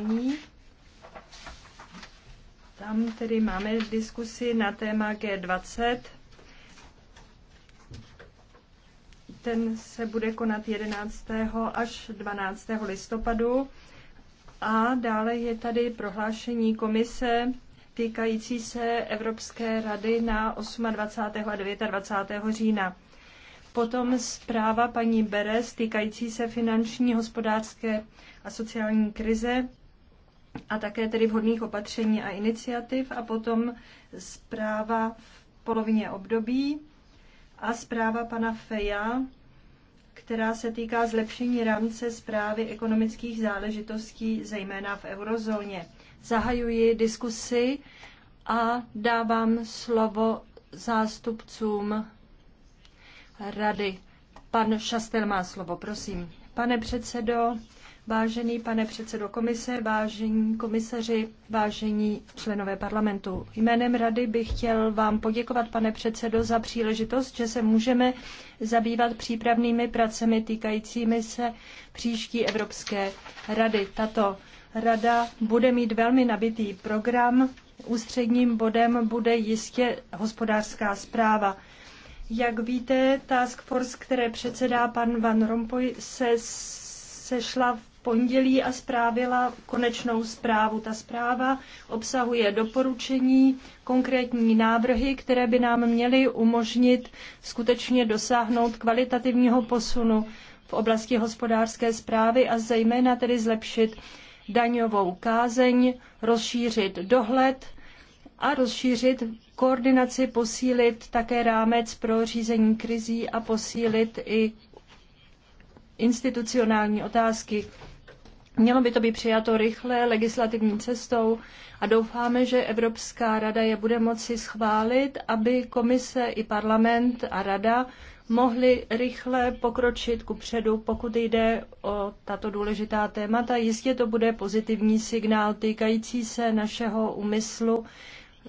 jednání. Tam tedy máme diskusi na téma G20. Ten se bude konat 11. až 12. listopadu. A dále je tady prohlášení komise týkající se Evropské rady na 28. a 29. října. Potom zpráva paní Beres týkající se finanční, hospodářské a sociální krize a také tedy vhodných opatření a iniciativ a potom zpráva v polovině období a zpráva pana Feja, která se týká zlepšení rámce zprávy ekonomických záležitostí, zejména v eurozóně. Zahajuji diskusi a dávám slovo zástupcům rady. Pan Šastel má slovo, prosím. Pane předsedo, Vážený pane předsedo komise, vážení komisaři, vážení členové parlamentu. Jménem rady bych chtěl vám poděkovat, pane předsedo, za příležitost, že se můžeme zabývat přípravnými pracemi týkajícími se příští Evropské rady. Tato rada bude mít velmi nabitý program. Ústředním bodem bude jistě hospodářská zpráva. Jak víte, task force, které předsedá pan Van Rompuy, se sešla pondělí a zprávila konečnou zprávu. Ta zpráva obsahuje doporučení, konkrétní návrhy, které by nám měly umožnit skutečně dosáhnout kvalitativního posunu v oblasti hospodářské zprávy a zejména tedy zlepšit daňovou kázeň, rozšířit dohled a rozšířit koordinaci, posílit také rámec pro řízení krizí a posílit i institucionální otázky. Mělo by to být přijato rychle legislativní cestou a doufáme, že Evropská rada je bude moci schválit, aby komise i parlament a rada mohli rychle pokročit ku předu, pokud jde o tato důležitá témata. Jistě to bude pozitivní signál týkající se našeho úmyslu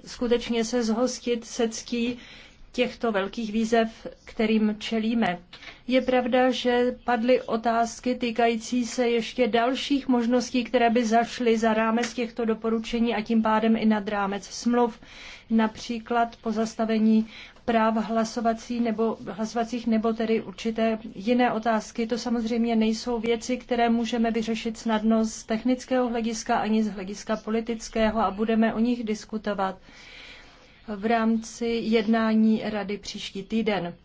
skutečně se zhostit ctí těchto velkých výzev, kterým čelíme. Je pravda, že padly otázky týkající se ještě dalších možností, které by zašly za rámec těchto doporučení a tím pádem i nad rámec smluv, například pozastavení práv hlasovací nebo, hlasovacích nebo tedy určité jiné otázky. To samozřejmě nejsou věci, které můžeme vyřešit snadno z technického hlediska ani z hlediska politického a budeme o nich diskutovat v rámci jednání Rady příští týden.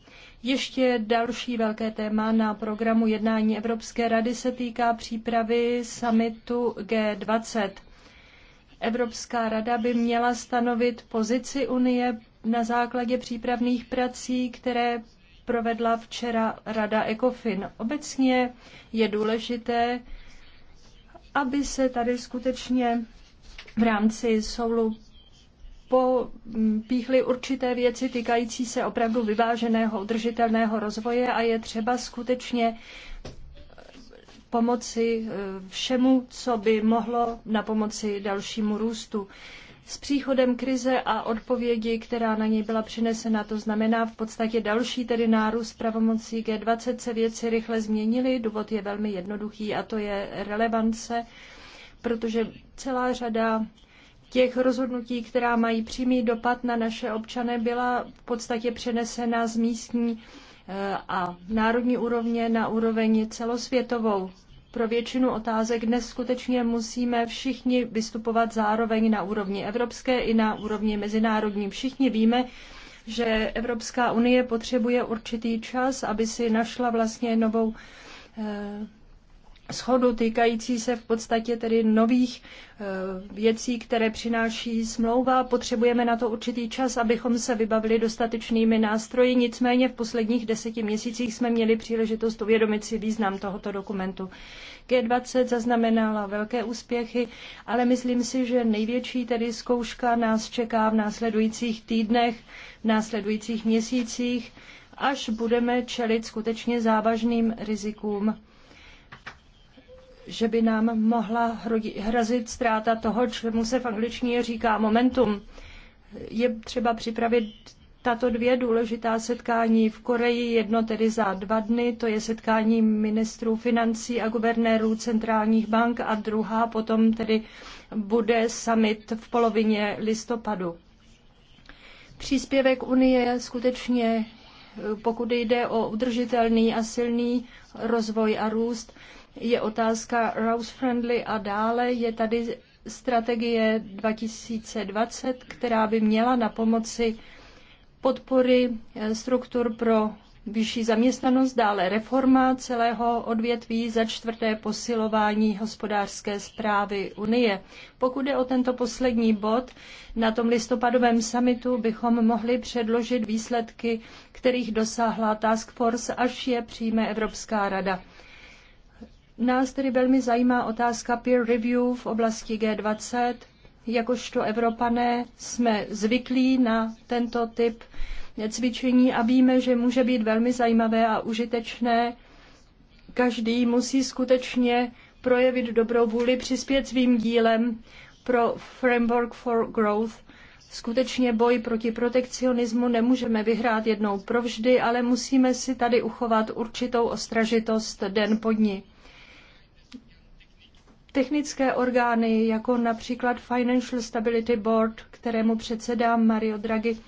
Ještě další velké téma na programu jednání Evropské rady se týká přípravy summitu G20. Evropská rada by měla stanovit pozici Unie na základě přípravných prací, které provedla včera Rada ECOFIN. Obecně je důležité, aby se tady skutečně v rámci soulu popíchli určité věci týkající se opravdu vyváženého, udržitelného rozvoje a je třeba skutečně pomoci eh, všemu, co by mohlo na pomoci dalšímu růstu. S příchodem krize a odpovědi, která na něj byla přinesena, to znamená v podstatě další tedy nárůst pravomocí G20 se věci rychle změnily. Důvod je velmi jednoduchý a to je relevance, protože celá řada těch rozhodnutí, která mají přímý dopad na naše občany, byla v podstatě přenesena z místní eh, a národní úrovně na úroveň celosvětovou. Pro většinu otázek dnes skutečně musíme všichni vystupovat zároveň na úrovni evropské i na úrovni mezinárodní. Všichni víme, že Evropská unie potřebuje určitý čas, aby si našla vlastně novou eh, schodu týkající se v podstatě tedy nových eh, věcí, které přináší smlouva. Potřebujeme na to určitý čas, abychom se vybavili dostatečnými nástroji. Nicméně v posledních deseti měsících jsme měli příležitost uvědomit si význam tohoto dokumentu. G20 zaznamenala velké úspěchy, ale myslím si, že největší tedy zkouška nás čeká v následujících týdnech, v následujících měsících, až budeme čelit skutečně závažným rizikům že by nám mohla hrozit ztráta toho, čemu se v angličtině říká momentum. Je třeba připravit tato dvě důležitá setkání v Koreji, jedno tedy za dva dny, to je setkání ministrů financí a guvernérů centrálních bank a druhá potom tedy bude summit v polovině listopadu. Příspěvek Unie skutečně, pokud jde o udržitelný a silný rozvoj a růst, je otázka Rouse Friendly a dále je tady strategie 2020, která by měla na pomoci podpory eh, struktur pro vyšší zaměstnanost, dále reforma celého odvětví, za čtvrté posilování hospodářské zprávy Unie. Pokud je o tento poslední bod, na tom listopadovém summitu bychom mohli předložit výsledky, kterých dosáhla Task Force, až je přijme Evropská rada. Nás tedy velmi zajímá otázka peer review v oblasti G20. Jakožto Evropané jsme zvyklí na tento typ cvičení a víme, že může být velmi zajímavé a užitečné. Každý musí skutečně projevit dobrou vůli, přispět svým dílem pro Framework for Growth. Skutečně boj proti protekcionismu nemůžeme vyhrát jednou provždy, ale musíme si tady uchovat určitou ostražitost den po dni technické orgány, jako například Financial Stability Board, kterému předsedá Mario Draghi,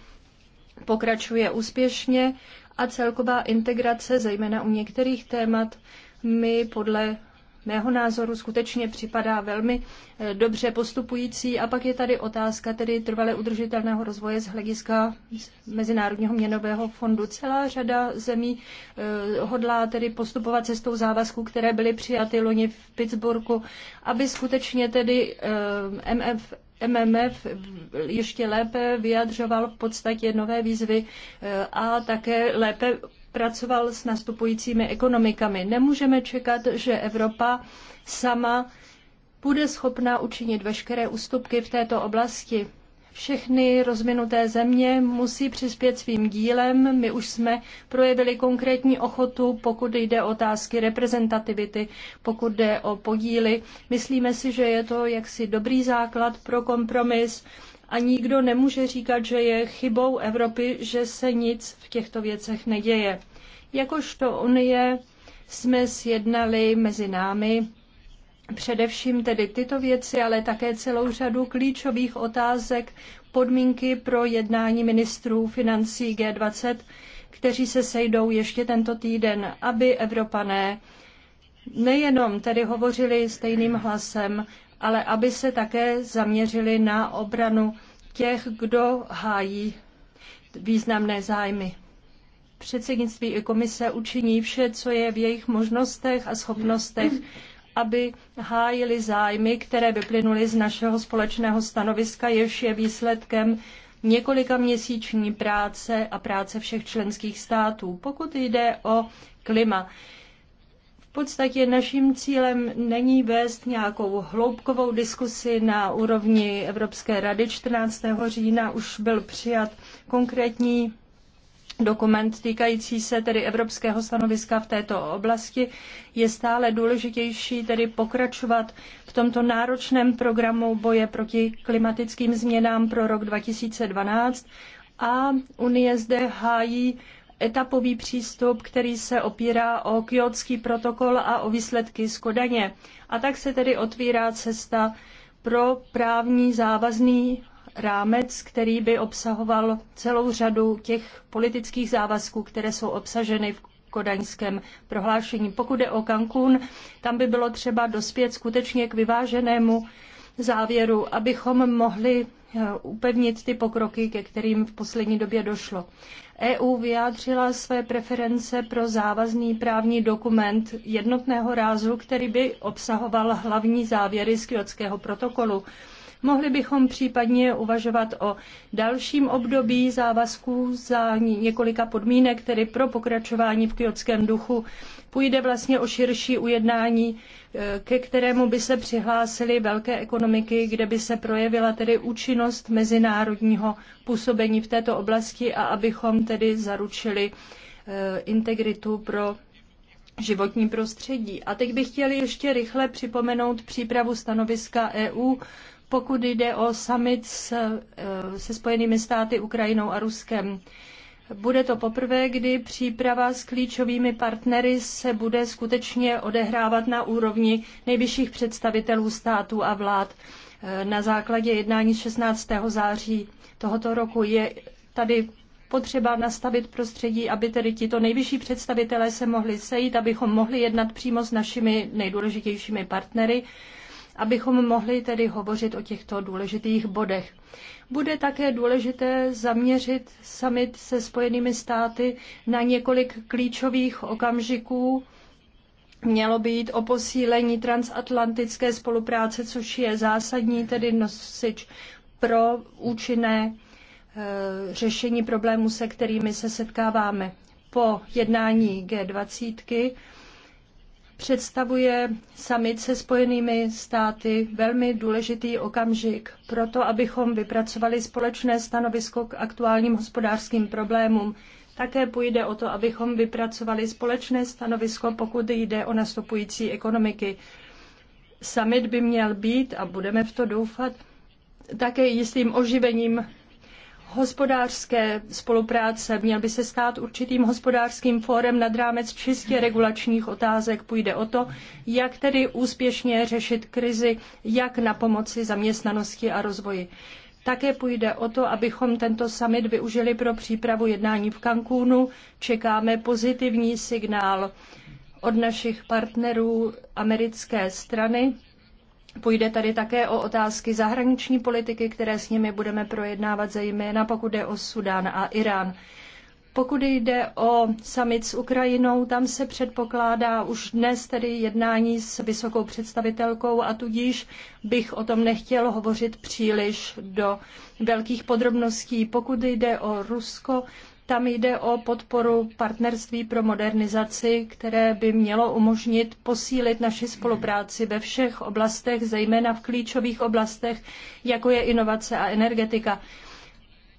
pokračuje úspěšně a celková integrace, zejména u některých témat, mi podle mého názoru skutečně připadá velmi eh, dobře postupující. A pak je tady otázka tedy trvale udržitelného rozvoje z hlediska Mezinárodního měnového fondu. Celá řada zemí eh, hodlá tedy postupovat cestou závazků, které byly přijaty loni v Pittsburghu, aby skutečně tedy eh, MF, MMF ještě lépe vyjadřoval v podstatě nové výzvy a také lépe pracoval s nastupujícími ekonomikami. Nemůžeme čekat, že Evropa sama bude schopna učinit veškeré ústupky v této oblasti. Všechny rozvinuté země musí přispět svým dílem. My už jsme projevili konkrétní ochotu, pokud jde o otázky reprezentativity, pokud jde o podíly. Myslíme si, že je to jaksi dobrý základ pro kompromis a nikdo nemůže říkat, že je chybou Evropy, že se nic v těchto věcech neděje. Jakožto Unie jsme sjednali mezi námi především tedy tyto věci, ale také celou řadu klíčových otázek, podmínky pro jednání ministrů financí G20, kteří se sejdou ještě tento týden, aby Evropané nejenom tedy hovořili stejným hlasem, ale aby se také zaměřili na obranu těch, kdo hájí významné zájmy předsednictví i komise učiní vše, co je v jejich možnostech a schopnostech, aby hájili zájmy, které vyplynuly z našeho společného stanoviska, jež je výsledkem několika měsíční práce a práce všech členských států, pokud jde o klima. V podstatě naším cílem není vést nějakou hloubkovou diskusi na úrovni Evropské rady 14. října. Už byl přijat konkrétní Dokument týkající se tedy evropského stanoviska v této oblasti je stále důležitější tedy pokračovat v tomto náročném programu boje proti klimatickým změnám pro rok 2012 a Unie zde hájí etapový přístup, který se opírá o kyotský protokol a o výsledky z Kodaně. A tak se tedy otvírá cesta pro právní závazný rámec, který by obsahoval celou řadu těch politických závazků, které jsou obsaženy v kodaňském prohlášení. Pokud jde o Cancún, tam by bylo třeba dospět skutečně k vyváženému závěru, abychom mohli eh, upevnit ty pokroky, ke kterým v poslední době došlo. EU vyjádřila své preference pro závazný právní dokument jednotného rázu, který by obsahoval hlavní závěry z Kyotského protokolu. Mohli bychom případně uvažovat o dalším období závazků za několika podmínek, tedy pro pokračování v kyotském duchu. Půjde vlastně o širší ujednání, e, ke kterému by se přihlásily velké ekonomiky, kde by se projevila tedy účinnost mezinárodního působení v této oblasti a abychom tedy zaručili e, integritu pro životní prostředí. A teď bych chtěl ještě rychle připomenout přípravu stanoviska EU pokud jde o summit se, eh, se Spojenými státy, Ukrajinou a Ruskem. Bude to poprvé, kdy příprava s klíčovými partnery se bude skutečně odehrávat na úrovni nejvyšších představitelů států a vlád. Eh, na základě jednání 16. září tohoto roku je tady potřeba nastavit prostředí, aby tedy tito nejvyšší představitelé se mohli sejít, abychom mohli jednat přímo s našimi nejdůležitějšími partnery abychom mohli tedy hovořit o těchto důležitých bodech. Bude také důležité zaměřit summit se Spojenými státy na několik klíčových okamžiků, mělo by jít o posílení transatlantické spolupráce, což je zásadní tedy nosič pro účinné e, řešení problémů, se kterými se setkáváme. Po jednání G20 představuje summit se spojenými státy velmi důležitý okamžik pro to, abychom vypracovali společné stanovisko k aktuálním hospodářským problémům. Také půjde o to, abychom vypracovali společné stanovisko, pokud jde o nastupující ekonomiky. Summit by měl být, a budeme v to doufat, také jistým oživením hospodářské spolupráce měl by se stát určitým hospodářským fórem nad rámec čistě regulačních otázek. Půjde o to, jak tedy úspěšně řešit krizi, jak na pomoci zaměstnanosti a rozvoji. Také půjde o to, abychom tento summit využili pro přípravu jednání v Cancúnu. Čekáme pozitivní signál od našich partnerů americké strany Půjde tady také o otázky zahraniční politiky, které s nimi budeme projednávat, zejména pokud jde o Sudán a Irán. Pokud jde o summit s Ukrajinou, tam se předpokládá už dnes tedy jednání s vysokou představitelkou a tudíž bych o tom nechtěl hovořit příliš do velkých podrobností. Pokud jde o Rusko, tam jde o podporu partnerství pro modernizaci, které by mělo umožnit posílit naši spolupráci ve všech oblastech, zejména v klíčových oblastech, jako je inovace a energetika.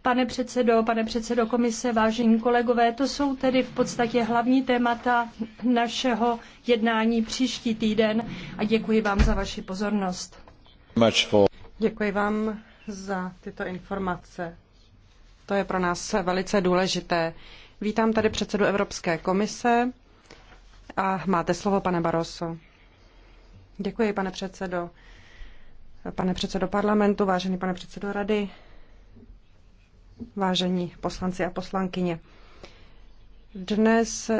Pane předsedo, pane předsedo komise, vážení kolegové, to jsou tedy v podstatě hlavní témata našeho jednání příští týden a děkuji vám za vaši pozornost. Děkuji vám za tyto informace. To je pro nás velice důležité. Vítám tady předsedu Evropské komise a máte slovo, pane Barroso. Děkuji, pane předsedo. Pane předsedo parlamentu, vážený pane předsedo rady, vážení poslanci a poslankyně. Dnes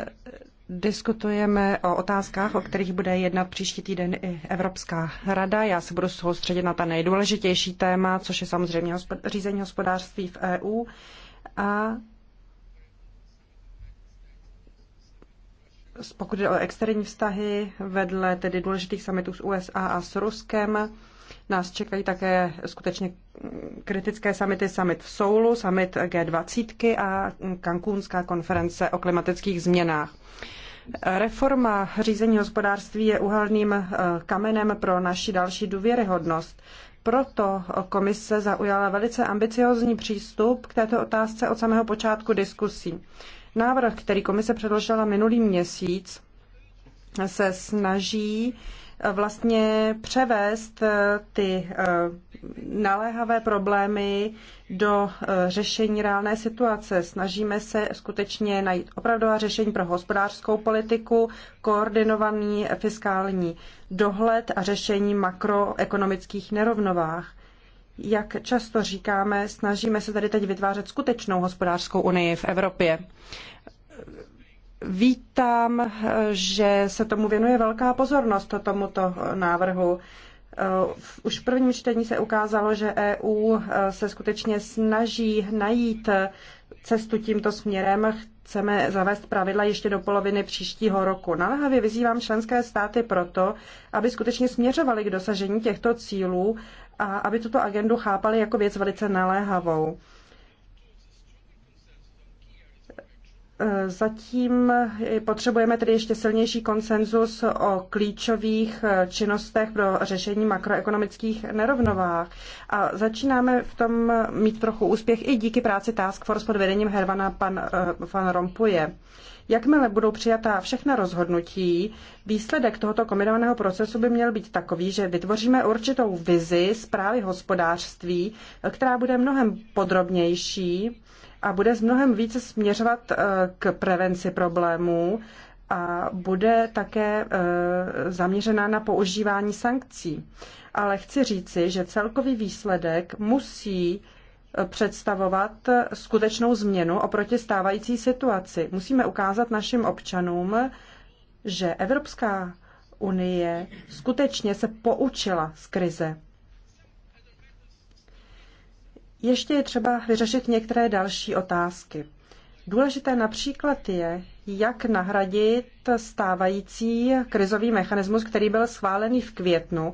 Diskutujeme o otázkách, o kterých bude jednat příští týden i Evropská rada. Já se budu soustředit na ta nejdůležitější téma, což je samozřejmě řízení hospodářství v EU. A pokud jde o externí vztahy, vedle tedy důležitých summitů s USA a s Ruskem, nás čekají také skutečně kritické samity, summit v Soulu, summit G20 a Cancúnská konference o klimatických změnách. Reforma řízení hospodářství je uhelným eh, kamenem pro naši další důvěryhodnost. Proto komise zaujala velice ambiciozní přístup k této otázce od samého počátku diskusí. Návrh, který komise předložila minulý měsíc, se snaží eh, vlastně převést eh, ty naléhavé problémy do eh, řešení reálné situace. Snažíme se skutečně najít opravdová řešení pro hospodářskou politiku, koordinovaný fiskální dohled a řešení makroekonomických nerovnovách. Jak často říkáme, snažíme se tady teď vytvářet skutečnou hospodářskou unii v Evropě. Vítám, eh, že se tomu věnuje velká pozornost, tomuto návrhu. Eh, už v prvním čtení se ukázalo, že EU eh, se skutečně snaží najít eh, cestu tímto směrem. Chceme zavést pravidla ještě do poloviny příštího roku. Naléhavě vyzývám členské státy proto, aby skutečně směřovali k dosažení těchto cílů a aby tuto agendu chápali jako věc velice naléhavou. Zatím potřebujeme tedy ještě silnější konsenzus o klíčových činnostech pro řešení makroekonomických nerovnovách. A začínáme v tom mít trochu úspěch i díky práci Task Force pod vedením Hervana pan, eh, van Rompuje. Jakmile budou přijatá všechna rozhodnutí, výsledek tohoto kombinovaného procesu by měl být takový, že vytvoříme určitou vizi zprávy hospodářství, která bude mnohem podrobnější a bude z mnohem více směřovat eh, k prevenci problémů a bude také eh, zaměřená na používání sankcí. Ale chci říci, že celkový výsledek musí eh, představovat skutečnou změnu oproti stávající situaci. Musíme ukázat našim občanům, že Evropská unie skutečně se poučila z krize. Ještě je třeba vyřešit některé další otázky. Důležité například je, jak nahradit stávající krizový mechanismus, který byl schválený v květnu,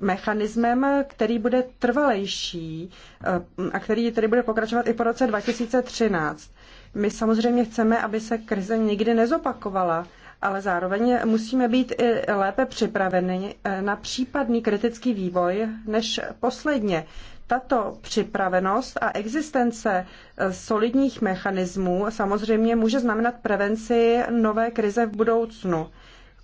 mechanismem, který bude trvalejší eh, a který tedy bude pokračovat i po roce 2013. My samozřejmě chceme, aby se krize nikdy nezopakovala, ale zároveň musíme být i lépe připraveni eh, na případný kritický vývoj než posledně. Tato připravenost a existence eh, solidních mechanismů samozřejmě může znamenat prevenci nové krize v budoucnu.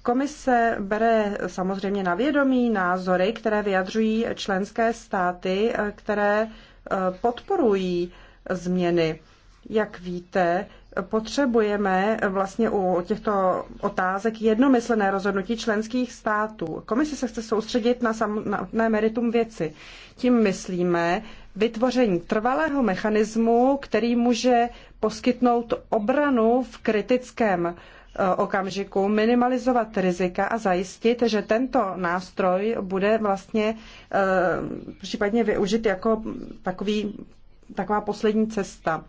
Komise bere samozřejmě na vědomí názory, které vyjadřují členské státy, eh, které eh, podporují změny. Jak víte, potřebujeme vlastně u těchto otázek jednomyslné rozhodnutí členských států. Komise se chce soustředit na samotné meritum věci. Tím myslíme vytvoření trvalého mechanismu, který může poskytnout obranu v kritickém eh, okamžiku, minimalizovat rizika a zajistit, že tento nástroj bude vlastně eh, případně využit jako takový, taková poslední cesta.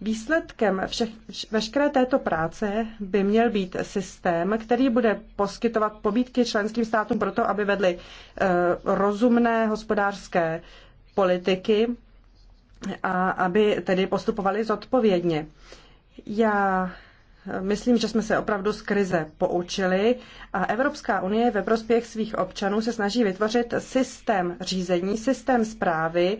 Výsledkem všech, veškeré této práce by měl být systém, který bude poskytovat pobídky členským státům proto, aby vedli eh, rozumné hospodářské politiky a aby tedy postupovali zodpovědně. Já eh, Myslím, že jsme se opravdu z krize poučili a Evropská unie ve prospěch svých občanů se snaží vytvořit systém řízení, systém zprávy,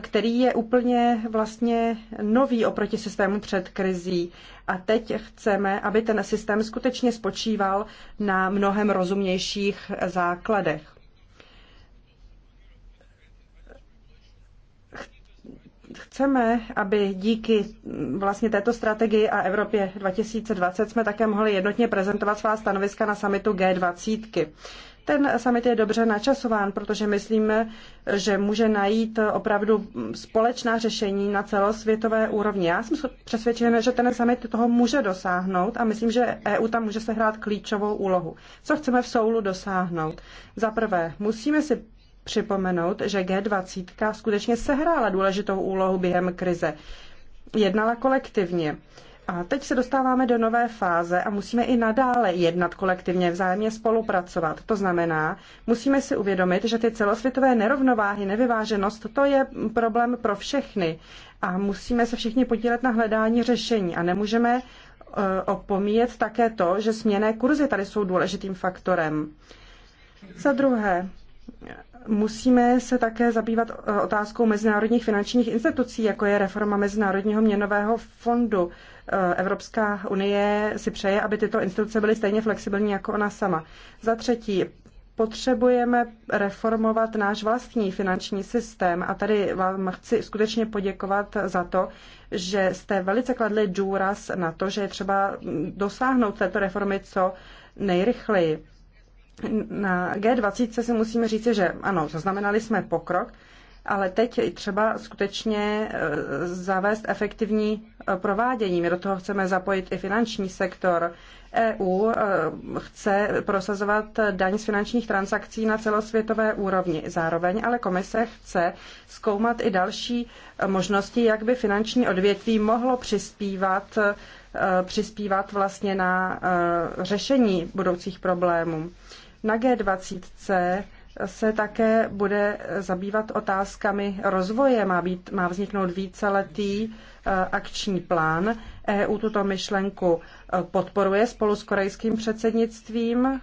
který je úplně vlastně nový oproti systému před krizí. A teď chceme, aby ten systém skutečně spočíval na mnohem rozumnějších základech. chceme, aby díky vlastně této strategii a Evropě 2020 jsme také mohli jednotně prezentovat svá stanoviska na samitu G20. Ten summit je dobře načasován, protože myslíme, že může najít opravdu společná řešení na celosvětové úrovni. Já jsem přesvědčena, že ten summit toho může dosáhnout a myslím, že EU tam může sehrát klíčovou úlohu. Co chceme v Soulu dosáhnout? Za prvé, musíme si připomenout, že G20 skutečně sehrála důležitou úlohu během krize. Jednala kolektivně. A teď se dostáváme do nové fáze a musíme i nadále jednat kolektivně, vzájemně spolupracovat. To znamená, musíme si uvědomit, že ty celosvětové nerovnováhy, nevyváženost, to je problém pro všechny. A musíme se všichni podílet na hledání řešení a nemůžeme eh, opomíjet také to, že směné kurzy tady jsou důležitým faktorem. Za druhé, musíme se také zabývat eh, otázkou mezinárodních finančních institucí, jako je reforma Mezinárodního měnového fondu. Eh, Evropská unie si přeje, aby tyto instituce byly stejně flexibilní jako ona sama. Za třetí, potřebujeme reformovat náš vlastní finanční systém a tady vám chci skutečně poděkovat za to, že jste velice kladli důraz na to, že je třeba dosáhnout této reformy co nejrychleji. Na G20 si musíme říci, že ano, zaznamenali jsme pokrok, ale teď je třeba skutečně e, zavést efektivní e, provádění. My do toho chceme zapojit i finanční sektor. EU e, chce prosazovat daň z finančních transakcí na celosvětové úrovni. Zároveň ale komise chce zkoumat i další možnosti, jak by finanční odvětví mohlo přispívat, přispívat vlastně na řešení budoucích problémů. Na G20 se také bude zabývat otázkami rozvoje. Má, být, má vzniknout víceletý eh, akční plán. EU tuto myšlenku eh, podporuje spolu s korejským předsednictvím.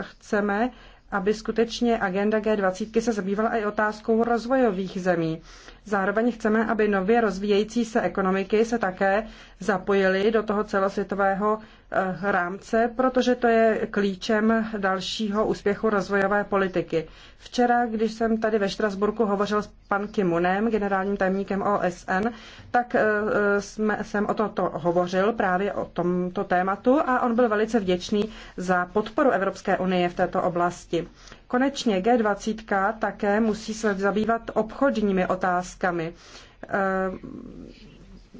Chceme, aby skutečně agenda G20 se zabývala i otázkou rozvojových zemí. Zároveň chceme, aby nově rozvíjející se ekonomiky se také zapojily do toho celosvětového Eh, rámce, protože to je klíčem dalšího úspěchu rozvojové politiky. Včera, když jsem tady ve Štrasburku hovořil s pan Kimunem, generálním tajemníkem OSN, tak eh, jsme, jsem o toto hovořil právě o tomto tématu a on byl velice vděčný za podporu Evropské unie v této oblasti. Konečně G20 také musí se zabývat obchodními otázkami eh,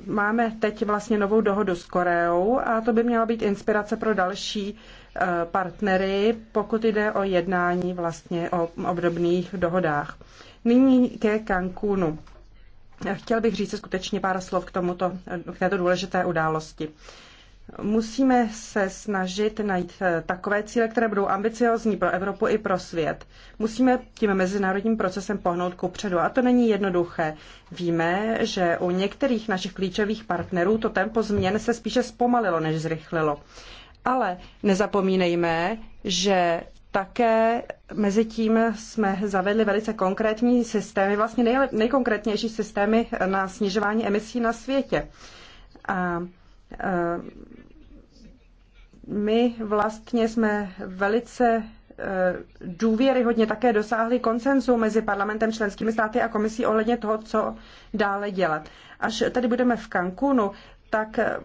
máme teď vlastně novou dohodu s Koreou a to by měla být inspirace pro další e, partnery, pokud jde o jednání vlastně o obdobných dohodách. Nyní ke Cancúnu. Chtěl bych říct skutečně pár slov k, tomuto, k této důležité události musíme se snažit najít eh, takové cíle, které budou ambiciozní pro Evropu i pro svět. Musíme tím mezinárodním procesem pohnout ku předu a to není jednoduché. Víme, že u některých našich klíčových partnerů to tempo změn se spíše zpomalilo, než zrychlilo. Ale nezapomínejme, že také mezi tím jsme zavedli velice konkrétní systémy, vlastně nej, nejkonkrétnější systémy na snižování emisí na světě. A, a eh, my vlastně jsme velice eh, důvěryhodně také dosáhli konsenzu mezi parlamentem, členskými státy a komisí ohledně toho, co dále dělat. Až tady budeme v Cancúnu, tak eh,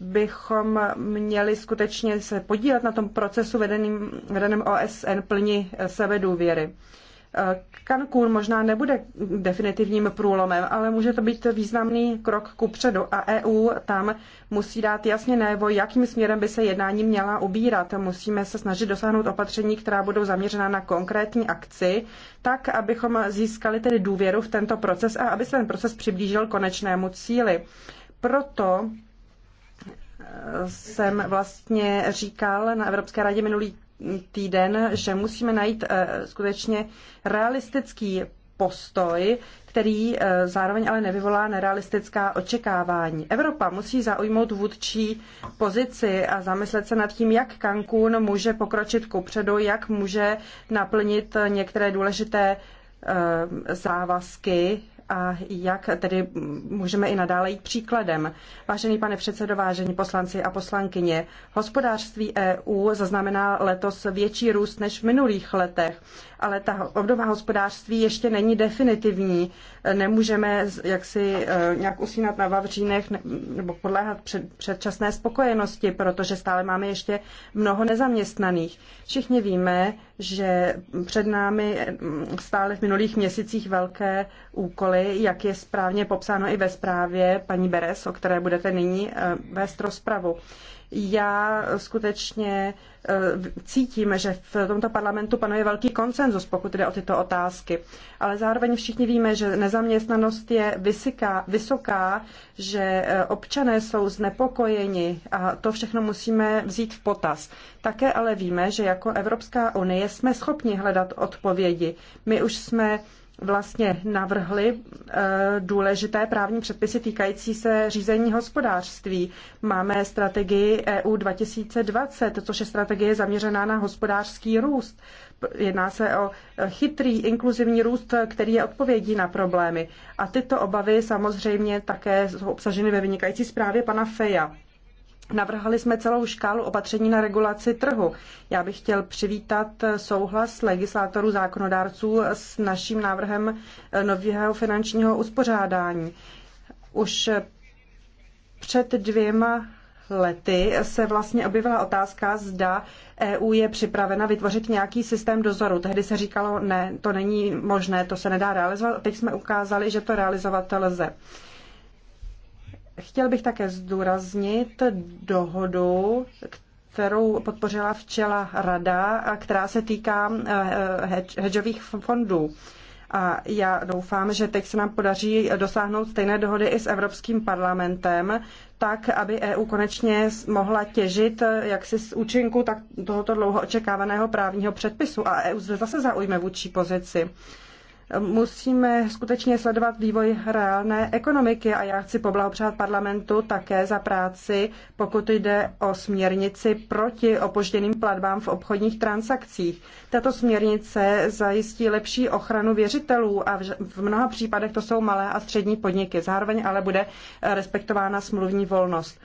bychom měli skutečně se podílet na tom procesu vedeným, vedeném OSN plni eh, sebe důvěry. Cancún možná nebude definitivním průlomem, ale může to být významný krok ku předu a EU tam musí dát jasně najevo, jakým směrem by se jednání měla ubírat. Musíme se snažit dosáhnout opatření, která budou zaměřena na konkrétní akci, tak, abychom získali tedy důvěru v tento proces a aby se ten proces přiblížil konečnému cíli. Proto eh, jsem vlastně říkal na Evropské radě minulý týden, že musíme najít eh, skutečně realistický postoj, který eh, zároveň ale nevyvolá nerealistická očekávání. Evropa musí zaujmout vůdčí pozici a zamyslet se nad tím, jak Cancún může pokročit kupředu, jak může naplnit některé důležité eh, závazky a jak tedy můžeme i nadále jít příkladem. Vážený pane předsedo, vážení poslanci a poslankyně, hospodářství EU zaznamená letos větší růst než v minulých letech, ale ta obdoba hospodářství ještě není definitivní. Nemůžeme jaksi e, nějak usínat na vavřínech nebo podléhat před, předčasné spokojenosti, protože stále máme ještě mnoho nezaměstnaných. Všichni víme, že před námi mm, stály v minulých měsících velké úkoly, jak je správně popsáno i ve zprávě paní Beres, o které budete nyní eh, vést rozpravu já skutečně eh, cítím, že v tomto parlamentu panuje velký konsenzus, pokud jde o tyto otázky. Ale zároveň všichni víme, že nezaměstnanost je vysiká, vysoká, že eh, občané jsou znepokojeni a to všechno musíme vzít v potaz. Také ale víme, že jako Evropská unie jsme schopni hledat odpovědi. My už jsme vlastně navrhli eh, důležité právní předpisy týkající se řízení hospodářství. Máme strategii EU 2020, což je strategie zaměřená na hospodářský růst. Jedná se o chytrý, inkluzivní růst, který je odpovědí na problémy. A tyto obavy samozřejmě také jsou obsaženy ve vynikající zprávě pana Feja. Navrhali jsme celou škálu opatření na regulaci trhu. Já bych chtěl přivítat souhlas legislátorů zákonodárců s naším návrhem nového finančního uspořádání. Už před dvěma lety se vlastně objevila otázka, zda EU je připravena vytvořit nějaký systém dozoru. Tehdy se říkalo, ne, to není možné, to se nedá realizovat. Teď jsme ukázali, že to realizovat lze. Chtěl bych také zdůraznit dohodu, kterou podpořila včela rada, která se týká eh, eh, hedžových fondů. A já doufám, že teď se nám podaří dosáhnout stejné dohody i s Evropským parlamentem, tak, aby EU konečně mohla těžit eh, jaksi z účinku tak tohoto dlouho očekávaného právního předpisu. A EU zde zase zaujme vůči pozici musíme skutečně sledovat vývoj reálné ekonomiky a já chci poblahopřát parlamentu také za práci, pokud jde o směrnici proti opožděným platbám v obchodních transakcích. Tato směrnice zajistí lepší ochranu věřitelů a v mnoha případech to jsou malé a střední podniky. Zároveň ale bude respektována smluvní volnost.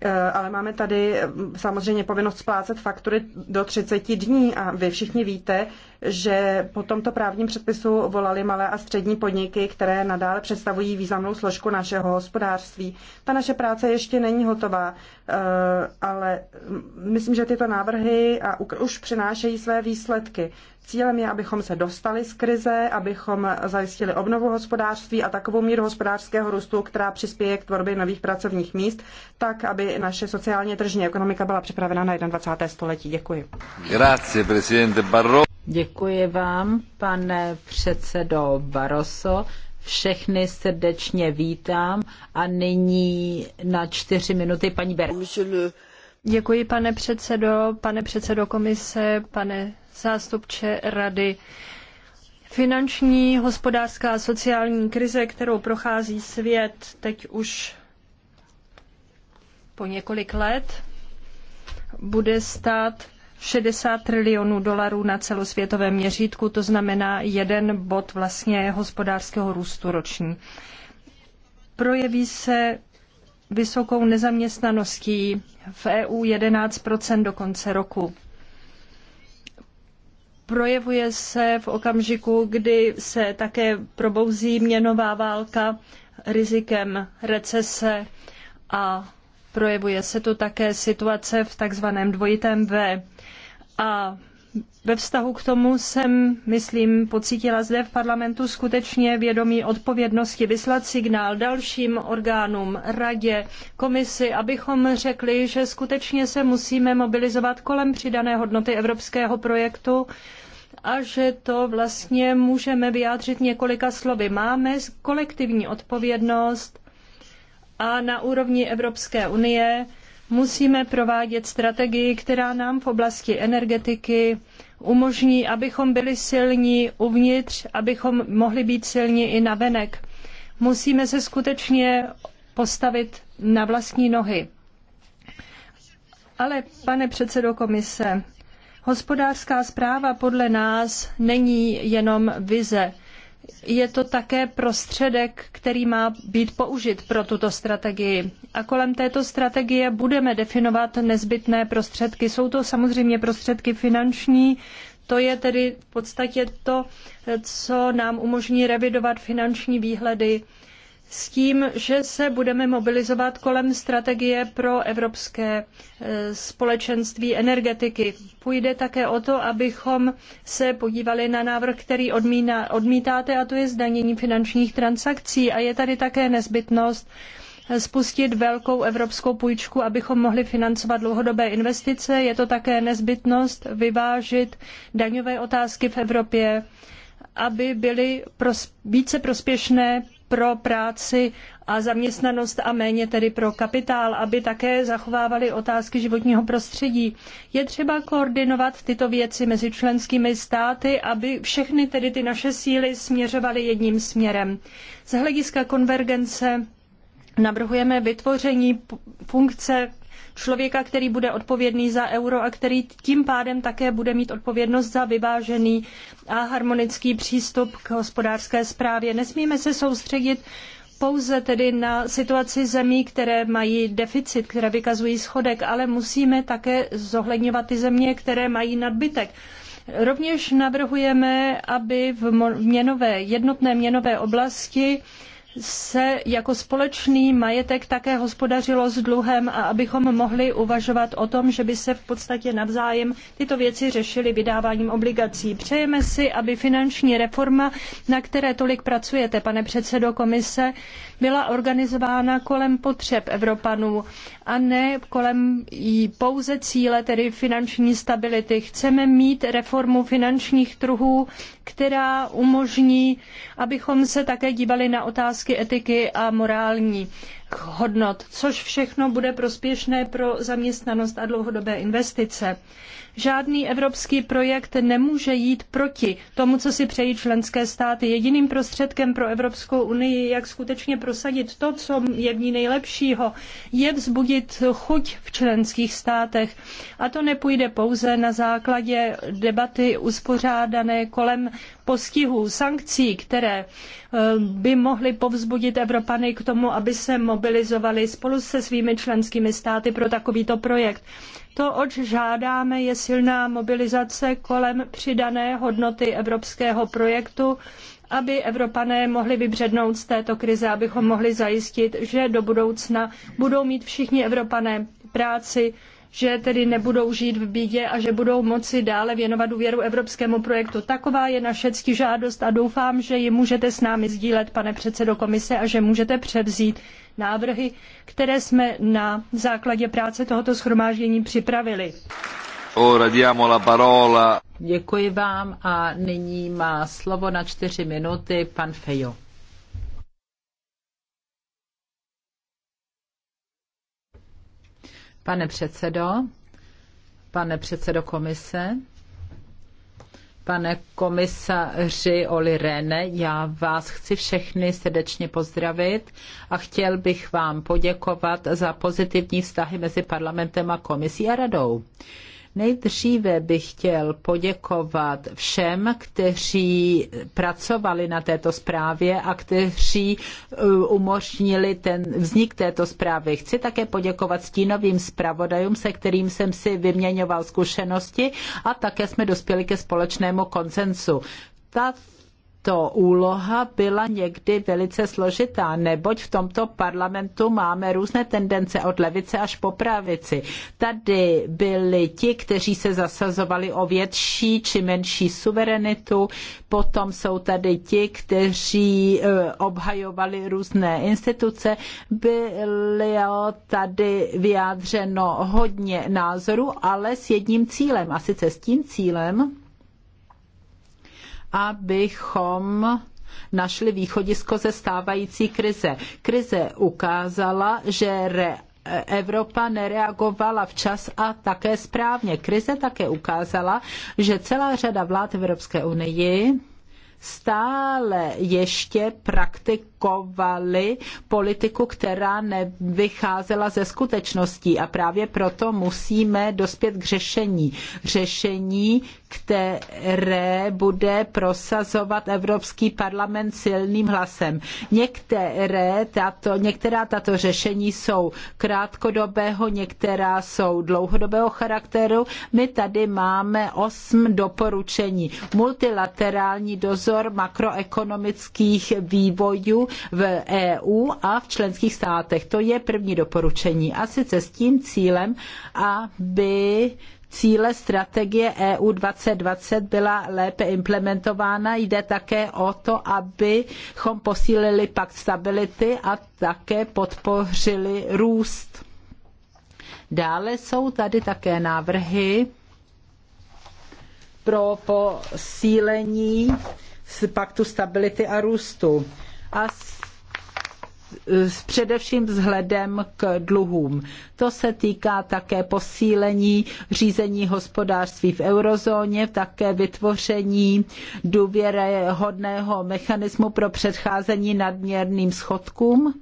Eh, ale máme tady eh, samozřejmě povinnost splácet faktury do 30 dní a vy všichni víte, že po tomto právním předpisu volali malé a střední podniky, které nadále představují významnou složku našeho hospodářství. Ta naše práce ještě není hotová, eh, ale mm, myslím, že tyto návrhy už přinášejí své výsledky. Cílem je, abychom se dostali z krize, abychom zajistili obnovu hospodářství a takovou míru hospodářského růstu, která přispěje k tvorbě nových pracovních míst, tak, aby naše sociálně tržní ekonomika byla připravena na 21. století. Děkuji. Grazie, presidente Barro. Děkuji vám, pane předsedo Barroso. Všechny srdečně vítám a nyní na čtyři minuty paní Ber. Děkuji, pane předsedo, pane předsedo komise, pane zástupče rady. Finanční, hospodářská a sociální krize, kterou prochází svět teď už po několik let, bude stát 60 trilionů dolarů na celosvětovém měřítku, to znamená jeden bod vlastně hospodářského růstu roční. Projeví se vysokou nezaměstnaností v EU 11 do konce roku projevuje se v okamžiku, kdy se také probouzí měnová válka rizikem recese a projevuje se to také situace v takzvaném dvojitém V. A ve vztahu k tomu jsem, myslím, pocítila zde v parlamentu skutečně vědomí odpovědnosti vyslat signál dalším orgánům, radě, komisi, abychom řekli, že skutečně se musíme mobilizovat kolem přidané hodnoty evropského projektu a že to vlastně můžeme vyjádřit několika slovy. Máme kolektivní odpovědnost a na úrovni Evropské unie musíme provádět strategii, která nám v oblasti energetiky umožní, abychom byli silní uvnitř, abychom mohli být silní i navenek. Musíme se skutečně postavit na vlastní nohy. Ale, pane předsedo komise, hospodářská zpráva podle nás není jenom vize je to také prostředek, který má být použit pro tuto strategii. A kolem této strategie budeme definovat nezbytné prostředky. Jsou to samozřejmě prostředky finanční, to je tedy v podstatě to, co nám umožní revidovat finanční výhledy s tím, že se budeme mobilizovat kolem strategie pro evropské e, společenství energetiky. Půjde také o to, abychom se podívali na návrh, který odmítáte, a to je zdanění finančních transakcí. A je tady také nezbytnost spustit velkou evropskou půjčku, abychom mohli financovat dlouhodobé investice. Je to také nezbytnost vyvážit daňové otázky v Evropě, aby byly více prospěšné pro práci a zaměstnanost a méně tedy pro kapitál, aby také zachovávali otázky životního prostředí. Je třeba koordinovat tyto věci mezi členskými státy, aby všechny tedy ty naše síly směřovaly jedním směrem. Z hlediska konvergence navrhujeme vytvoření funkce člověka, který bude odpovědný za euro a který tím pádem také bude mít odpovědnost za vyvážený a harmonický přístup k hospodářské správě. Nesmíme se soustředit pouze tedy na situaci zemí, které mají deficit, které vykazují schodek, ale musíme také zohledňovat ty země, které mají nadbytek. Rovněž navrhujeme, aby v měnové, jednotné měnové oblasti se jako společný majetek také hospodařilo s dluhem a abychom mohli uvažovat o tom, že by se v podstatě navzájem tyto věci řešily vydáváním obligací. Přejeme si, aby finanční reforma, na které tolik pracujete, pane předsedo komise, byla organizována kolem potřeb Evropanů a ne kolem pouze cíle, tedy finanční stability. Chceme mít reformu finančních trhů, která umožní, abychom se také dívali na otázky, otázky etiky a morální hodnot, což všechno bude prospěšné pro zaměstnanost a dlouhodobé investice. Žádný evropský projekt nemůže jít proti tomu, co si přejí členské státy. Jediným prostředkem pro Evropskou unii, jak skutečně prosadit to, co je v ní nejlepšího, je vzbudit chuť v členských státech. A to nepůjde pouze na základě debaty uspořádané kolem postihů, sankcí, které eh, by mohly povzbudit Evropany k tomu, aby se mobilizovali spolu se svými členskými státy pro takovýto projekt. To, oč žádáme, je silná mobilizace kolem přidané hodnoty evropského projektu, aby Evropané mohli vybřednout z této krize, abychom mohli zajistit, že do budoucna budou mít všichni Evropané práci, že tedy nebudou žít v bídě a že budou moci dále věnovat důvěru evropskému projektu. Taková je naše žádost a doufám, že ji můžete s námi sdílet, pane předsedo komise, a že můžete převzít návrhy, které jsme na základě práce tohoto schromáždění připravili. Děkuji vám a nyní má slovo na čtyři minuty pan Fejo. Pane předsedo, pane předsedo komise, pane komisaři Oli Rene, já vás chci všechny srdečně pozdravit a chtěl bych vám poděkovat za pozitivní vztahy mezi parlamentem a komisí a radou. Nejdříve bych chtěl poděkovat všem, kteří pracovali na této zprávě a kteří eh, umožnili ten vznik této zprávy. Chci také poděkovat stínovým zpravodajům, se kterým jsem si vyměňoval zkušenosti a také jsme dospěli ke společnému konsensu. Tato tato úloha byla někdy velice složitá, neboť v tomto parlamentu máme různé tendence od levice až po pravici. Tady byli ti, kteří se zasazovali o větší či menší suverenitu, potom jsou tady ti, kteří e, obhajovali různé instituce, bylo tady vyjádřeno hodně názorů, ale s jedním cílem, a sice s tím cílem, abychom našli východisko ze stávající krize. Krize ukázala, že re Evropa nereagovala včas a také správně. Krize také ukázala, že celá řada vlád Evropské unii stále ještě praktikovali politiku, která nevycházela ze skutečností a právě proto musíme dospět k řešení. Řešení, které bude prosazovat Evropský parlament silným hlasem. Některé tato, některá tato řešení jsou krátkodobého, některá jsou dlouhodobého charakteru. My tady máme osm doporučení. Multilaterální dozor makroekonomických vývojů v EU a v členských státech. To je první doporučení. A sice s tím cílem, aby cíle strategie EU 2020 byla lépe implementována. Jde také o to, abychom posílili pakt stability a také podpořili růst. Dále jsou tady také návrhy pro posílení paktu stability a růstu. A především vzhledem k dluhům. To se týká také posílení řízení hospodářství v eurozóně, také vytvoření důvěryhodného mechanismu pro předcházení nadměrným schodkům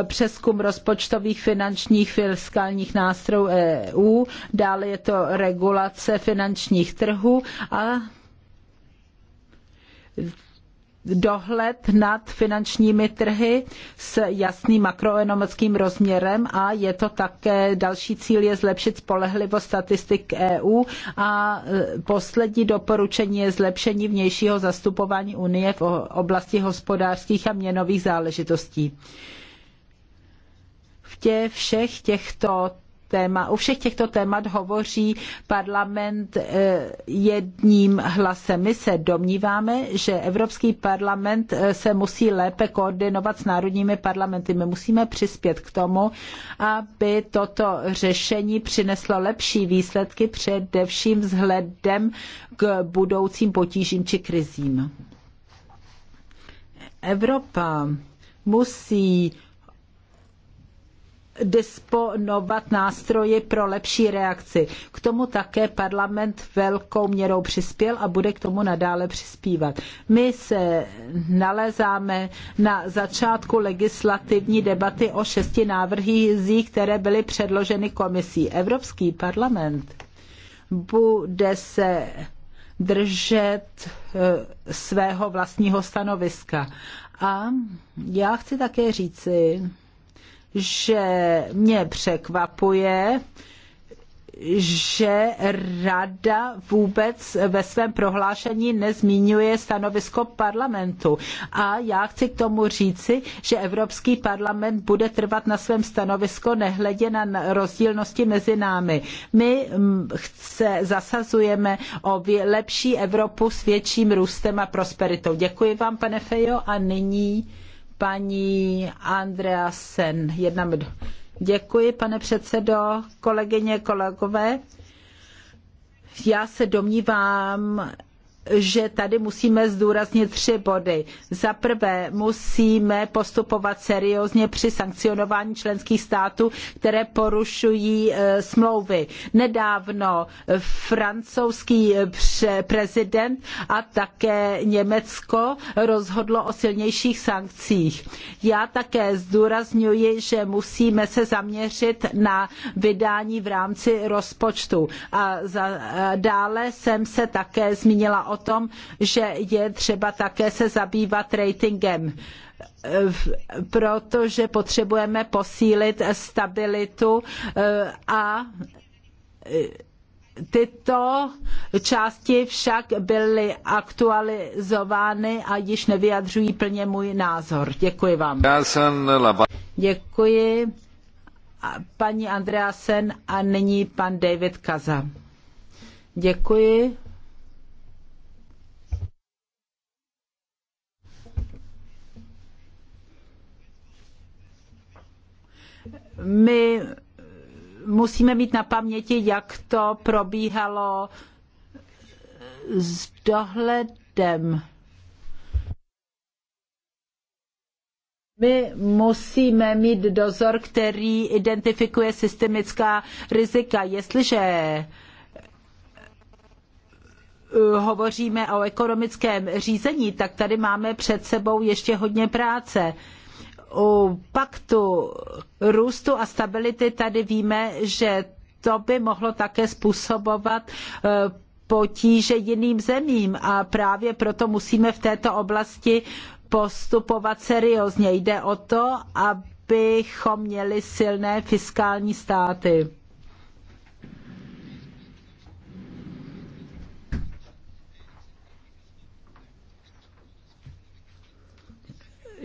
e, přeskum rozpočtových finančních fiskálních nástrojů EU, dále je to regulace finančních trhů a dohled nad finančními trhy s jasným makroekonomickým rozměrem a je to také další cíl je zlepšit spolehlivost statistik EU a e, poslední doporučení je zlepšení vnějšího zastupování Unie v oblasti hospodářských a měnových záležitostí. V těch všech těchto téma. O všech těchto témat hovoří parlament eh, jedním hlasem. My se domníváme, že Evropský parlament eh, se musí lépe koordinovat s národními parlamenty. My musíme přispět k tomu, aby toto řešení přineslo lepší výsledky především vzhledem k budoucím potížím či krizím. Evropa musí disponovat nástroji pro lepší reakci. K tomu také parlament velkou měrou přispěl a bude k tomu nadále přispívat. My se nalezáme na začátku legislativní debaty o šesti návrhích, které byly předloženy komisí. Evropský parlament bude se držet eh, svého vlastního stanoviska. A já chci také říci, že mě překvapuje, že rada vůbec ve svém prohlášení nezmiňuje stanovisko parlamentu. A já chci k tomu říci, že Evropský parlament bude trvat na svém stanovisku nehledě na rozdílnosti mezi námi. My se mm, zasazujeme o lepší Evropu s větším růstem a prosperitou. Děkuji vám, pane Fejo, a nyní Paní Andreasen, jedna minuta. Děkuji, pane předsedo, kolegyně, kolegové. Já se domnívám, že tady musíme zdůraznit tři body. Za prvé musíme postupovat seriózně při sankcionování členských států, které porušují e, smlouvy. Nedávno francouzský e, prezident a také Německo rozhodlo o silnějších sankcích. Já také zdůrazňuji, že musíme se zaměřit na vydání v rámci rozpočtu. A za, e, dále jsem se také zmínila o tom, že je třeba také se zabývat ratingem protože potřebujeme posílit stabilitu eh, a eh, Tyto části však byly aktualizovány a již nevyjadřují plně můj názor. Děkuji vám. Děkuji paní Andreasen a nyní pan David Kaza. Děkuji. my musíme mít na paměti, jak to probíhalo s dohledem. My musíme mít dozor, který identifikuje systemická rizika. Jestliže hovoříme o ekonomickém řízení, tak tady máme před sebou ještě hodně práce u paktu růstu a stability tady víme, že to by mohlo také způsobovat e, potíže jiným zemím a právě proto musíme v této oblasti postupovat seriózně. Jde o to, abychom měli silné fiskální státy.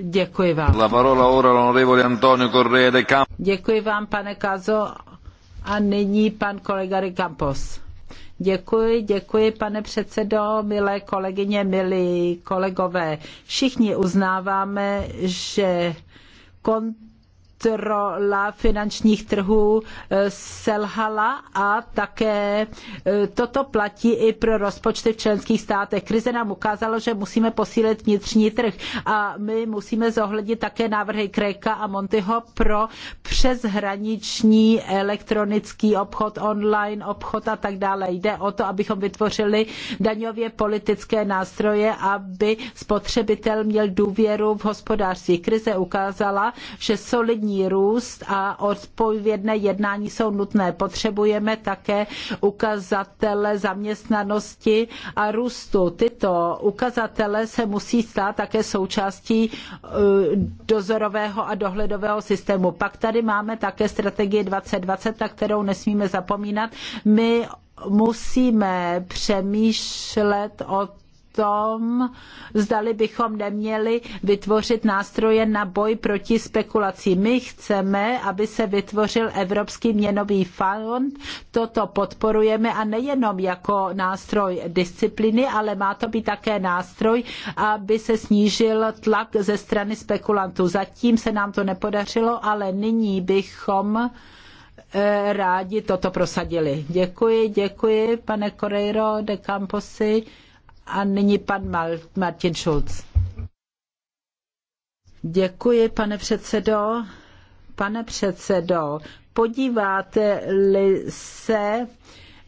Děkuji vám. La parola ora l'onorevole Antonio Correa de Campos. Děkuji vám, pane Kazo. A nyní pan kolega de Campos. Děkuji, děkuji, pane předsedo, milé kolegyně, milí kolegové. Všichni uznáváme, že kont kontrola finančních trhů eh, selhala a také eh, toto platí i pro rozpočty v členských státech. Krize nám ukázala, že musíme posílit vnitřní trh a my musíme zohlednit také návrhy Kreka a Montyho pro přeshraniční elektronický obchod, online obchod a tak dále. Jde o to, abychom vytvořili daňově politické nástroje, aby spotřebitel měl důvěru v hospodářství. Krize ukázala, že solidní udržitelný růst a odpovědné jednání jsou nutné. Potřebujeme také ukazatele zaměstnanosti a růstu. Tyto ukazatele se musí stát také součástí e, dozorového a dohledového systému. Pak tady máme také strategii 2020, na kterou nesmíme zapomínat. My musíme přemýšlet o tom, zdali bychom neměli vytvořit nástroje na boj proti spekulacím. My chceme, aby se vytvořil Evropský měnový fond, toto podporujeme a nejenom jako nástroj disciplíny, ale má to být také nástroj, aby se snížil tlak ze strany spekulantů. Zatím se nám to nepodařilo, ale nyní bychom eh, rádi toto prosadili. Děkuji, děkuji, pane Correiro de Camposi a nyní pan Martin Schulz. Děkuji, pane předsedo. Pane předsedo, podíváte-li se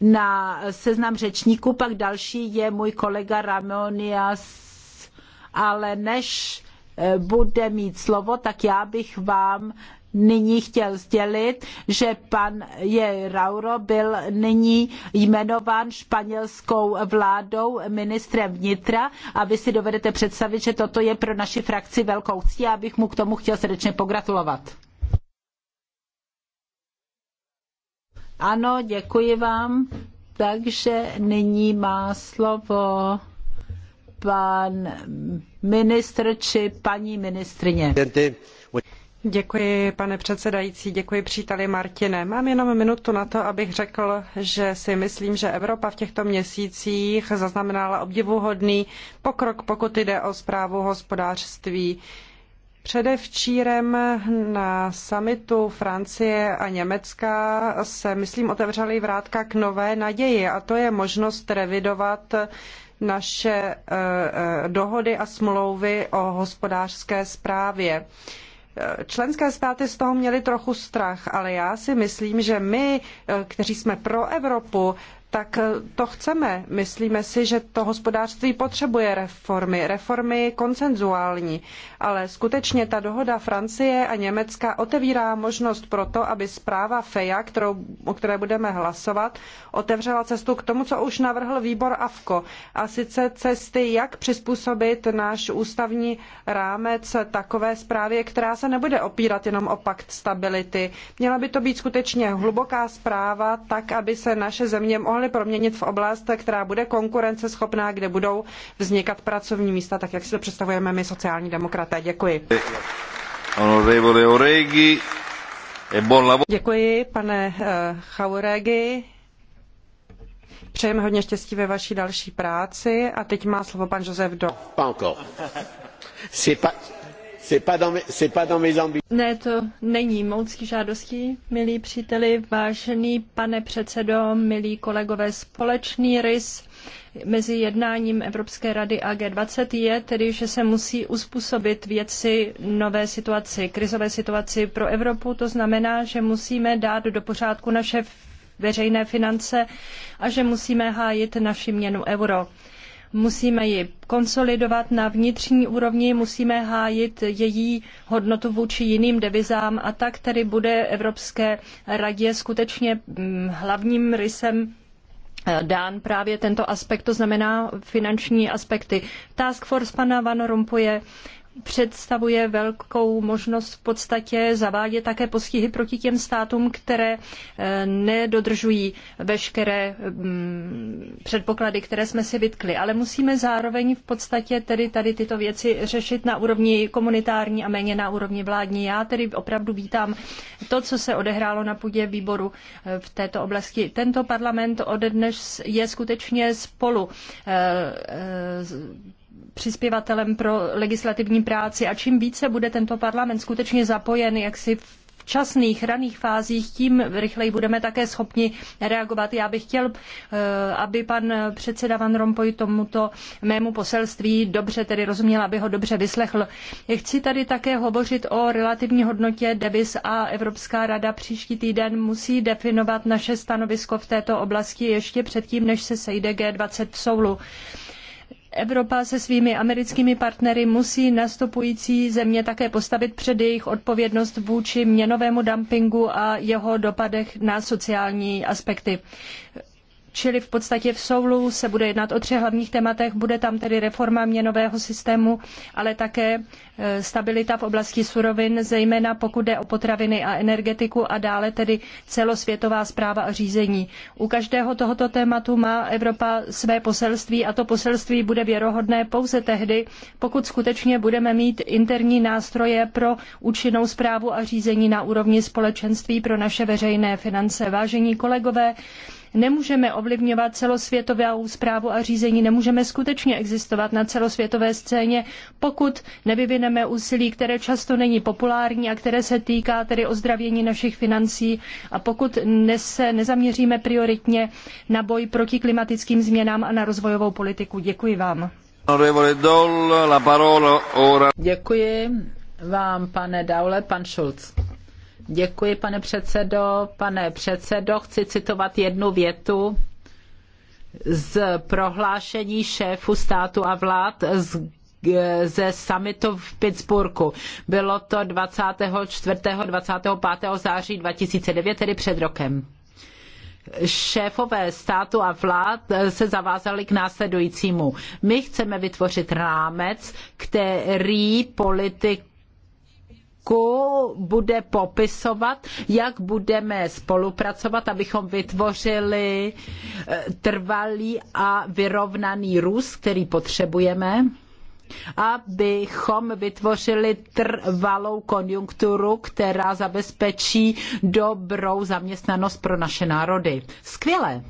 na seznam řečníků, pak další je můj kolega Ramonias, ale než eh, bude mít slovo, tak já bych vám nyní chtěl sdělit, že pan Rauro byl nyní jmenován španělskou vládou ministrem vnitra a vy si dovedete představit, že toto je pro naši frakci velkou ctí a bych mu k tomu chtěl srdečně pogratulovat. Ano, děkuji vám. Takže nyní má slovo pan ministr či paní ministrině. Děkujeme Děkuji, pane předsedající, děkuji příteli Martine. Mám jenom minutu na to, abych řekl, že si myslím, že Evropa v těchto měsících zaznamenala obdivuhodný pokrok, pokud jde o správu hospodářství. Předevčírem na summitu Francie a Německa se, myslím, otevřely vrátka k nové naději a to je možnost revidovat naše eh, eh, dohody a smlouvy o hospodářské správě. Členské státy z toho měly trochu strach, ale já si myslím, že my, eh, kteří jsme pro Evropu, tak eh, to chceme. Myslíme si, že to hospodářství potřebuje reformy, reformy koncenzuální, ale skutečně ta dohoda Francie a Německa otevírá možnost pro to, aby zpráva FEA, kterou, o které budeme hlasovat, otevřela cestu k tomu, co už navrhl výbor AVKO. a sice cesty, jak přizpůsobit náš ústavní rámec takové zprávě, která se nebude opírat jenom o pakt stability. Měla by to být skutečně hluboká zpráva, tak, aby se naše země mohly mohli proměnit v oblast, která bude konkurenceschopná, kde budou vznikat pracovní místa, tak jak si to představujeme my sociální demokraté. Děkuji. E Děkuji, pane eh, Chauregi. Přejeme hodně štěstí ve vaší další práci a teď má slovo pan Josef Do. Pas encore. Ne, to není moudský žádostí, milí příteli, vážený pane předsedo, milí kolegové, společný rys mezi jednáním Evropské rady a G20 je tedy, že se musí uspůsobit věci nové situaci, krizové situaci pro Evropu. To znamená, že musíme dát do pořádku naše veřejné finance a že musíme hájit naši měnu euro musíme ji konsolidovat na vnitřní úrovni, musíme hájit její hodnotu vůči jiným devizám a tak tedy bude Evropské radě skutečně mm, hlavním rysem eh, dán právě tento aspekt, to znamená finanční aspekty. Task force pana Van Rompuje představuje velkou možnost v podstatě zavádět také postihy proti těm státům, které eh, nedodržují veškeré mm, předpoklady, které jsme si vytkli. Ale musíme zároveň v podstatě tedy tady tyto věci řešit na úrovni komunitární a méně na úrovni vládní. Já tedy opravdu vítám to, co se odehrálo na půdě výboru eh, v této oblasti. Tento parlament ode dnes je skutečně spolu eh, přispěvatelem pro legislativní práci a čím více bude tento parlament skutečně zapojen jaksi v časných, raných fázích, tím rychleji budeme také schopni reagovat. Já bych chtěl, eh, aby pan předseda Van Rompuy tomuto mému poselství dobře tedy rozuměl, aby ho dobře vyslechl. Chci tady také hovořit o relativní hodnotě devis a Evropská rada příští týden musí definovat naše stanovisko v této oblasti ještě předtím, než se sejde G20 v Soulu. Evropa se svými americkými partnery musí nastupující země také postavit před jejich odpovědnost vůči měnovému dumpingu a jeho dopadech na sociální aspekty čili v podstatě v Soulu se bude jednat o třech hlavních tématech. Bude tam tedy reforma měnového systému, ale také e, stabilita v oblasti surovin, zejména pokud jde o potraviny a energetiku a dále tedy celosvětová správa a řízení. U každého tohoto tématu má Evropa své poselství a to poselství bude věrohodné pouze tehdy, pokud skutečně budeme mít interní nástroje pro účinnou správu a řízení na úrovni společenství pro naše veřejné finance. Vážení kolegové, nemůžeme ovlivňovat celosvětovou zprávu a řízení, nemůžeme skutečně existovat na celosvětové scéně, pokud nevyvineme úsilí, které často není populární a které se týká tedy ozdravění našich financí a pokud se nezaměříme prioritně na boj proti klimatickým změnám a na rozvojovou politiku. Děkuji vám. Děkuji vám, pane Daule, pan Schulz. Děkuji, pane předsedo. Pane předsedo, chci citovat jednu větu z prohlášení šéfů státu a vlád z ze summitu v Pittsburghu. Bylo to 24. 25. září 2009, tedy před rokem. Šéfové státu a vlád se zavázali k následujícímu. My chceme vytvořit rámec, který politik článku bude popisovat, jak budeme spolupracovat, abychom vytvořili eh, trvalý a vyrovnaný růst, který potřebujeme abychom vytvořili trvalou konjunkturu, která zabezpečí dobrou zaměstnanost pro naše národy. Skvěle.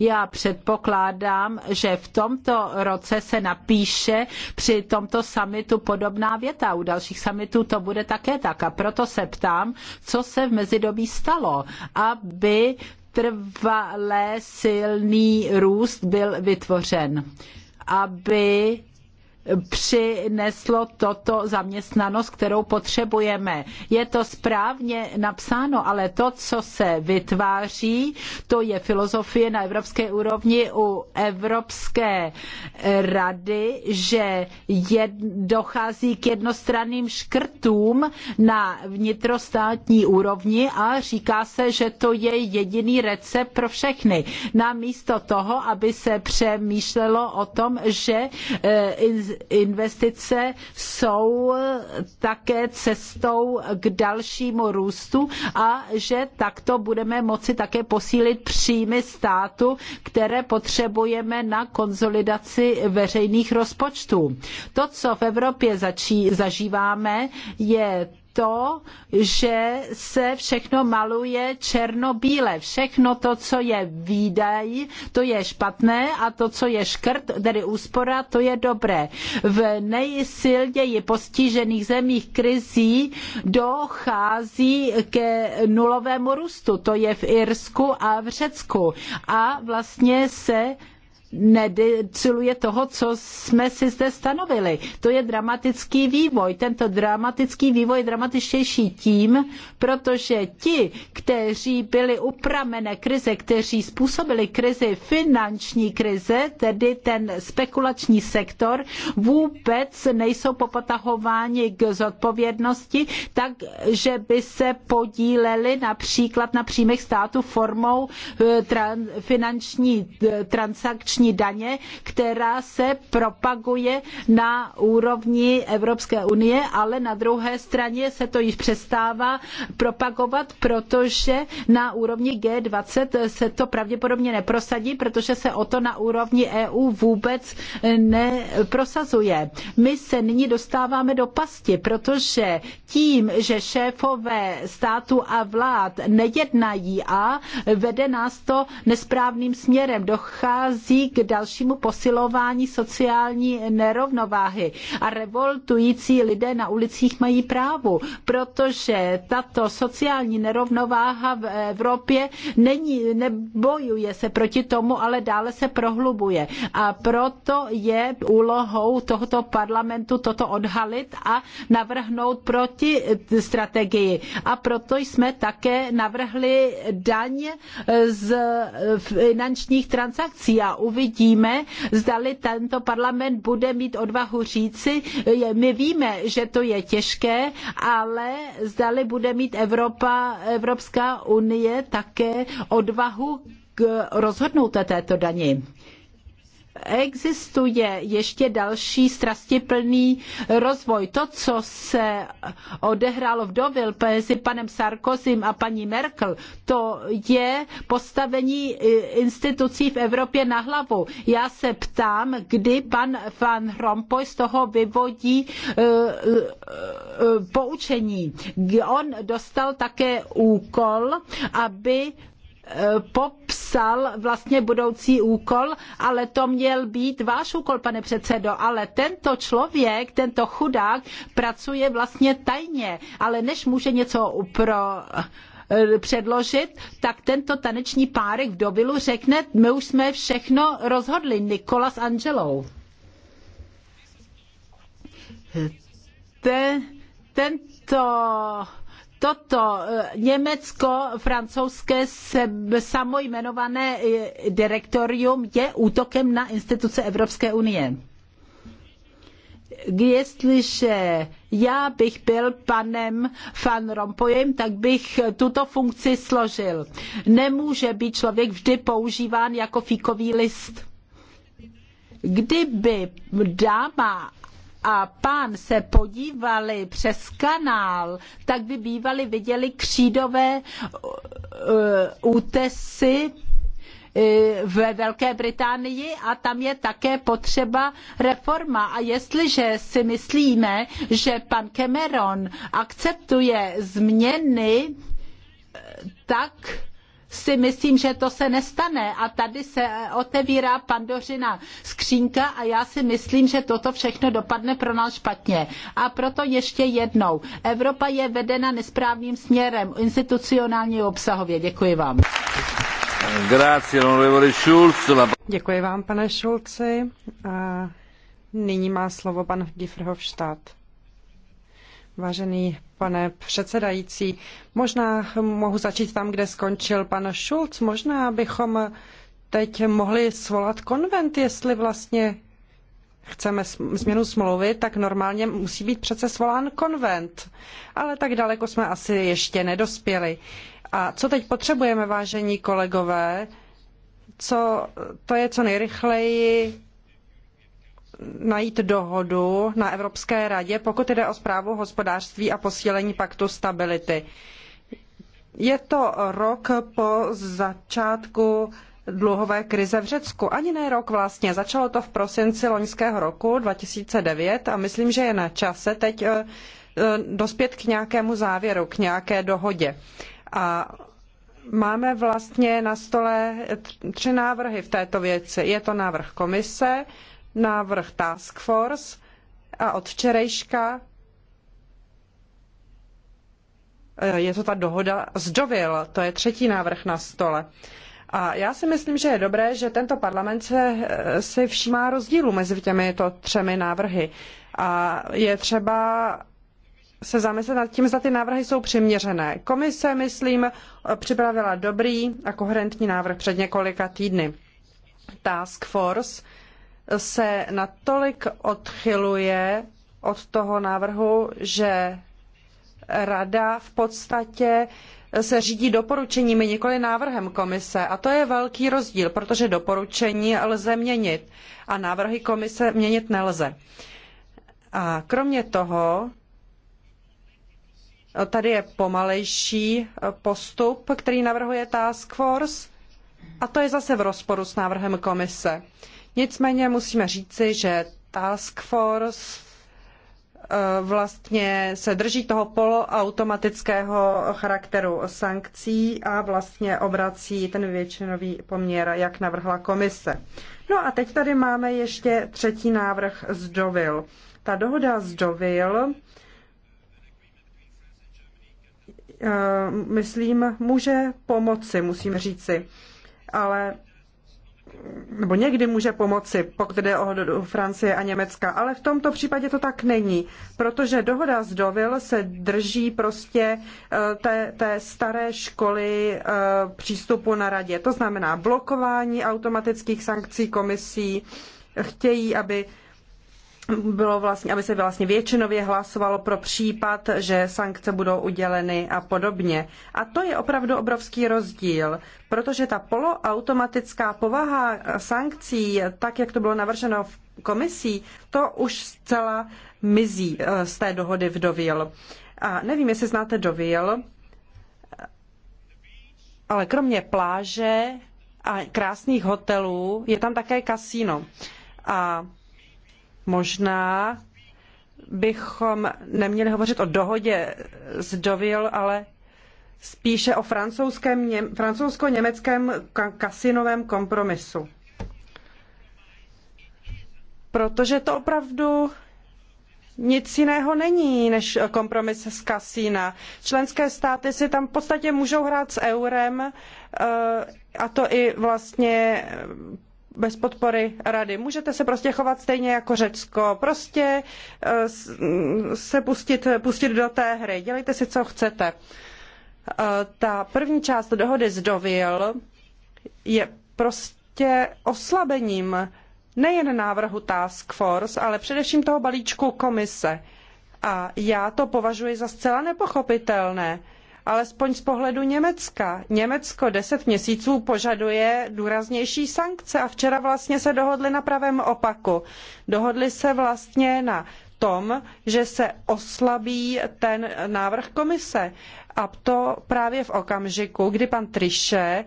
Já předpokládám, že v tomto roce se napíše při tomto summitu podobná věta. U dalších summitů to bude také tak. A proto se ptám, co se v mezidobí stalo, aby trvalé silný růst byl vytvořen. Aby přineslo toto zaměstnanost, kterou potřebujeme. Je to správně napsáno, ale to, co se vytváří, to je filozofie na evropské úrovni u Evropské rady, že jed, dochází k jednostranným škrtům na vnitrostátní úrovni a říká se, že to je jediný recept pro všechny. Namísto toho, aby se přemýšlelo o tom, že e, investice jsou také cestou k dalšímu růstu a že takto budeme moci také posílit příjmy státu, které potřebujeme na konsolidaci veřejných rozpočtů. To, co v Evropě začí, zažíváme, je to, že se všechno maluje černobíle. Všechno to, co je výdaj, to je špatné a to, co je škrt, tedy úspora, to je dobré. V nejsilněji postižených zemích krizí dochází ke nulovému růstu. To je v Irsku a v Řecku. A vlastně se nedeciluje toho, co jsme si zde stanovili. To je dramatický vývoj. Tento dramatický vývoj je dramatičtější tím, protože ti, kteří byli upramené krize, kteří způsobili krizi, finanční krize, tedy ten spekulační sektor, vůbec nejsou popotahováni k zodpovědnosti, takže by se podíleli například na příjmech státu formou eh, finanční eh, transakční spotřební daně, která se propaguje na úrovni Evropské unie, ale na druhé straně se to již přestává propagovat, protože na úrovni G20 se to pravděpodobně neprosadí, protože se o to na úrovni EU vůbec neprosazuje. My se nyní dostáváme do pasti, protože tím, že šéfové státu a vlád nejednají a vede nás to nesprávným směrem, dochází k dalšímu posilování sociální nerovnováhy. A revoltující lidé na ulicích mají právo, protože tato sociální nerovnováha v Evropě není, nebojuje se proti tomu, ale dále se prohlubuje. A proto je úlohou tohoto parlamentu toto odhalit a navrhnout proti strategii. A proto jsme také navrhli daň z finančních transakcí a uvidíme, uvidíme, zdali tento parlament bude mít odvahu říci, my víme, že to je těžké, ale zdali bude mít Evropa, Evropská unie také odvahu k rozhodnout o této dani existuje ještě další strastiplný rozvoj. To, co se odehrálo v Dovil mezi panem Sarkozym a paní Merkel, to je postavení eh, institucí v Evropě na hlavu. Já se ptám, kdy pan Van Rompuy z toho vyvodí eh, eh, poučení. On dostal také úkol, aby Eh, popsal vlastně budoucí úkol, ale to měl být váš úkol, pane předsedo, ale tento člověk, tento chudák pracuje vlastně tajně, ale než může něco pro eh, předložit, tak tento taneční párek v Dobilu řekne, my už jsme všechno rozhodli, Nikola s Angelou. Ten, tento toto e, německo-francouzské samojmenované e, direktorium je útokem na instituce Evropské unie. Jestliže já bych byl panem Van Rompuyem, tak bych tuto funkci složil. Nemůže být člověk vždy používán jako fíkový list kdyby dáma a pán se podívali přes kanál, tak by bývali viděli křídové uh, útesy uh, ve Velké Británii a tam je také potřeba reforma. A jestliže si myslíme, že pan Cameron akceptuje změny, tak si myslím, že to se nestane a tady se otevírá pandořina skřínka a já si myslím, že toto všechno dopadne pro nás špatně. A proto ještě jednou. Evropa je vedena nesprávným směrem, institucionálně obsahově. Děkuji vám. Děkuji vám, pane Schulzi. A nyní má slovo pan Gifrhofstadt. Vážený pane předsedající. Možná mohu začít tam, kde skončil pan Schulz. Možná bychom teď mohli svolat konvent, jestli vlastně chceme změnu smlouvy, tak normálně musí být přece svolán konvent. Ale tak daleko jsme asi ještě nedospěli. A co teď potřebujeme, vážení kolegové, co, to je co nejrychleji najít dohodu na Evropské radě, pokud jde o zprávu hospodářství a posílení paktu stability. Je to rok po začátku dluhové krize v Řecku. Ani ne rok vlastně. Začalo to v prosinci loňského roku 2009 a myslím, že je na čase teď eh, eh, dospět k nějakému závěru, k nějaké dohodě. A máme vlastně na stole tři návrhy v této věci. Je to návrh komise, návrh Task Force a od včerejška eh, je to ta dohoda z Deauville, to je třetí návrh na stole. A já si myslím, že je dobré, že tento parlament se, eh, si všímá rozdílu mezi těmito třemi návrhy. A je třeba se zamyslet nad tím, zda ty návrhy jsou přiměřené. Komise, myslím, připravila dobrý a koherentní návrh před několika týdny. Task Force se natolik odchyluje od toho návrhu, že rada v podstatě se řídí doporučeními, nikoli návrhem komise. A to je velký rozdíl, protože doporučení lze měnit a návrhy komise měnit nelze. A kromě toho, tady je pomalejší postup, který navrhuje Task Force, a to je zase v rozporu s návrhem komise. Uh, Nicméně musíme říci, že Task Force eh, vlastně se drží toho poloautomatického charakteru sankcí a vlastně obrací ten většinový poměr, jak navrhla komise. No a teď tady máme ještě třetí návrh z Dovil. Ta dohoda z Dovil eh, myslím, může pomoci, musím říci. Ale nebo někdy může pomoci, pokud jde o Francie a Německa, ale v tomto případě to tak není, protože dohoda z Dovil se drží prostě eh, té, té staré školy eh, přístupu na radě. To znamená blokování automatických sankcí komisí, chtějí, aby bylo vlastně, aby se vlastně většinově hlasovalo pro případ, že sankce budou uděleny a podobně. A to je opravdu obrovský rozdíl, protože ta poloautomatická povaha sankcí, tak jak to bylo navrženo v komisí, to už zcela mizí eh, z té dohody v Dovil. A nevím, jestli znáte Dovil, ale kromě pláže a krásných hotelů je tam také kasíno. A Možná bychom neměli hovořit o dohodě z Dovil, ale spíše o francouzském, francouzsko-německém kasinovém kompromisu. Protože to opravdu nic jiného není než kompromis z kasína. Členské státy si tam v podstatě můžou hrát s eurem eh, a to i vlastně bez podpory rady. Můžete se prostě chovat stejně jako Řecko. Prostě eh, se pustit, pustit do té hry. Dělejte si, co chcete. Eh, ta první část dohody z Dovil je prostě oslabením nejen návrhu Task Force, ale především toho balíčku komise. A já to považuji za zcela nepochopitelné alespoň z pohledu Německa. Německo deset měsíců požaduje důraznější sankce a včera vlastně se dohodli na pravém opaku. Dohodli se vlastně na tom, že se oslabí ten návrh komise. A to právě v okamžiku, kdy pan Trichet eh,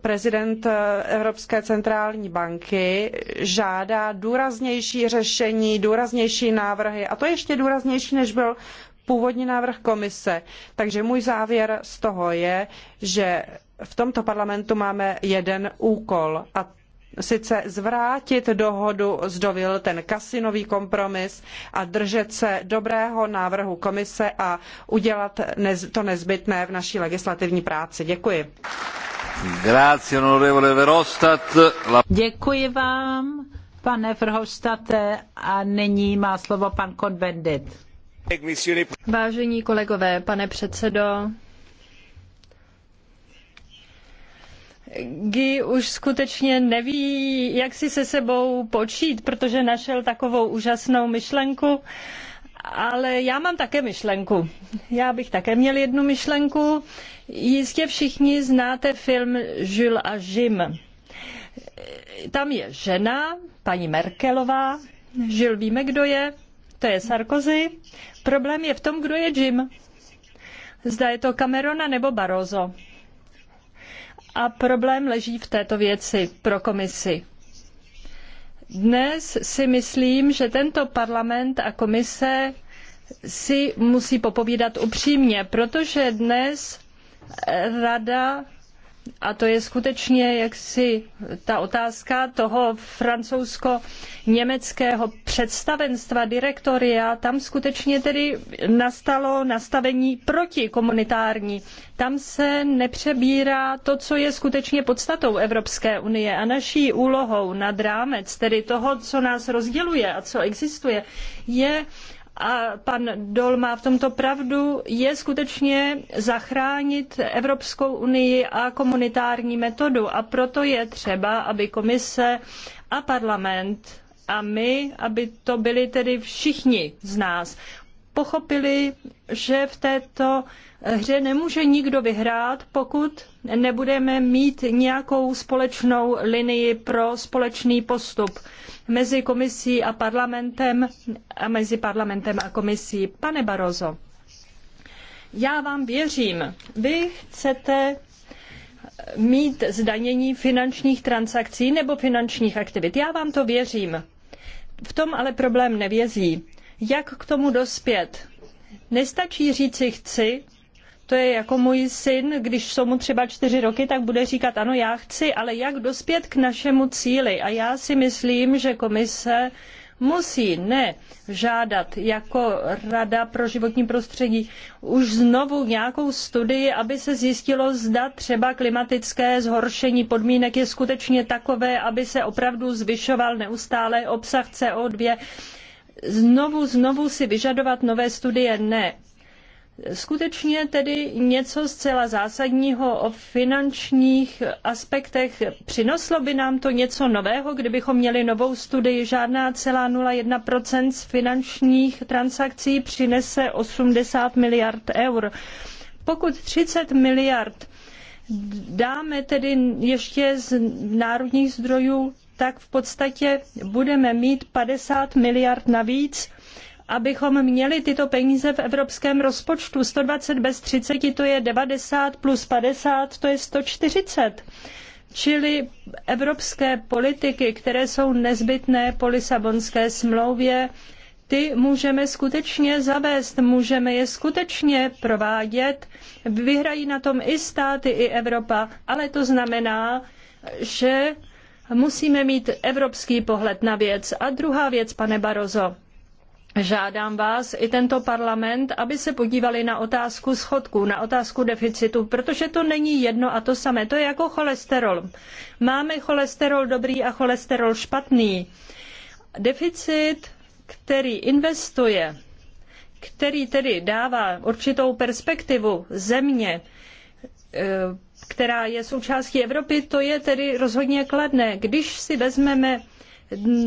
prezident Evropské centrální banky žádá důraznější řešení, důraznější návrhy a to ještě důraznější, než byl původní návrh komise. Takže můj závěr z toho je, že v tomto parlamentu máme jeden úkol a sice zvrátit dohodu z Dovil, ten kasinový kompromis a držet se dobrého návrhu komise a udělat to nezbytné v naší legislativní práci. Děkuji. Děkuji vám, pane Verhofstadte, a nyní má slovo pan Konbendit. Vážení kolegové, pane předsedo, Guy už skutečně neví, jak si se sebou počít, protože našel takovou úžasnou myšlenku. Ale já mám také myšlenku. Já bych také měl jednu myšlenku. Jistě všichni znáte film Jules a Jim. Tam je žena, paní Merkelová. Žil víme, kdo je. To je Sarkozy. Problém je v tom, kdo je Jim. Zda je to Camerona nebo Barroso. A problém leží v této věci pro komisi. Dnes si myslím, že tento parlament a komise si musí popovídat upřímně, protože dnes rada a to je skutečně jaksi ta otázka toho francouzsko-německého představenstva, direktoria, tam skutečně tedy nastalo nastavení protikomunitární. Tam se nepřebírá to, co je skutečně podstatou Evropské unie a naší úlohou nad rámec, tedy toho, co nás rozděluje a co existuje, je a pan Dol má v tomto pravdu, je skutečně zachránit Evropskou unii a komunitární metodu. A proto je třeba, aby komise a parlament a my, aby to byli tedy všichni z nás, pochopili, že v této hře nemůže nikdo vyhrát, pokud nebudeme mít nějakou společnou linii pro společný postup mezi komisí a parlamentem a mezi parlamentem a komisí. Pane Barozo, já vám věřím. Vy chcete mít zdanění finančních transakcí nebo finančních aktivit. Já vám to věřím. V tom ale problém nevězí. Jak k tomu dospět? Nestačí říci chci, to je jako můj syn, když jsou mu třeba čtyři roky, tak bude říkat ano, já chci, ale jak dospět k našemu cíli? A já si myslím, že komise musí ne žádat jako Rada pro životní prostředí už znovu nějakou studii, aby se zjistilo, zda třeba klimatické zhoršení podmínek je skutečně takové, aby se opravdu zvyšoval neustále obsah CO2 znovu, znovu si vyžadovat nové studie, ne. Skutečně tedy něco zcela zásadního o finančních aspektech. Přineslo by nám to něco nového, kdybychom měli novou studii. Žádná celá 0,1% z finančních transakcí přinese 80 miliard eur. Pokud 30 miliard dáme tedy ještě z národních zdrojů tak v podstatě budeme mít 50 miliard navíc, abychom měli tyto peníze v evropském rozpočtu. 120 bez 30 to je 90 plus 50 to je 140. Čili evropské politiky, které jsou nezbytné po Lisabonské smlouvě, ty můžeme skutečně zavést, můžeme je skutečně provádět. Vyhrají na tom i státy, i Evropa, ale to znamená, že Musíme mít evropský pohled na věc. A druhá věc, pane Barozo, Žádám vás i tento parlament, aby se podívali na otázku schodku, na otázku deficitu, protože to není jedno a to samé. To je jako cholesterol. Máme cholesterol dobrý a cholesterol špatný. Deficit, který investuje, který tedy dává určitou perspektivu země, eh, která je součástí Evropy, to je tedy rozhodně kladné. Když si vezmeme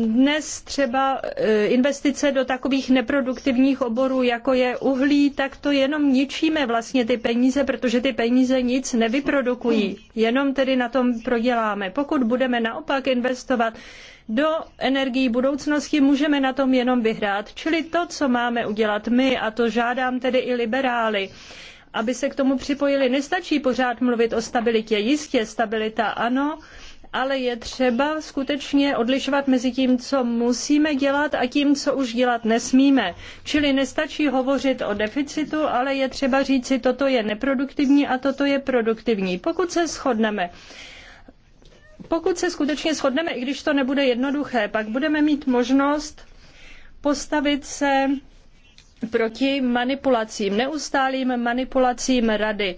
dnes třeba eh, investice do takových neproduktivních oborů, jako je uhlí, tak to jenom ničíme vlastně ty peníze, protože ty peníze nic nevyprodukují. Jenom tedy na tom proděláme. Pokud budeme naopak investovat do energií budoucnosti, můžeme na tom jenom vyhrát. Čili to, co máme udělat my, a to žádám tedy i liberály, aby se k tomu připojili. Nestačí pořád mluvit o stabilitě. Jistě, stabilita ano, ale je třeba skutečně odlišovat mezi tím, co musíme dělat a tím, co už dělat nesmíme. Čili nestačí hovořit o deficitu, ale je třeba říci, toto je neproduktivní a toto je produktivní. Pokud se shodneme, pokud se skutečně shodneme, i když to nebude jednoduché, pak budeme mít možnost postavit se proti manipulacím, neustálým manipulacím rady.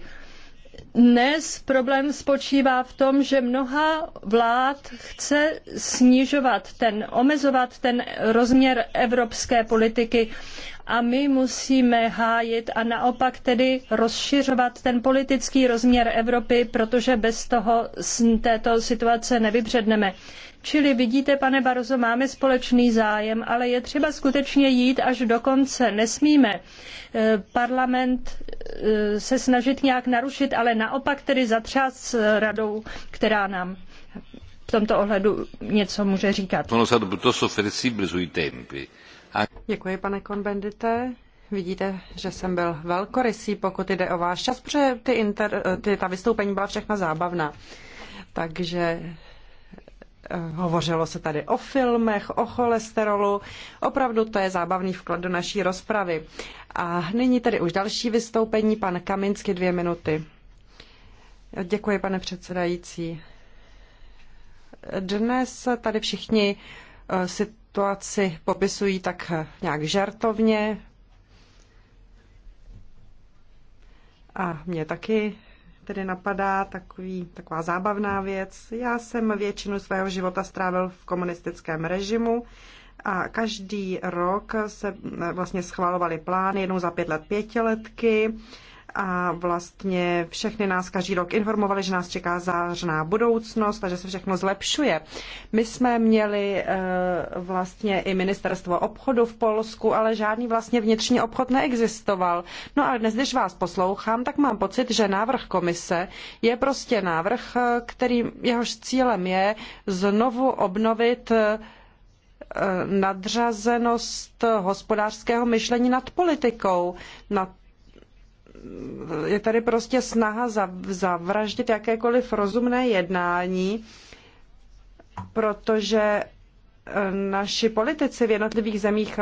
Dnes problém spočívá v tom, že mnoha vlád chce snižovat ten, omezovat ten rozměr evropské politiky a my musíme hájit a naopak tedy rozšiřovat ten politický rozměr Evropy, protože bez toho z této situace nevybředneme. Čili vidíte, pane Barozo, máme společný zájem, ale je třeba skutečně jít až do konce. Nesmíme eh, parlament eh, se snažit nějak narušit, ale naopak tedy zatřást s radou, která nám v tomto ohledu něco může říkat. Děkuji, pane Konbendite. Vidíte, že jsem byl velkorysý, pokud jde o váš čas, protože ty, inter, ty ta vystoupení byla všechna zábavná. Takže Eh, hovořilo se tady o filmech, o cholesterolu. Opravdu to je zábavný vklad do naší rozpravy. A nyní tedy už další vystoupení, pan Kaminsky, dvě minuty. Děkuji, pane předsedající. Dnes tady všichni eh, situaci popisují tak eh, nějak žartovně. A mě taky tedy napadá takový, taková zábavná věc. Já jsem většinu svého života strávil v komunistickém režimu a každý rok se vlastně schvalovaly plány, jednou za pět let pětiletky, a vlastně všechny nás každý rok informovali, že nás čeká zářná budoucnost a že se všechno zlepšuje. My jsme měli eh, vlastně i ministerstvo obchodu v Polsku, ale žádný vlastně vnitřní obchod neexistoval. No a dnes, když vás poslouchám, tak mám pocit, že návrh komise je prostě návrh, eh, který jehož cílem je znovu obnovit eh, nadřazenost hospodářského myšlení nad politikou, nad je tady prostě snaha zavraždit jakékoliv rozumné jednání, protože eh, naši politici v jednotlivých zemích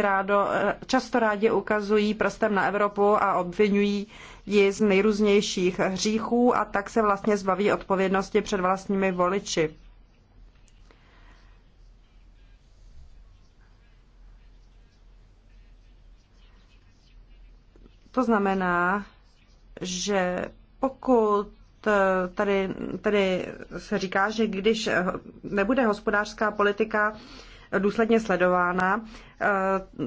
rádo, eh, často rádi ukazují prstem na Evropu a obvinují ji z nejrůznějších hříchů a tak se vlastně zbaví odpovědnosti před vlastními voliči. To znamená, že pokud eh, tady, tady se říká, že když eh, nebude hospodářská politika důsledně sledována eh,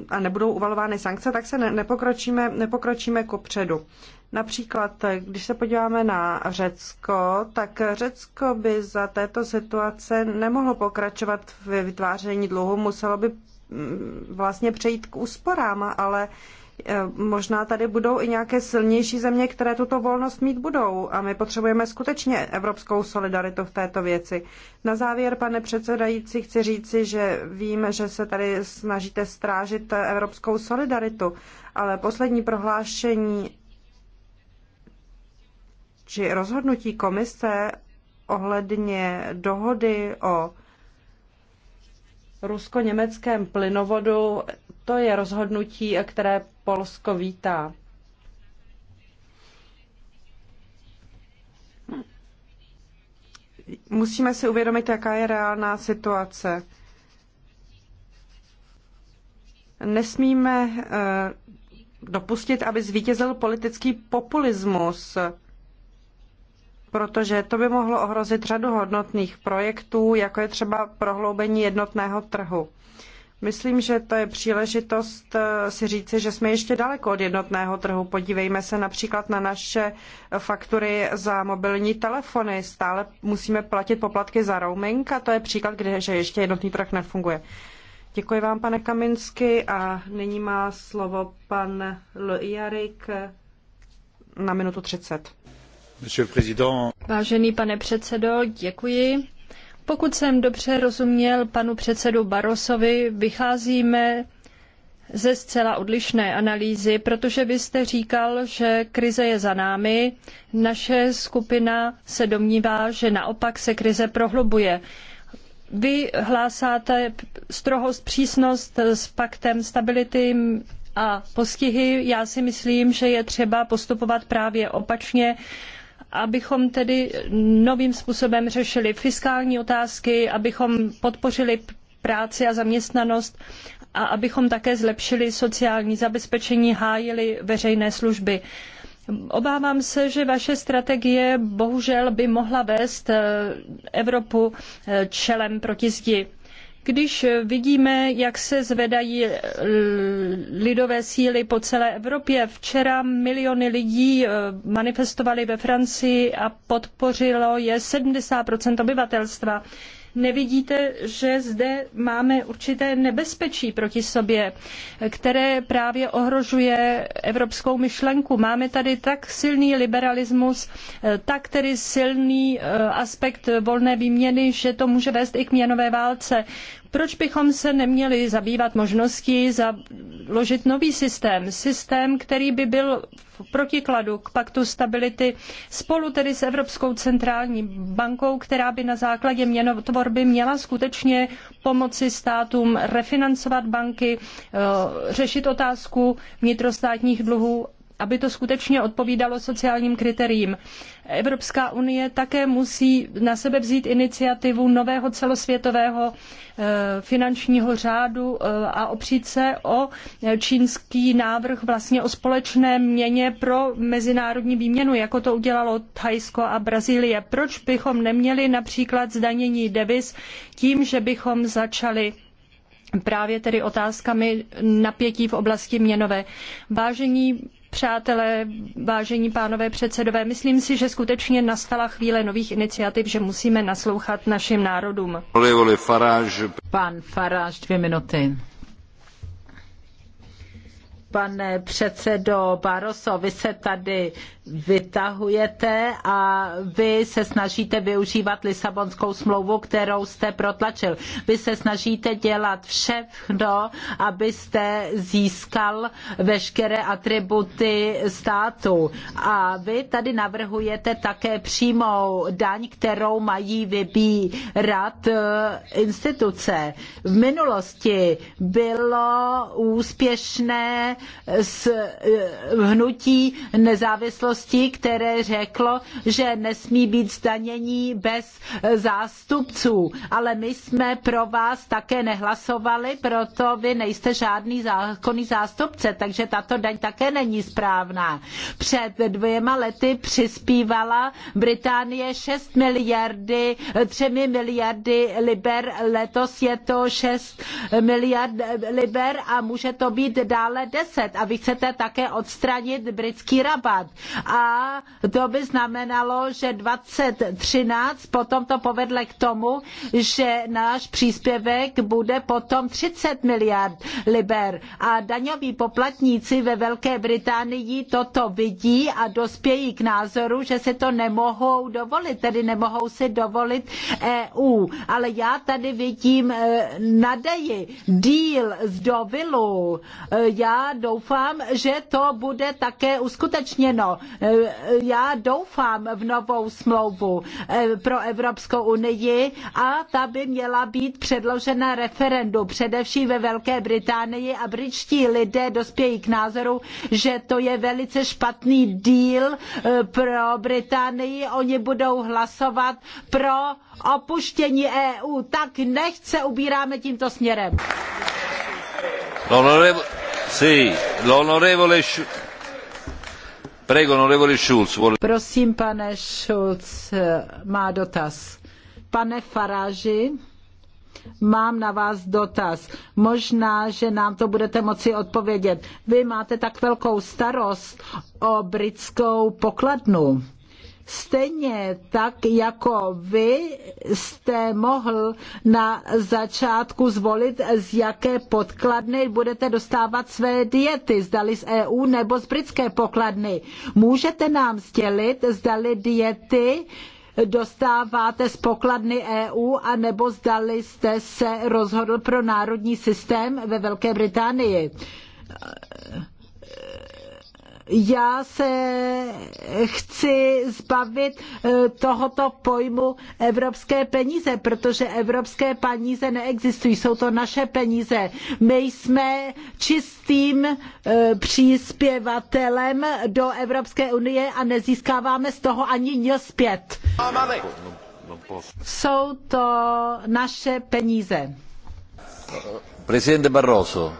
a nebudou uvalovány sankce, tak se nepokročíme, nepokročíme ku předu. Například, když se podíváme na Řecko, tak Řecko by za této situace nemohlo pokračovat v vytváření dluhu, muselo by mm, vlastně přejít k úsporám, ale uh, Eh, možná tady budou i nějaké silnější země, které tuto volnost mít budou a my potřebujeme skutečně evropskou solidaritu v této věci. Na závěr, pane předsedající, chci říci, že vím, že se tady snažíte strážit evropskou solidaritu, ale poslední prohlášení či rozhodnutí komise ohledně dohody o rusko-německém plynovodu, to je rozhodnutí, které Polsko vítá. Musíme si uvědomit, jaká je reálná situace. Nesmíme eh, dopustit, aby zvítězil politický populismus, protože to by mohlo ohrozit řadu hodnotných projektů, jako je třeba prohloubení jednotného trhu. Myslím, že to je příležitost eh, si říci, že jsme ještě daleko od jednotného trhu. Podívejme se například na naše faktury za mobilní telefony. Stále musíme platit poplatky za roaming a to je příklad, kde že ještě jednotný trh nefunguje. Děkuji vám, pane Kaminsky, a nyní má slovo pan Jarik na minutu 30. Vážený pane předsedo, děkuji. Pokud jsem dobře rozuměl panu předsedu Barosovi, vycházíme ze zcela odlišné analýzy, protože vy jste říkal, že krize je za námi. Naše skupina se domnívá, že naopak se krize prohlubuje. Vy hlásáte strohost, přísnost s paktem stability a postihy. Já si myslím, že je třeba postupovat právě opačně abychom tedy novým způsobem řešili fiskální otázky, abychom podpořili práci a zaměstnanost a abychom také zlepšili sociální zabezpečení, hájili veřejné služby. Obávám se, že vaše strategie bohužel by mohla vést eh, Evropu eh, čelem proti zdi. Když vidíme, jak se zvedají lidové síly po celé Evropě, včera miliony lidí eh, manifestovali ve Francii a podpořilo je 70 obyvatelstva nevidíte, že zde máme určité nebezpečí proti sobě, které právě ohrožuje evropskou myšlenku. Máme tady tak silný liberalismus, eh, tak tedy silný eh, aspekt volné výměny, že to může vést i k měnové válce. Proč bychom se neměli zabývat možností založit nový systém, systém, který by byl v protikladu k paktu stability spolu tedy s Evropskou centrální bankou, která by na základě měnotvorby měla skutečně pomoci státům refinancovat banky, eh, řešit otázku vnitrostátních dluhů aby to skutečně odpovídalo sociálním kritériím. Evropská unie také musí na sebe vzít iniciativu nového celosvětového eh, finančního řádu eh, a opřít se o čínský návrh vlastně o společné měně pro mezinárodní výměnu, jako to udělalo Thajsko a Brazílie. Proč bychom neměli například zdanění deviz tím, že bychom začali právě tedy otázkami napětí v oblasti měnové. Vážení Přátelé, vážení pánové předsedové, myslím si, že skutečně nastala chvíle nových iniciativ, že musíme naslouchat našim národům. Pan Faráž, dvě minuty. Pane předsedo Baroso, vy se tady vytahujete a vy se snažíte využívat Lisabonskou smlouvu, kterou jste protlačil. Vy se snažíte dělat všechno, abyste získal veškeré atributy státu. A vy tady navrhujete také přímou daň, kterou mají vybírat eh, instituce. V minulosti bylo úspěšné eh, hnutí nezávislosti společnosti, které řeklo, že nesmí být zdanění bez eh, zástupců. Ale my jsme pro vás také nehlasovali, proto vy nejste žádný zákonný zástupce, takže tato daň také není správná. Před dvěma lety přispívala Británie 6 miliardy, 3 eh, miliardy liber, letos je to 6 eh, miliard liber a může to být dále 10. A vy chcete také odstranit britský rabat a to by znamenalo, že 2013 potom to povedle k tomu, že náš příspěvek bude potom 30 miliard liber a daňoví poplatníci ve Velké Británii toto vidí a dospějí k názoru, že si to nemohou dovolit, tedy nemohou si dovolit EU. Ale já tady vidím e, nadeji díl z Dovilu. E, já doufám, že to bude také uskutečněno. Eh, já doufám v novou smlouvu eh, pro Evropskou unii a ta by měla být předložena referendu, především ve Velké Británii a britští lidé dospějí k názoru, že to je velice špatný díl eh, pro Británii. Oni budou hlasovat pro opuštění EU. Tak nechce ubíráme tímto směrem. L'onorevole, sì, l'onorevole Prosím, pane Schulz, má dotaz. Pane Faráži, Mám na vás dotaz. Možná, že nám to budete moci odpovědět. Vy máte tak velkou starost o britskou pokladnu. Stejně tak jako vy jste mohl na začátku zvolit, z jaké podkladny budete dostávat své diety, zdali z EU nebo z britské pokladny. Můžete nám sdělit, zdali diety dostáváte z pokladny EU a nebo zdali jste se rozhodl pro národní systém ve Velké Británii já se chci zbavit eh, tohoto pojmu evropské peníze, protože evropské peníze neexistují, jsou to naše peníze. My jsme čistým eh, příspěvatelem do Evropské unie a nezískáváme z toho ani nil zpět. Jsou to naše peníze. Prezident Barroso.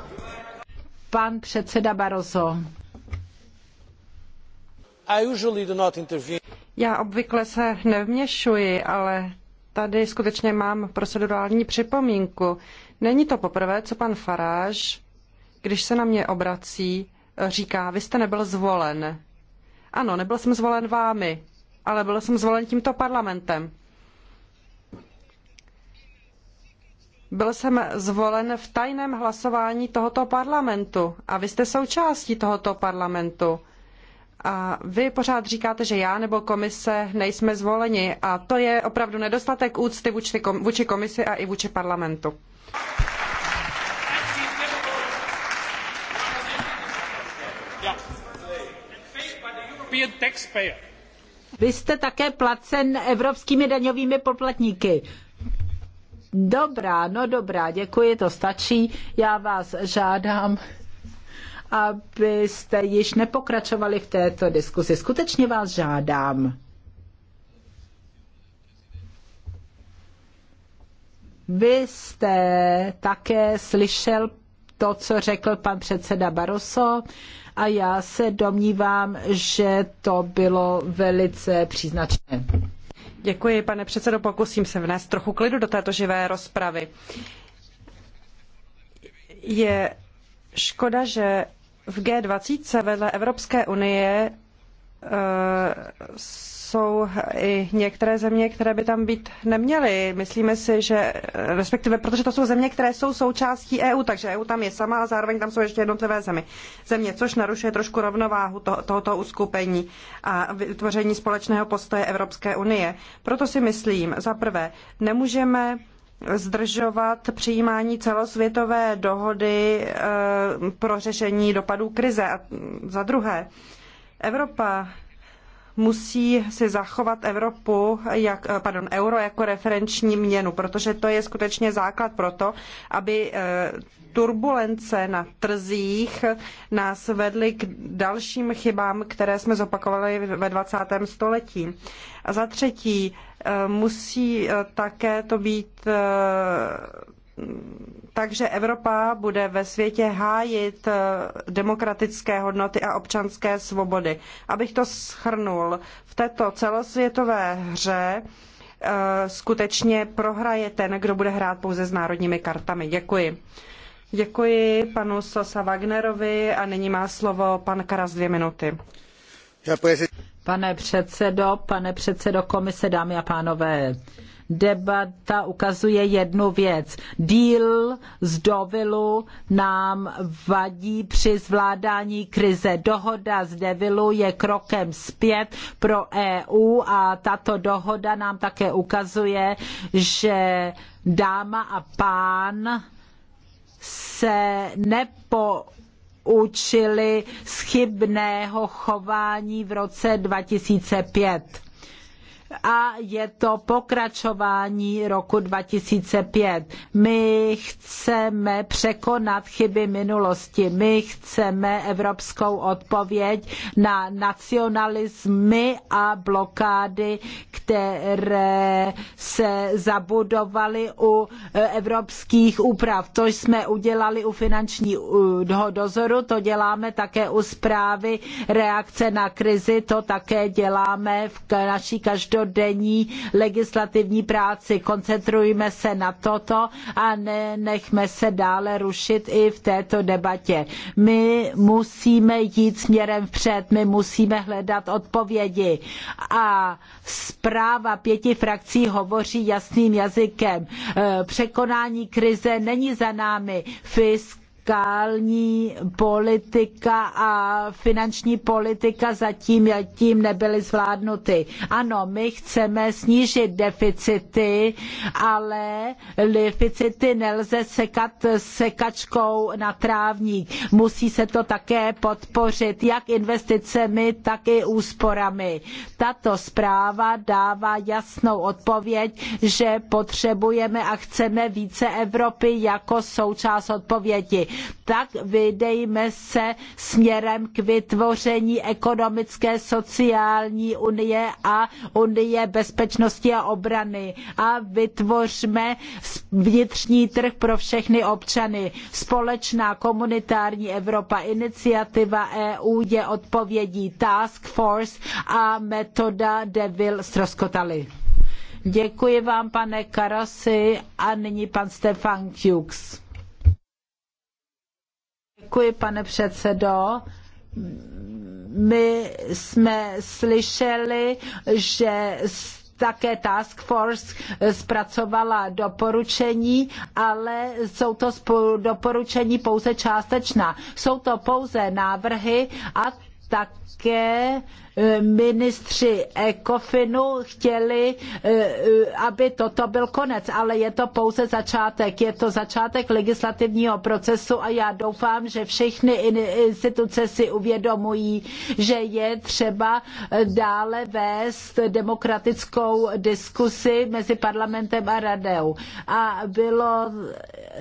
Pan předseda Barroso. Já obvykle se nevměšuji, ale tady skutečně mám procedurální připomínku. Není to poprvé, co pan Faráž, když se na mě obrací, říká, vy jste nebyl zvolen. Ano, nebyl jsem zvolen vámi, ale byl jsem zvolen tímto parlamentem. Byl jsem zvolen v tajném hlasování tohoto parlamentu a vy jste součástí tohoto parlamentu. A vy pořád říkáte, že já nebo komise nejsme zvoleni a to je opravdu nedostatek úcty vůči komisi a i vůči parlamentu. Vy jste také placen evropskými daňovými poplatníky. Dobrá, no dobrá, děkuji, to stačí. Já vás žádám abyste již nepokračovali v této diskusi. Skutečně vás žádám. Vy jste také slyšel to, co řekl pan předseda Barroso a já se domnívám, že to bylo velice příznačné. Děkuji, pane předsedo, pokusím se vnést trochu klidu do této živé rozpravy. Je škoda, že v G20 vedle Evropské unie eh, jsou i některé země, které by tam být neměly. Myslíme si, že eh, respektive, protože to jsou země, které jsou součástí EU, takže EU tam je sama a zároveň tam jsou ještě jednotlivé zemi. země, což narušuje trošku rovnováhu to, tohoto uskupení a vytvoření společného postoje Evropské unie. Proto si myslím, za prvé, nemůžeme zdržovat přijímání celosvětové dohody eh, pro řešení dopadů krize. A za druhé, Evropa musí si zachovat Evropu, jak, eh, pardon, euro jako referenční měnu, protože to je skutečně základ pro to, aby eh, turbulence na trzích nás vedly k dalším chybám, které jsme zopakovali ve 20. století. A za třetí, eh, musí také to být takže Evropa bude ve světě hájit eh, demokratické hodnoty a občanské svobody. Abych to schrnul, v této celosvětové hře eh, skutečně prohraje ten, kdo bude hrát pouze s národními kartami. Děkuji. Děkuji panu Sosa Wagnerovi a nyní má slovo pan Karas dvě minuty. Pane předsedo, pane předsedo komise, dámy a pánové, debata ukazuje jednu věc. Díl z Dovilu nám vadí při zvládání krize. Dohoda z Devilu je krokem zpět pro EU a tato dohoda nám také ukazuje, že dáma a pán se nepo učili z chybného chování v roce 2005 a je to pokračování roku 2005. My chceme překonat chyby minulosti, my chceme evropskou odpověď na nacionalismy a blokády, které se zabudovaly u evropských úprav. To jsme udělali u finančního dozoru, to děláme také u zprávy reakce na krizi, to také děláme v naší každodenní každodenní legislativní práci. Koncentrujme se na toto a nenechme se dále rušit i v této debatě. My musíme jít směrem vpřed, my musíme hledat odpovědi. A zpráva pěti frakcí hovoří jasným jazykem. Eh, překonání krize není za námi. Fisk fiskální politika a finanční politika zatím, tím nebyly zvládnuty. Ano, my chceme snížit deficity, ale deficity nelze sekat sekačkou na trávník. Musí se to také podpořit jak investicemi, tak i úsporami. Tato zpráva dává jasnou odpověď, že potřebujeme a chceme více Evropy jako součást odpovědi tak vydejme se směrem k vytvoření ekonomické, sociální unie a unie bezpečnosti a obrany a vytvořme vnitřní trh pro všechny občany. Společná komunitární Evropa, iniciativa EU je odpovědí Task Force a metoda Devil Stroskotali. Děkuji vám, pane Karasi, a nyní pan Stefan Hughes. Děkuji, pane předsedo my jsme slyšeli, že také Task Force zpracovala doporučení, ale jsou to doporučení pouze částečná. Jsou to pouze návrhy a také eh, ministři Ekofinu chtěli, eh, aby toto byl konec, ale je to pouze začátek. Je to začátek legislativního procesu a já doufám, že všechny instituce si uvědomují, že je třeba eh, dále vést demokratickou diskusi mezi parlamentem a radou. A bylo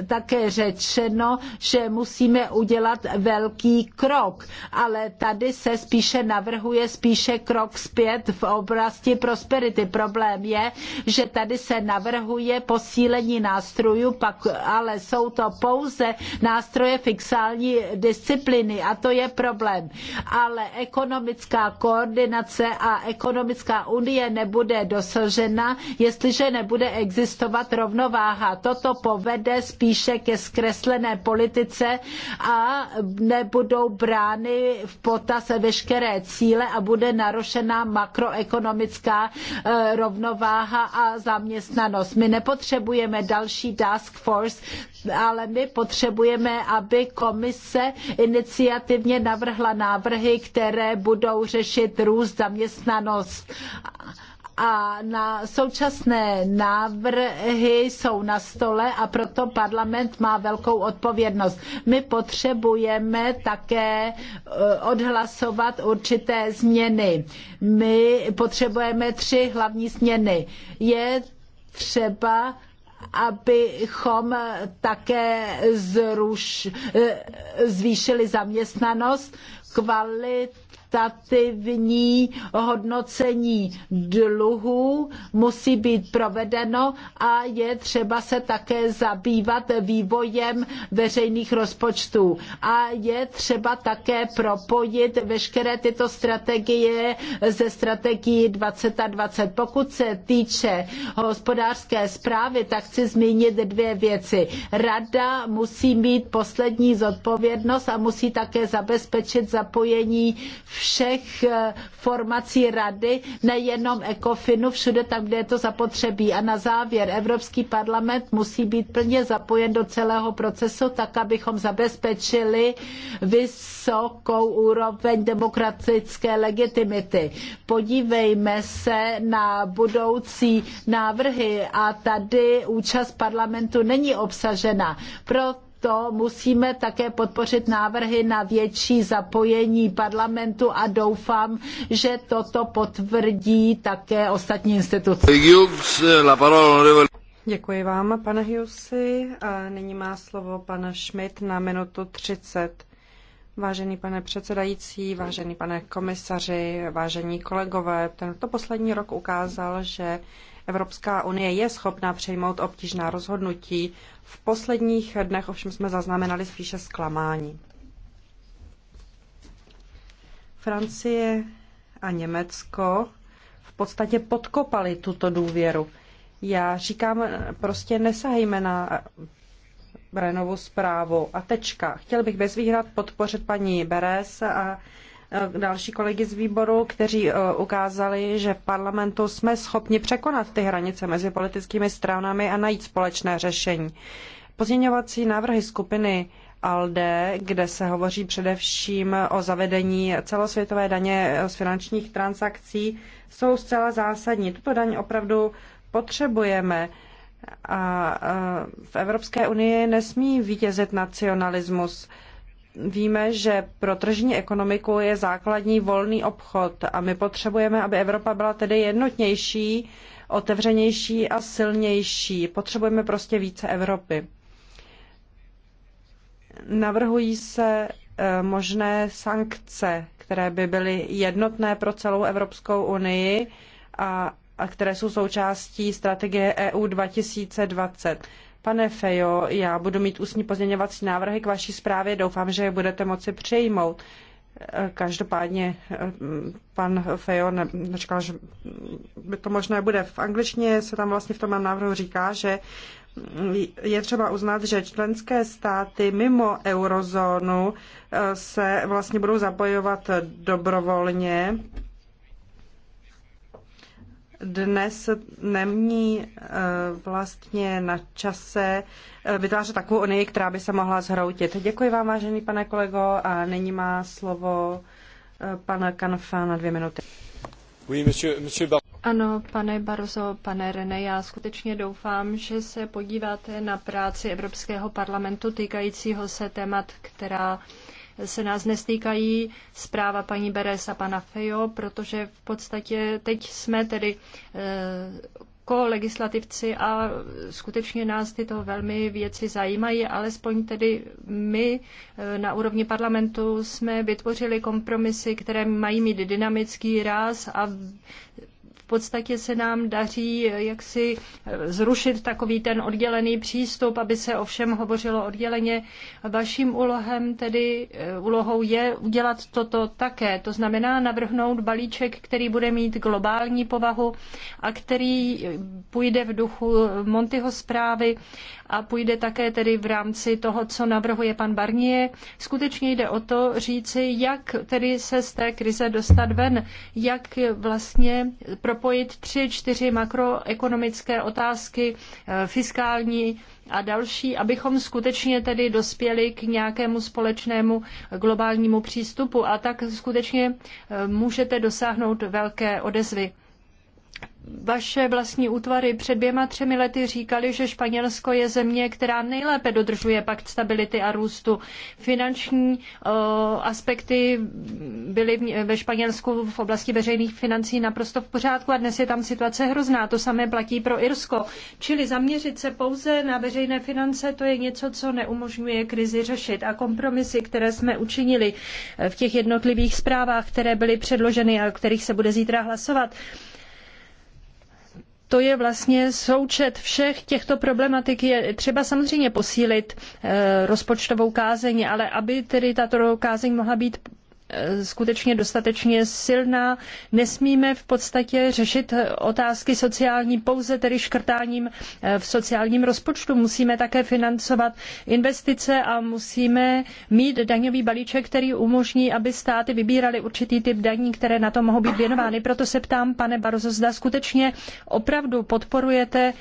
také řečeno, že musíme udělat velký krok, ale tady komise spíše navrhuje spíše krok zpět v oblasti prosperity. Problém je, že tady se navrhuje posílení nástrojů, pak, ale jsou to pouze nástroje fixální disciplíny a to je problém. Ale ekonomická koordinace a ekonomická unie nebude dosažena, jestliže nebude existovat rovnováha. Toto povede spíše ke zkreslené politice a nebudou brány v potaz veškeré cíle a bude narušena makroekonomická e, rovnováha a zaměstnanost. My nepotřebujeme další task force, ale my potřebujeme, aby komise iniciativně navrhla návrhy, které budou řešit růst zaměstnanost a na současné návrhy jsou na stole a proto parlament má velkou odpovědnost. My potřebujeme také eh, odhlasovat určité změny. My potřebujeme tři hlavní změny. Je třeba abychom také zruš, eh, zvýšili zaměstnanost, kvalitu, kvantitativní hodnocení dluhu musí být provedeno a je třeba se také zabývat vývojem veřejných rozpočtů. A je třeba také propojit veškeré tyto strategie ze strategií 2020. Pokud se týče hospodářské zprávy, tak chci zmínit dvě věci. Rada musí mít poslední zodpovědnost a musí také zabezpečit zapojení všech všech eh, formací rady, nejenom ECOFINu, všude tam, kde je to zapotřebí. A na závěr Evropský parlament musí být plně zapojen do celého procesu, tak abychom zabezpečili vysokou úroveň demokratické legitimity. Podívejme se na budoucí návrhy a tady účast parlamentu není obsažena. Proto to musíme také podpořit návrhy na větší zapojení parlamentu a doufám, že toto potvrdí také ostatní instituce. Děkuji vám, pane Hughesy. A nyní má slovo pan Schmidt na minutu 30. Vážený pane předsedající, vážený pane komisaři, vážení kolegové, tento poslední rok ukázal, že Evropská unie je schopná přijmout obtížná rozhodnutí, v posledních dnech ovšem jsme zaznamenali spíše zklamání. Francie a Německo v podstatě podkopali tuto důvěru. Já říkám, prostě nesahejme na Brenovu zprávu a tečka. Chtěl bych bez výhrad podpořit paní Beres a Eh, další kolegy z výboru, kteří eh, ukázali, že v parlamentu jsme schopni překonat ty hranice mezi politickými stranami a najít společné řešení. Pozměňovací návrhy skupiny ALDE, kde se hovoří především o zavedení celosvětové daně z finančních transakcí, jsou zcela zásadní. Tuto daň opravdu potřebujeme. A eh, v Evropské unii nesmí vítězit nacionalismus. Víme, že pro tržní ekonomiku je základní volný obchod a my potřebujeme, aby Evropa byla tedy jednotnější, otevřenější a silnější. Potřebujeme prostě více Evropy. Navrhují se eh, možné sankce, které by byly jednotné pro celou Evropskou unii a, a které jsou součástí strategie EU 2020. Pane Fejo, já budu mít ústní pozměňovací návrhy k vaší zprávě, doufám, že je budete moci přejmout. Každopádně eh, pan Fejo říkal, že by to možné bude. V angličtině se tam vlastně v tom návrhu říká, že je třeba uznat, že členské státy mimo eurozónu eh, se vlastně budou zapojovat dobrovolně dnes nemní eh, vlastně na čase eh, vytvářet takovou unii, která by se mohla zhroutit. Děkuji vám, vážený pane kolego, a nyní má slovo eh, pan Kanfa na dvě minuty. Oui, monsieur, monsieur ano, pane Barroso, pane René, já skutečně doufám, že se podíváte na práci Evropského parlamentu týkajícího se témat, která se nás nestýkají, zpráva paní Beres a pana Fejo, protože v podstatě teď jsme tedy eh, legislativci a skutečně nás tyto velmi věci zajímají, alespoň tedy my eh, na úrovni parlamentu jsme vytvořili kompromisy, které mají mít dynamický ráz a podstatě se nám daří eh, jaksi eh, zrušit takový ten oddělený přístup, aby se ovšem hovořilo odděleně. Vaším úlohem tedy eh, úlohou je udělat toto také. To znamená navrhnout balíček, který bude mít globální povahu a který půjde v duchu Montyho zprávy a půjde také tedy v rámci toho, co navrhuje pan Barnier. Skutečně jde o to říci, jak tedy se z té krize dostat ven, jak vlastně pro propojit tři, čtyři makroekonomické otázky, eh, fiskální a další, abychom skutečně tedy dospěli k nějakému společnému globálnímu přístupu a tak skutečně eh, můžete dosáhnout velké odezvy vaše vlastní útvary před dvěma, třemi lety říkali, že Španělsko je země, která nejlépe dodržuje pakt stability a růstu. Finanční o, eh, aspekty byly v, ve Španělsku v oblasti veřejných financí naprosto v pořádku a dnes je tam situace hrozná. To samé platí pro Irsko. Čili zaměřit se pouze na veřejné finance, to je něco, co neumožňuje krizi řešit. A kompromisy, které jsme učinili v těch jednotlivých zprávách, které byly předloženy a o kterých se bude zítra hlasovat, to je vlastně součet všech těchto problematik. Je třeba samozřejmě posílit eh, rozpočtovou kázeň, ale aby tedy tato kázeň mohla být Eh, skutečně dostatečně silná. Nesmíme v podstatě řešit otázky sociální pouze tedy škrtáním eh, v sociálním rozpočtu. Musíme také financovat investice a musíme mít daňový balíček, který umožní, aby státy vybíraly určitý typ daní, které na to mohou být věnovány. Proto se ptám, pane Barozo, zda skutečně opravdu podporujete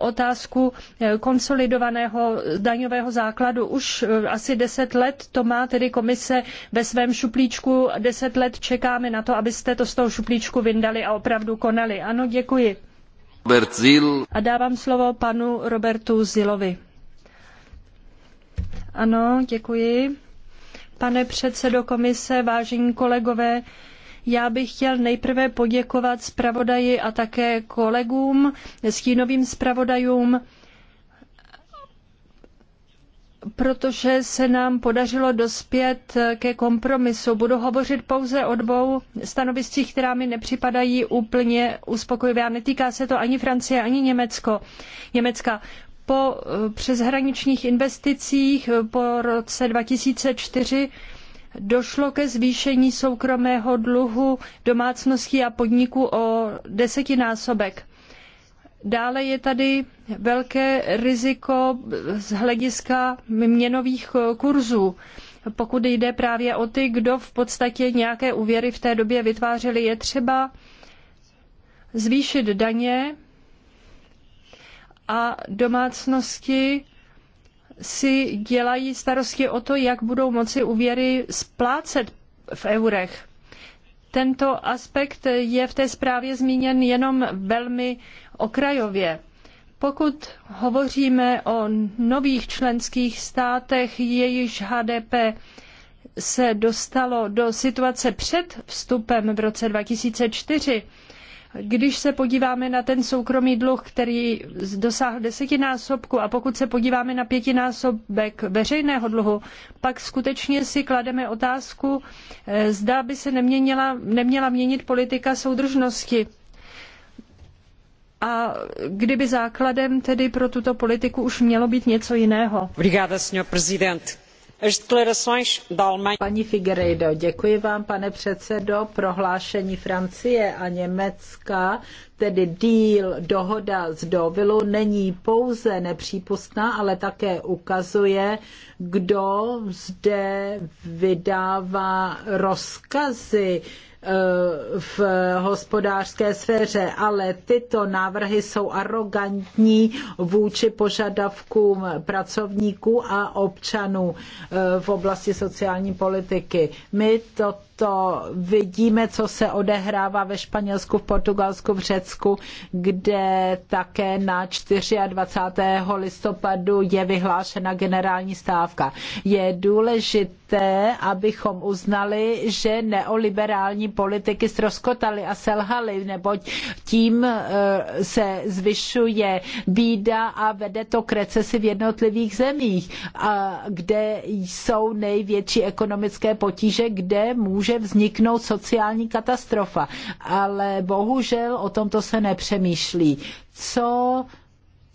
otázku eh, konsolidovaného daňového základu. Už asi deset let to má tedy komise ve svém šuplíčku šuplíčku. Deset let čekáme na to, abyste to z toho šuplíčku vyndali a opravdu konali. Ano, děkuji. Robert Zil. A dávám slovo panu Robertu Zilovi. Ano, děkuji. Pane předsedo komise, vážení kolegové, já bych chtěl nejprve poděkovat zpravodaji a také kolegům, stínovým zpravodajům protože se nám podařilo dospět ke kompromisu. Budu hovořit pouze o dvou stanoviscích, která mi nepřipadají úplně uspokojivě a netýká se to ani Francie, ani Německo. Německa po eh, přeshraničních investicích eh, po roce 2004 došlo ke zvýšení soukromého dluhu domácností a podniků o desetinásobek. Dále je tady velké riziko z hlediska měnových eh, kurzů. Pokud jde právě o ty, kdo v podstatě nějaké úvěry v té době vytvářeli, je třeba zvýšit daně a domácnosti si dělají starosti o to, jak budou moci úvěry splácet v eurech. Tento aspekt je v té zprávě zmíněn jenom velmi okrajově. Pokud hovoříme o nových členských státech, jejichž HDP se dostalo do situace před vstupem v roce 2004, když se podíváme na ten soukromý dluh, který dosáhl desetinásobku a pokud se podíváme na pětinásobek veřejného dluhu, pak skutečně si klademe otázku, eh, zda by se neměnila, neměla měnit politika soudržnosti a kdyby základem tedy pro tuto politiku už mělo být něco jiného. Obrigada, senhor presidente. Paní Figueiredo, děkuji vám, pane předsedo. Prohlášení Francie a Německa, tedy díl, dohoda z Dovilu, není pouze nepřípustná, ale také ukazuje, kdo zde vydává rozkazy. Uh, Eh, v hospodářské sféře, ale tyto návrhy jsou arrogantní vůči požadavkům pracovníků a občanů eh, v oblasti sociální politiky. My toto vidíme, co se odehrává ve Španělsku, v Portugalsku, v Řecku, kde také na 24. listopadu je vyhlášena generální stávka. Je důležité, abychom uznali, že neoliberální politiky ztroskotaly a selhaly, neboť tím e, se zvyšuje bída a vede to k recesi v jednotlivých zemích, kde jsou největší ekonomické potíže, kde může vzniknout sociální katastrofa. Ale bohužel o tomto se nepřemýšlí. Co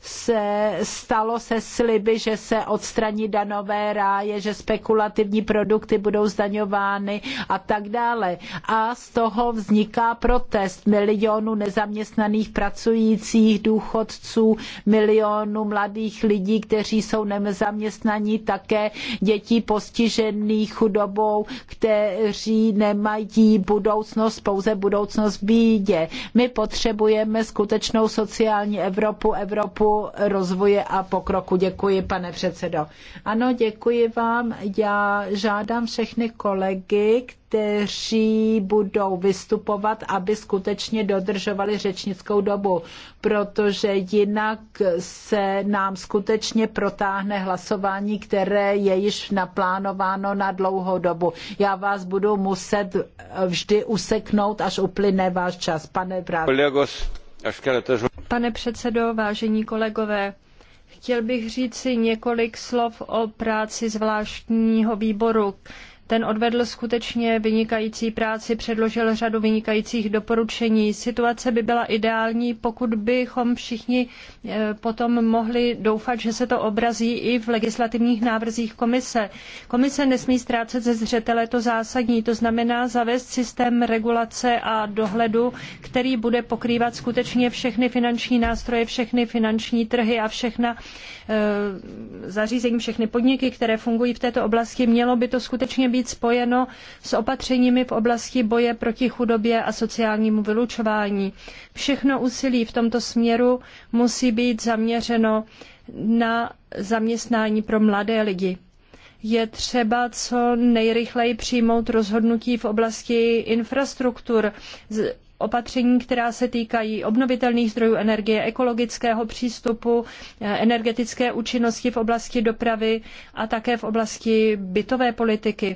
se stalo se sliby, že se odstraní danové ráje, že spekulativní produkty budou zdaňovány a tak dále. A z toho vzniká protest milionů nezaměstnaných pracujících důchodců, milionů mladých lidí, kteří jsou nezaměstnaní, také dětí postižených chudobou, kteří nemají budoucnost, pouze budoucnost v bídě. My potřebujeme skutečnou sociální Evropu, Evropu rozvoje a pokroku. Děkuji, pane předsedo. Ano, děkuji vám. Já žádám všechny kolegy, kteří budou vystupovat, aby skutečně dodržovali řečnickou dobu, protože jinak se nám skutečně protáhne hlasování, které je již naplánováno na dlouhou dobu. Já vás budu muset vždy useknout, až uplyne váš čas. Pane Brát. Pane předsedo, vážení kolegové, chtěl bych říci několik slov o práci zvláštního výboru, ten odvedl skutečně vynikající práci, předložil řadu vynikajících doporučení. Situace by byla ideální, pokud bychom všichni eh, potom mohli doufat, že se to obrazí i v legislativních návrzích komise. Komise nesmí ztrácet ze zřetele to zásadní, to znamená zavést systém regulace a dohledu, který bude pokrývat skutečně všechny finanční nástroje, všechny finanční trhy a všechna eh, zařízení, všechny podniky, které fungují v této oblasti. Mělo by to skutečně být být spojeno s opatřeními v oblasti boje proti chudobě a sociálnímu vylučování. Všechno úsilí v tomto směru musí být zaměřeno na zaměstnání pro mladé lidi je třeba co nejrychleji přijmout rozhodnutí v oblasti infrastruktur, opatření, která se týkají obnovitelných zdrojů energie, ekologického přístupu, eh, energetické účinnosti v oblasti dopravy a také v oblasti bytové politiky.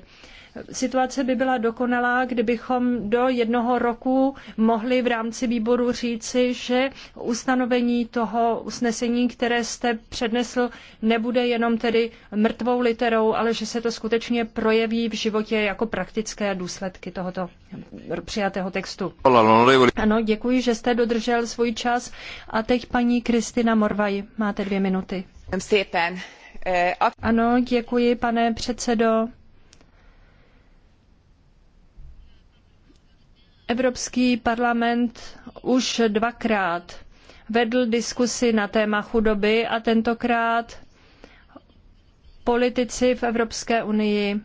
Situace by byla dokonalá, kdybychom do jednoho roku mohli v rámci výboru říci, že ustanovení toho usnesení, které jste přednesl, nebude jenom tedy mrtvou literou, ale že se to skutečně projeví v životě jako praktické důsledky tohoto přijatého textu. Ano, děkuji, že jste dodržel svůj čas. A teď paní Kristina Morvaj, máte dvě minuty. Ano, děkuji, pane předsedo. Evropský parlament už dvakrát vedl diskusi na téma chudoby a tentokrát politici v Evropské unii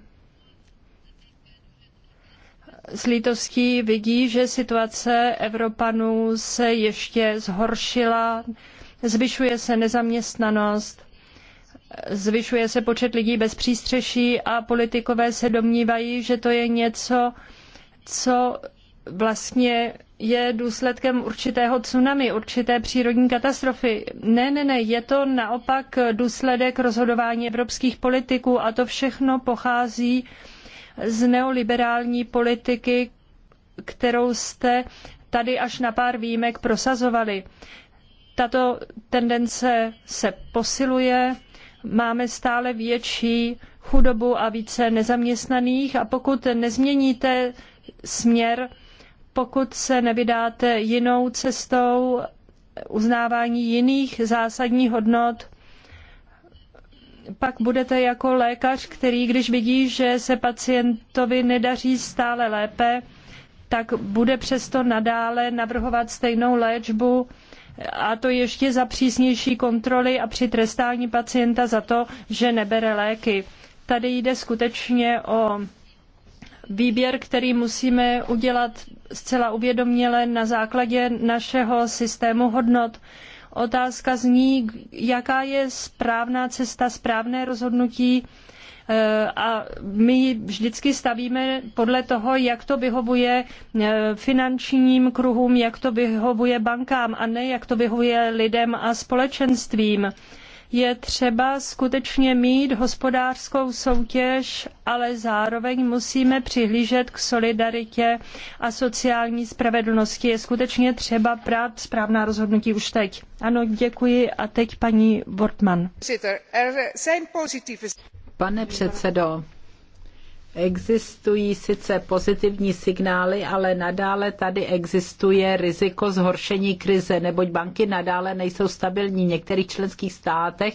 s lítostí vidí, že situace Evropanů se ještě zhoršila, zvyšuje se nezaměstnanost, zvyšuje se počet lidí bez přístřeší a politikové se domnívají, že to je něco, co vlastně je důsledkem určitého tsunami, určité přírodní katastrofy. Ne, ne, ne, je to naopak důsledek rozhodování evropských politiků a to všechno pochází z neoliberální politiky, kterou jste tady až na pár výjimek prosazovali. Tato tendence se posiluje, máme stále větší chudobu a více nezaměstnaných a pokud nezměníte směr, pokud se nevydáte jinou cestou uznávání jiných zásadních hodnot, pak budete jako lékař, který když vidí, že se pacientovi nedaří stále lépe, tak bude přesto nadále navrhovat stejnou léčbu a to ještě za přísnější kontroly a při trestání pacienta za to, že nebere léky. Tady jde skutečně o výběr, který musíme udělat zcela uvědoměle na základě našeho systému hodnot. Otázka zní, jaká je správná cesta, správné rozhodnutí e, a my vždycky stavíme podle toho, jak to vyhovuje e, finančním kruhům, jak to vyhovuje bankám a ne jak to vyhovuje lidem a společenstvím je třeba skutečně mít hospodářskou soutěž, ale zároveň musíme přihlížet k solidaritě a sociální spravedlnosti. Je skutečně třeba brát správná rozhodnutí už teď. Ano, děkuji. A teď paní Wortmann. Pane předsedo, Existují sice pozitivní signály, ale nadále tady existuje riziko zhoršení krize, neboť banky nadále nejsou stabilní. V některých členských státech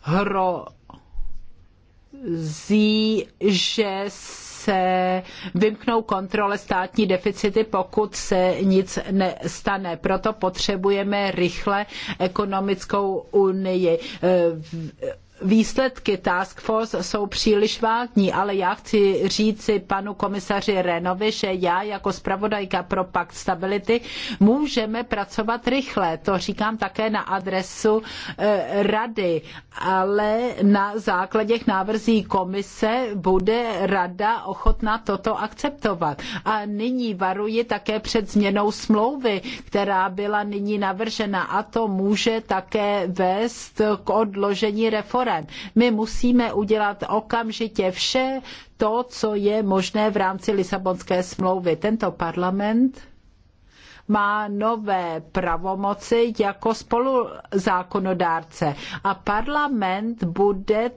hrozí, že se vymknou kontrole státní deficity, pokud se nic nestane. Proto potřebujeme rychle ekonomickou unii eh, výsledky Task Force jsou příliš vágní, ale já chci říci panu komisaři Renovi, že já jako zpravodajka pro Pakt stability můžeme pracovat rychle. To říkám také na adresu eh, rady, ale na základě návrzí komise bude rada ochotná toto akceptovat. A nyní varuji také před změnou smlouvy, která byla nyní navržena a to může také vést k odložení reformy sporem. My musíme udělat okamžitě vše to, co je možné v rámci Lisabonské smlouvy. Tento parlament má nové pravomoci jako spoluzákonodárce a parlament bude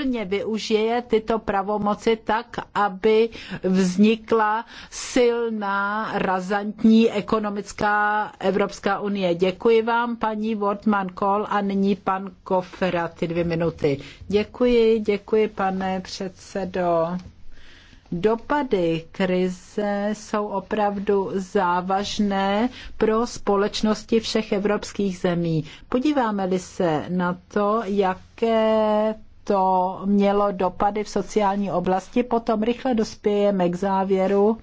plně využije tyto pravomoci tak, aby vznikla silná, razantní ekonomická Evropská unie. Děkuji vám, paní Wortmann Kohl a nyní pan Kofera, ty dvě minuty. Děkuji, děkuji, pane předsedo. Dopady krize jsou opravdu závažné pro společnosti všech evropských zemí. Podíváme-li se na to, jaké to mělo dopady v sociální oblasti, potom rychle dospějeme k závěru,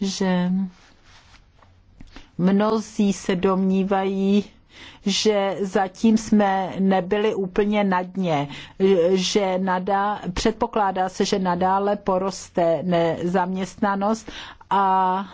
že mnozí se domnívají, že zatím jsme nebyli úplně na dně, že nadá, předpokládá se, že nadále poroste nezaměstnanost a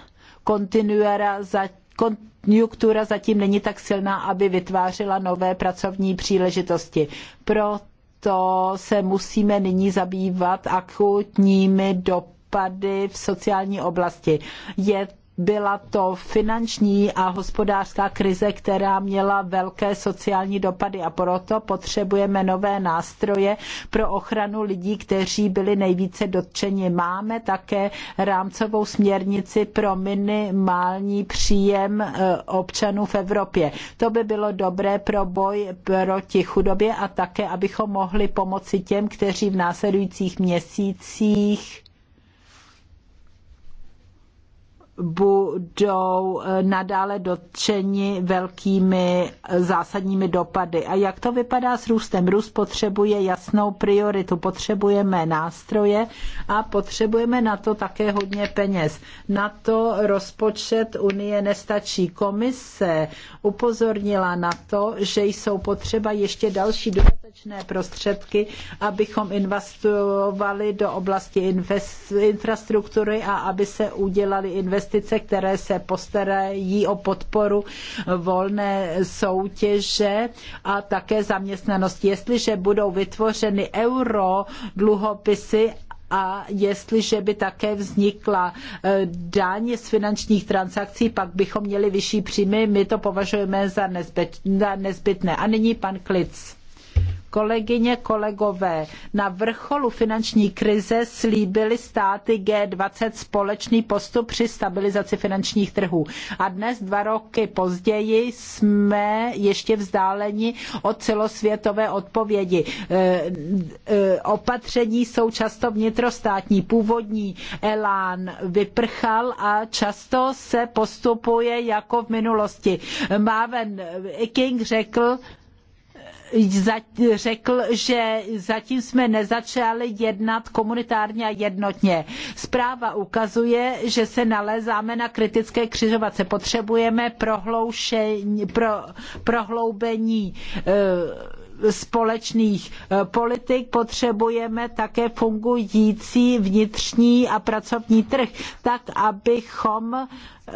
kontinuera za, kon, konjunktura zatím není tak silná, aby vytvářela nové pracovní příležitosti. Proto proto se musíme nyní zabývat akutními dopady v sociální oblasti. Je byla to finanční a hospodářská krize, která měla velké sociální dopady a proto potřebujeme nové nástroje pro ochranu lidí, kteří byli nejvíce dotčeni. Máme také rámcovou směrnici pro minimální příjem e, občanů v Evropě. To by bylo dobré pro boj proti chudobě a také, abychom mohli pomoci těm, kteří v následujících měsících budou eh, nadále dotčeni velkými eh, zásadními dopady. A jak to vypadá s růstem? Růst potřebuje jasnou prioritu, potřebujeme nástroje a potřebujeme na to také hodně peněz. Na to rozpočet Unie nestačí. Komise upozornila na to, že jsou potřeba ještě další dodatečné prostředky, abychom investovali do oblasti infrastruktury a aby se udělali investice investice, které se postarají o podporu volné soutěže a také zaměstnanosti. Jestliže budou vytvořeny euro dluhopisy a jestliže by také vznikla eh, daň z finančních transakcí, pak bychom měli vyšší příjmy. My to považujeme za nezbytné. A nyní pan Klic. Kolegyně, kolegové, na vrcholu finanční krize slíbily státy G20 společný postup při stabilizaci finančních trhů. A dnes, dva roky později, jsme ještě vzdáleni od celosvětové odpovědi. E, e, opatření jsou často vnitrostátní. Původní elán vyprchal a často se postupuje jako v minulosti. Máven King řekl, řekl, že zatím jsme nezačali jednat komunitárně a jednotně. Zpráva ukazuje, že se nalézáme na kritické křižovatce. Potřebujeme prohloubení eh, společných eh, politik, potřebujeme také fungující vnitřní a pracovní trh, tak abychom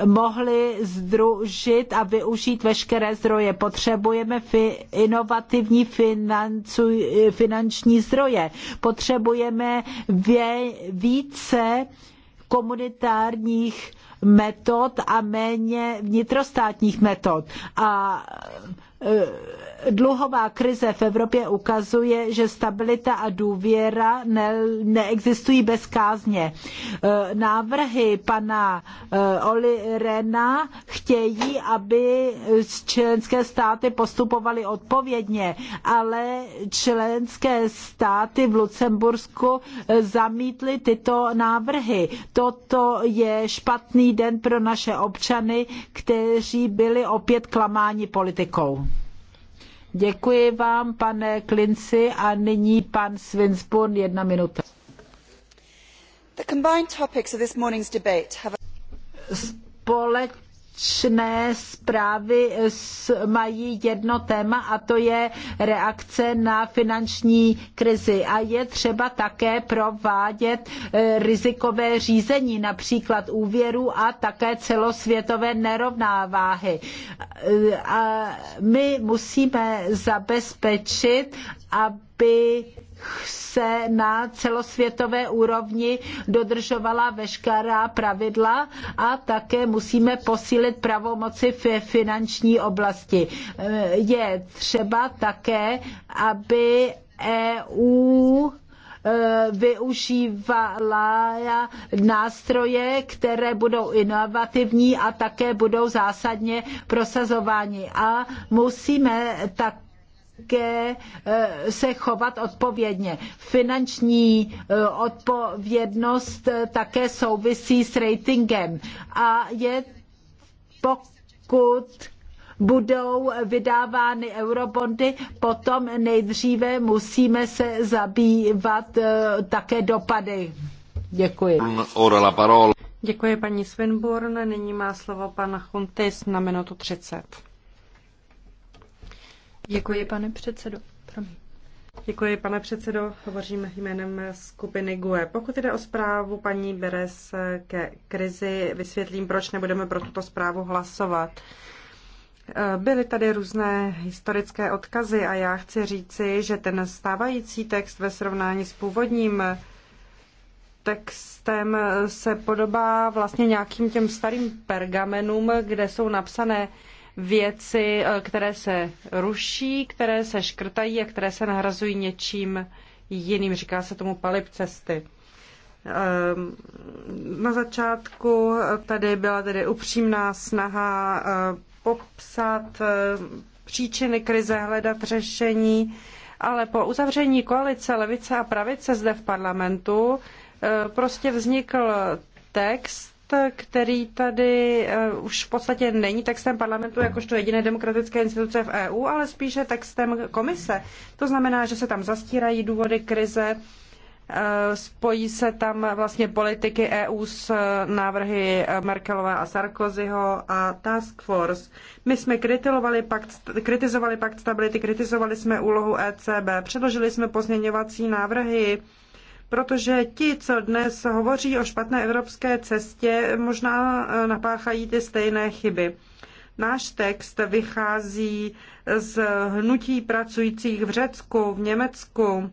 mohli združit a využít veškeré zdroje. Potřebujeme inovativní eh, finanční zdroje. Potřebujeme více komunitárních metod a méně vnitrostátních metod. A eh, dluhová krize v Evropě ukazuje, že stabilita a důvěra ne, neexistují bez kázně. E, návrhy pana e, Oli Rena chtějí, aby členské státy postupovaly odpovědně, ale členské státy v Lucembursku e, zamítly tyto návrhy. Toto je špatný den pro naše občany, kteří byli opět klamáni politikou. Děkuji vám, pane Klinci, a nyní pan Swinsburn, jedna minuta. Společně společné zprávy mají jedno téma a to je reakce na finanční krizi. A je třeba také provádět eh, rizikové řízení, například úvěru a také celosvětové nerovnováhy. Eh, a my musíme zabezpečit, aby se na celosvětové úrovni dodržovala veškerá pravidla a také musíme posílit pravomoci v finanční oblasti. Je třeba také, aby EU e, využívala nástroje, které budou inovativní a také budou zásadně prosazováni. A musíme tak také eh, se chovat odpovědně. Finanční eh, odpovědnost eh, také souvisí s ratingem a je pokud budou vydávány eurobondy, potom nejdříve musíme se zabývat také dopady. Děkuji. Děkuji paní Svinborn. Nyní má slovo pan Chuntis na minutu 30. Děkuji, pane předsedo. Promiň. Děkuji, pane předsedo. Hovořím jménem skupiny GUE. Pokud jde o zprávu paní Beres ke krizi, vysvětlím, proč nebudeme pro tuto zprávu hlasovat. Byly tady různé historické odkazy a já chci říci, že ten stávající text ve srovnání s původním textem se podobá vlastně nějakým těm starým pergamenům, kde jsou napsané věci, eh, které se ruší, které se škrtají a které se nahrazují něčím jiným. Říká se tomu palip cesty. Ehm, na začátku tady byla tedy upřímná snaha eh, popsat eh, příčiny krize, hledat řešení, ale po uzavření koalice levice a pravice zde v parlamentu prostě vznikl text, který tady eh, už v podstatě není textem parlamentu jakožto jediné demokratické instituce v EU, ale spíše textem komise. To znamená, že se tam zastírají důvody krize, eh, spojí se tam vlastně politiky EU s eh, návrhy Merkelové a Sarkozyho a Task Force. My jsme kritizovali pakt, kritizovali pakt stability, kritizovali jsme úlohu ECB, předložili jsme pozměňovací návrhy, protože ti, co dnes hovoří o špatné evropské cestě, možná eh, napáchají ty stejné chyby. Náš text vychází z hnutí pracujících v Řecku, v Německu,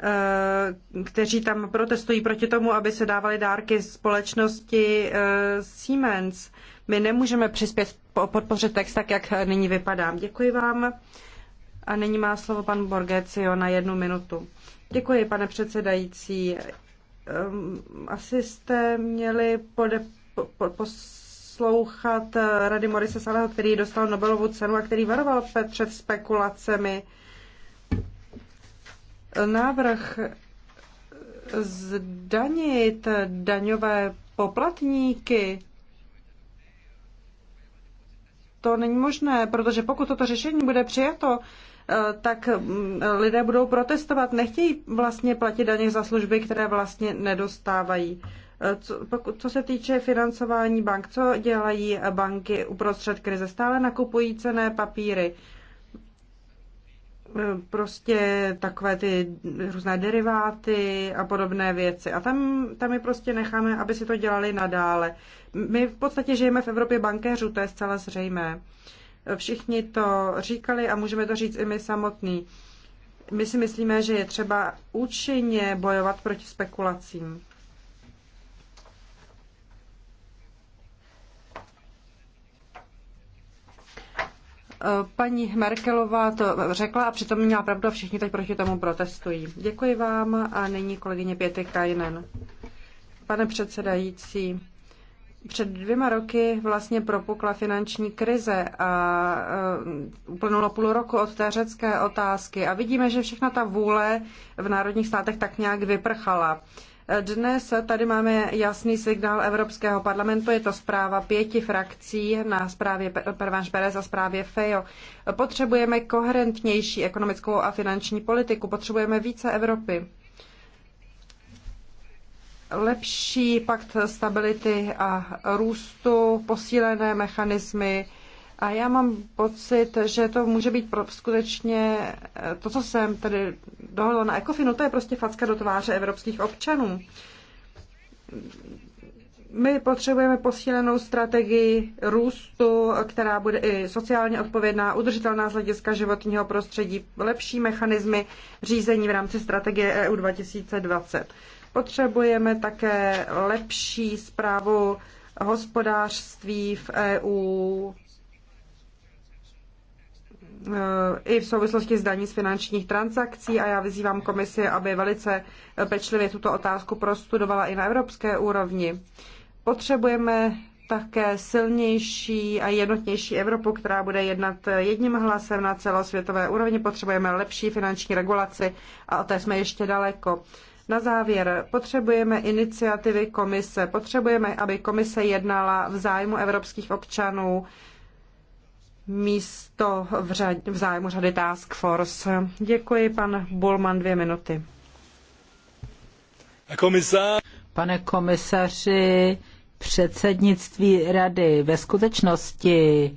eh, kteří tam protestují proti tomu, aby se dávaly dárky společnosti eh, Siemens. My nemůžeme přispět podpořit text tak, jak nyní vypadá. Děkuji vám. A nyní má slovo pan Borgecio na jednu minutu. Děkuji, pane předsedající. Ehm, asi jste měli pode, po, poslouchat eh, Rady Morise Salaho, který dostal Nobelovu cenu a který varoval před spekulacemi. Návrh eh, zdanit daňové poplatníky to není možné, protože pokud toto řešení bude přijato, Eh, tak mm, lidé budou protestovat. Nechtějí vlastně platit daně za služby, které vlastně nedostávají. Eh, co, co se týče financování bank, co dělají banky uprostřed krize? Stále nakupují cené papíry. Eh, prostě takové ty různé deriváty a podobné věci. A tam, tam je prostě necháme, aby si to dělali nadále. My v podstatě žijeme v Evropě bankéřů, to je zcela zřejmé. Uh, Všichni to říkali a můžeme to říct i my samotný. My si myslíme, že je třeba účinně bojovat proti spekulacím. Paní Merkelová to řekla a přitom měla pravdu a všichni teď proti tomu protestují. Děkuji vám a nyní kolegyně Pěty Kajnen. Pane předsedající, před dvěma roky vlastně propukla finanční krize a e, uplynulo půl roku od té řecké otázky a vidíme, že všechna ta vůle v národních státech tak nějak vyprchala. E, dnes tady máme jasný signál Evropského parlamentu, je to zpráva pěti frakcí na zprávě Pervanš Perez a zprávě FEO. Potřebujeme koherentnější ekonomickou a finanční politiku, potřebujeme více Evropy lepší pakt stability a růstu, posílené mechanismy. A já mám pocit, že to může být pro, skutečně eh, to, co jsem tady dohodla na Ekofinu, to je prostě facka do tváře evropských občanů. My potřebujeme posílenou strategii růstu, která bude i sociálně odpovědná, udržitelná z hlediska životního prostředí, lepší mechanismy řízení v rámci strategie EU 2020. Potřebujeme také lepší zprávu hospodářství v EU e, i v souvislosti s daní z finančních transakcí a já vyzývám komisi, aby velice pečlivě tuto otázku prostudovala i na evropské úrovni. Potřebujeme také silnější a jednotnější Evropu, která bude jednat jedním hlasem na celosvětové úrovni. Potřebujeme lepší finanční regulaci a o té jsme ještě daleko. Na závěr, potřebujeme iniciativy komise. Potřebujeme, aby komise jednala v zájmu evropských občanů místo v, řad, v zájmu řady Task Force. Děkuji, pan Bulman, dvě minuty. Komisář. Pane komisaři, předsednictví rady ve skutečnosti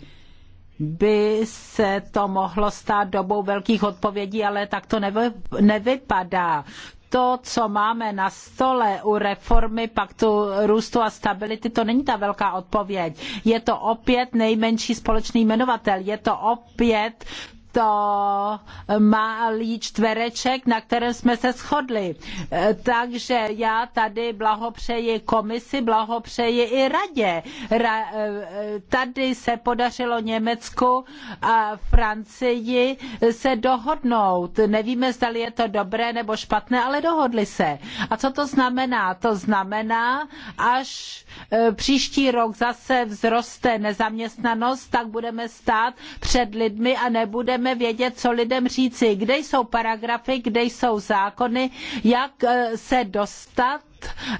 by se to mohlo stát dobou velkých odpovědí, ale tak to nevy, nevypadá to, co máme na stole u reformy paktu růstu a stability, to není ta velká odpověď. Je to opět nejmenší společný jmenovatel. Je to opět to malý čtvereček, na kterém jsme se shodli. E, takže já tady blahopřeji komisi, blahopřeji i radě. Ra, e, tady se podařilo Německu a Francii se dohodnout. Nevíme, zda je to dobré nebo špatné, ale dohodli se. A co to znamená? To znamená, až e, příští rok zase vzroste nezaměstnanost, tak budeme stát před lidmi a nebudeme chceme vědět, co lidem říci, kde jsou paragrafy, kde jsou zákony, jak eh, se dostat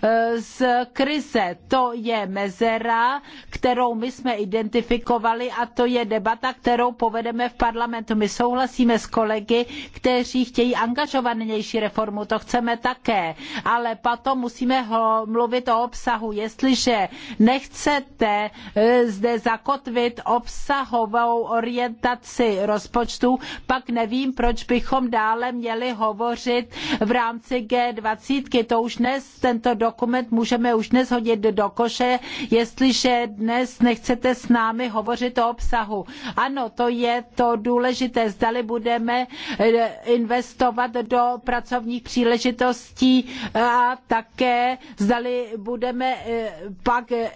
Eh, z krize. To je mezera, kterou my jsme identifikovali a to je debata, kterou povedeme v parlamentu. My souhlasíme s kolegy, kteří chtějí angažovanější reformu, to chceme také, ale potom musíme ho mluvit o obsahu. Jestliže nechcete eh, zde zakotvit obsahovou orientaci rozpočtu, pak nevím, proč bychom dále měli hovořit v rámci G20. To už dnes tento dokument můžeme už dnes hodit do koše, jestliže dnes nechcete s námi hovořit o obsahu. Ano, to je to důležité, zdali budeme eh, investovat do pracovních příležitostí a také zdali budeme eh, pak eh,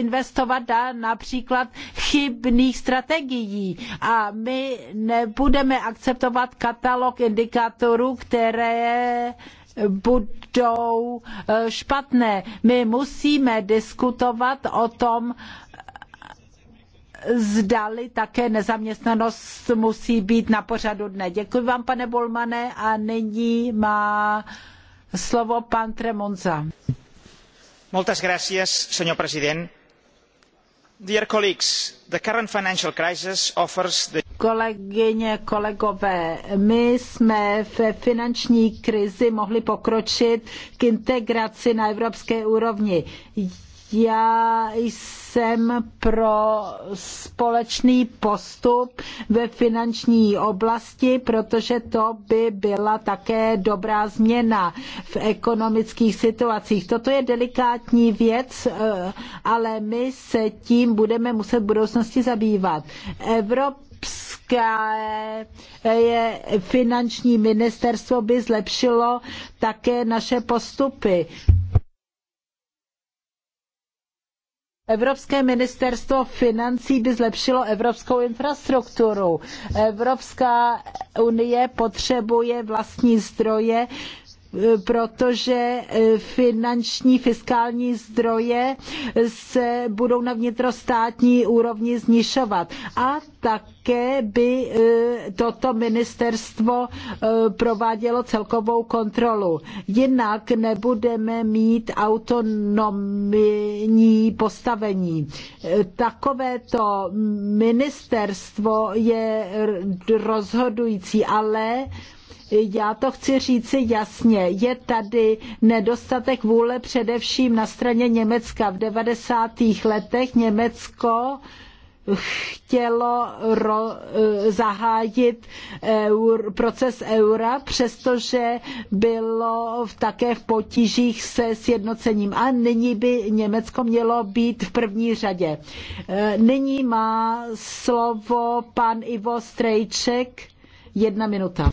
investovat na například chybných strategií. A my nebudeme akceptovat katalog indikátorů, které budou jdou eh, špatné. My musíme diskutovat o tom, zdali také nezaměstnanost musí být na pořadu dne. Děkuji vám, pane Bolmane, a nyní má slovo pan Tremonza. Moltes gracias, señor presidente. Kolegyně, kolegové, my jsme ve finanční krizi mohli pokročit k integraci na evropské úrovni já jsem pro společný postup ve finanční oblasti, protože to by byla také dobrá změna v ekonomických situacích. Toto je delikátní věc, eh, ale my se tím budeme muset v budoucnosti zabývat. Evropa eh, je finanční ministerstvo by zlepšilo také naše postupy Evropské ministerstvo financí by zlepšilo evropskou infrastrukturu. Evropská unie potřebuje vlastní zdroje, protože eh, finanční fiskální zdroje se budou na vnitrostátní úrovni znišovat. A také by eh, toto ministerstvo eh, provádělo celkovou kontrolu. Jinak nebudeme mít autonomní postavení. Takovéto ministerstvo je rozhodující, ale já to chci říci jasně, je tady nedostatek vůle především na straně Německa. V 90. letech Německo chtělo ro, eh, zahájit eh, eur, proces eura, přestože bylo v, také v potížích se sjednocením. A nyní by Německo mělo být v první řadě. Eh, nyní má slovo pan Ivo Strejček. Jedna minuta.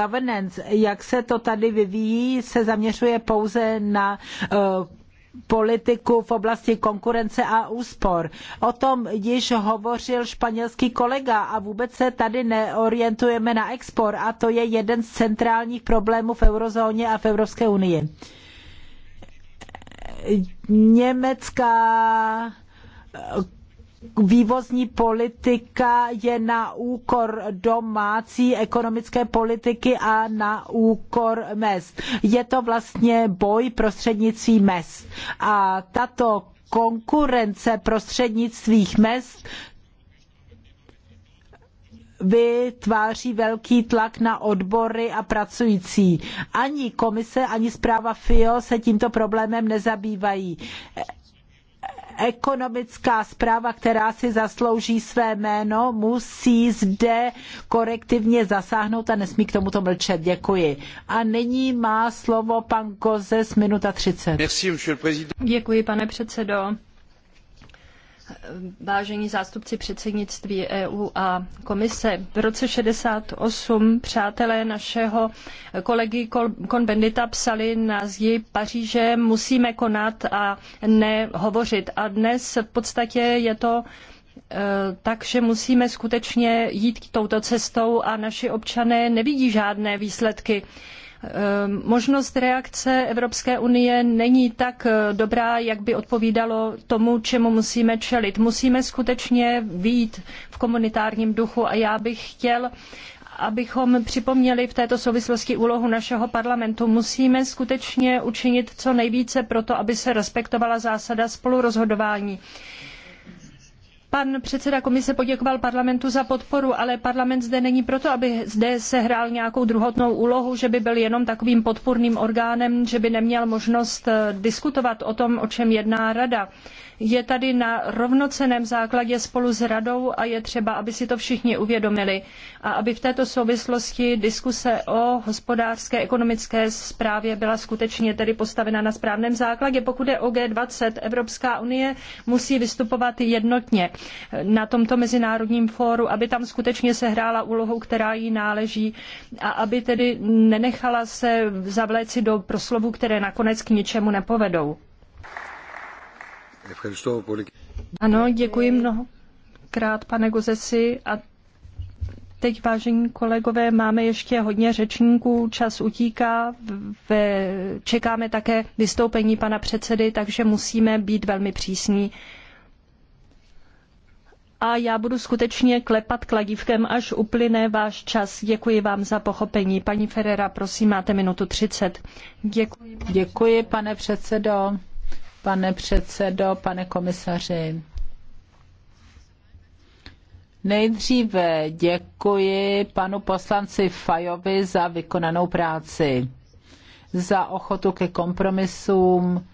governance, jak se to tady vyvíjí, se zaměřuje pouze na eh, politiku v oblasti konkurence a úspor. O tom již hovořil španělský kolega a vůbec se tady neorientujeme na export a to je jeden z centrálních problémů v eurozóně a v Evropské unii. Německá vývozní politika je na úkor domácí ekonomické politiky a na úkor mest. Je to vlastně boj prostřednictvím mest. A tato konkurence prostřednictvím mest vytváří velký tlak na odbory a pracující. Ani komise, ani zpráva FIO se tímto problémem nezabývají ekonomická zpráva, která si zaslouží své jméno, musí zde korektivně zasáhnout a nesmí k tomuto mlčet. Děkuji. A nyní má slovo pan z minuta 30. Děkuji, pane předsedo. Vážení zástupci předsednictví EU a komise, v roce 68 přátelé našeho kolegy Konbendita psali na zdi Paříže musíme konat a ne hovořit. A dnes v podstatě je to e, takže musíme skutečně jít touto cestou a naši občané nevidí žádné výsledky. Ehm, možnost reakce Evropské unie není tak eh, dobrá, jak by odpovídalo tomu, čemu musíme čelit. Musíme skutečně výjít v komunitárním duchu a já bych chtěl abychom připomněli v této souvislosti úlohu našeho parlamentu. Musíme skutečně učinit co nejvíce pro to, aby se respektovala zásada spolurozhodování. Pan předseda komise poděkoval parlamentu za podporu, ale parlament zde není proto, aby zde sehrál nějakou druhotnou úlohu, že by byl jenom takovým podpůrným orgánem, že by neměl možnost eh, diskutovat o tom, o čem jedná rada je tady na rovnoceném základě spolu s radou a je třeba, aby si to všichni uvědomili a aby v této souvislosti diskuse o hospodářské ekonomické správě byla skutečně tedy postavena na správném základě. Pokud je o G20, Evropská unie musí vystupovat jednotně na tomto mezinárodním fóru, aby tam skutečně sehrála úlohu, která jí náleží a aby tedy nenechala se zavléci do proslovů, které nakonec k ničemu nepovedou. Ano, děkuji mnohokrát, pane Gozesi. A teď, vážení kolegové, máme ještě hodně řečníků, čas utíká, ve, čekáme také vystoupení pana předsedy, takže musíme být velmi přísní. A já budu skutečně klepat kladívkem, až uplyne váš čas. Děkuji vám za pochopení. Paní Ferrera, prosím, máte minutu 30. Děkuji. Děkuji, pane předsedo pane předsedo, pane komisaři. Nejdříve děkuji panu poslanci Fajovi za vykonanou práci, za ochotu ke kompromisům,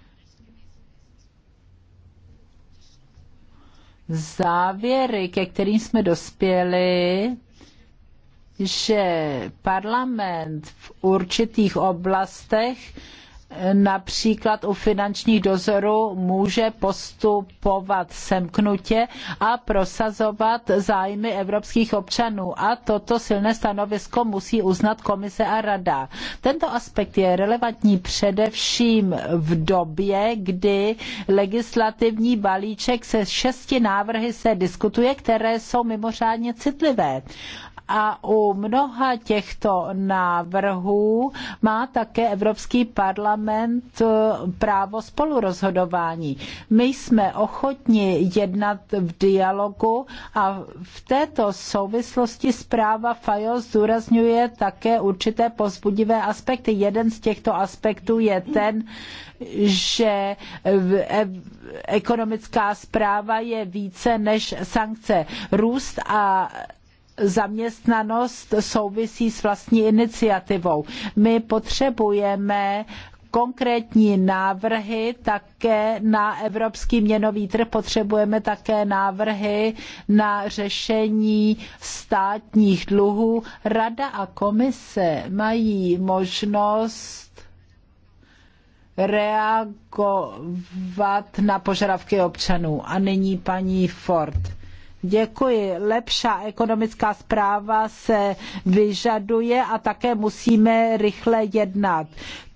závěry, ke kterým jsme dospěli, že parlament v určitých oblastech například u finančních dozorů může postupovat semknutě a prosazovat zájmy evropských občanů. A toto silné stanovisko musí uznat komise a rada. Tento aspekt je relevantní především v době, kdy legislativní balíček se šesti návrhy se diskutuje, které jsou mimořádně citlivé. A u mnoha těchto návrhů má také Evropský parlament e, právo spolurozhodování. My jsme ochotni jednat v dialogu a v této souvislosti zpráva FAJO zdůrazňuje také určité pozbudivé aspekty. Jeden z těchto aspektů je ten, že ekonomická zpráva je více než sankce. Růst a zaměstnanost souvisí s vlastní iniciativou. My potřebujeme konkrétní návrhy také na evropský měnový trh. Potřebujeme také návrhy na řešení státních dluhů. Rada a komise mají možnost reagovat na požadavky občanů. A nyní paní Ford. Děkuji. Lepší ekonomická správa se vyžaduje a také musíme rychle jednat.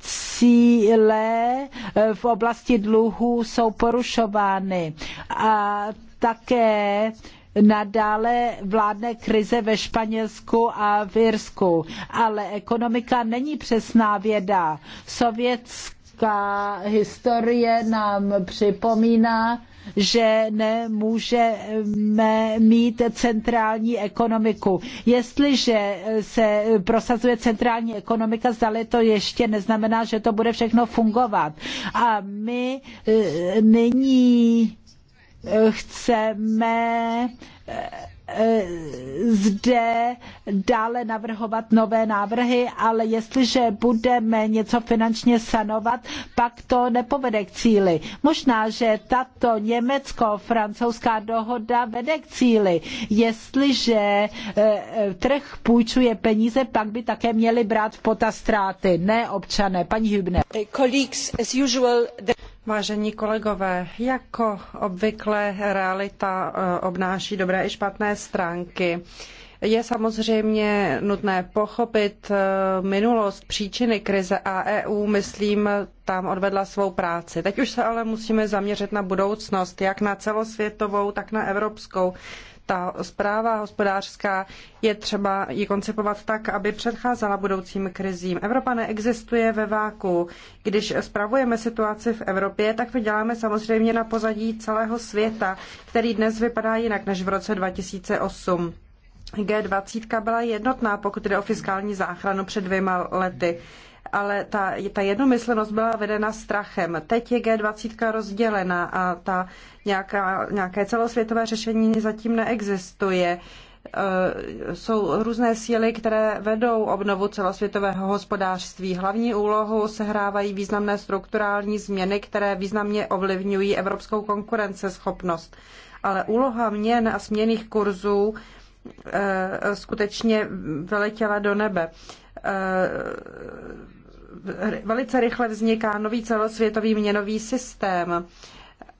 Cíle eh, v oblasti dluhů jsou porušovány a také nadále vládne krize ve Španělsku a v Irsku. Ale ekonomika není přesná věda. Sovětská historie nám připomíná, že nemůžeme mít centrální ekonomiku. Jestliže se prosazuje centrální ekonomika, zdali to ještě neznamená, že to bude všechno fungovat. A my eh, nyní eh, chceme eh, Eh, zde dále navrhovat nové návrhy, ale jestliže budeme něco finančně sanovat, pak to nepovede k cíli. Možná, že tato německo-francouzská dohoda vede k cíli. Jestliže eh, trh půjčuje peníze, pak by také měli brát v potaz ztráty, ne občané. Paní Hübner. Eh, Vážení kolegové, jako obvykle realita e, obnáší dobré i špatné stránky. Je samozřejmě nutné pochopit e, minulost, příčiny krize a EU, myslím, tam odvedla svou práci. Teď už se ale musíme zaměřit na budoucnost, jak na celosvětovou, tak na evropskou ta zpráva hospodářská je třeba ji koncipovat tak, aby předcházela budoucím krizím. Evropa neexistuje ve váku. Když spravujeme situaci v Evropě, tak to děláme samozřejmě na pozadí celého světa, který dnes vypadá jinak než v roce 2008. G20 byla jednotná, pokud jde o fiskální záchranu před dvěma lety ale ta, ta jednomyslnost byla vedena strachem. Teď je G20 rozdělena a ta nějaká, nějaké celosvětové řešení zatím neexistuje. E, jsou různé síly, které vedou obnovu celosvětového hospodářství. Hlavní úlohu sehrávají významné strukturální změny, které významně ovlivňují evropskou konkurenceschopnost. Ale úloha měn a směných kurzů e, skutečně veletěla do nebe e, velice rychle vzniká nový celosvětový měnový systém.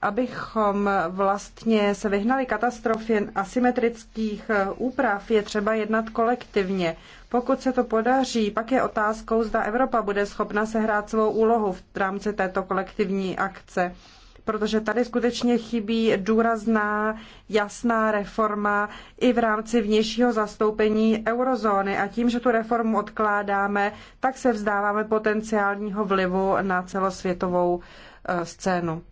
Abychom vlastně se vyhnali katastrofě asymetrických eh, úprav, je třeba jednat kolektivně. Pokud se to podaří, pak je otázkou, zda Evropa bude schopna sehrát svou úlohu v rámci této kolektivní akce protože tady skutečně chybí důrazná, jasná reforma i v rámci vnějšího zastoupení eurozóny. A tím, že tu reformu odkládáme, tak se vzdáváme potenciálního vlivu na celosvětovou eh, scénu.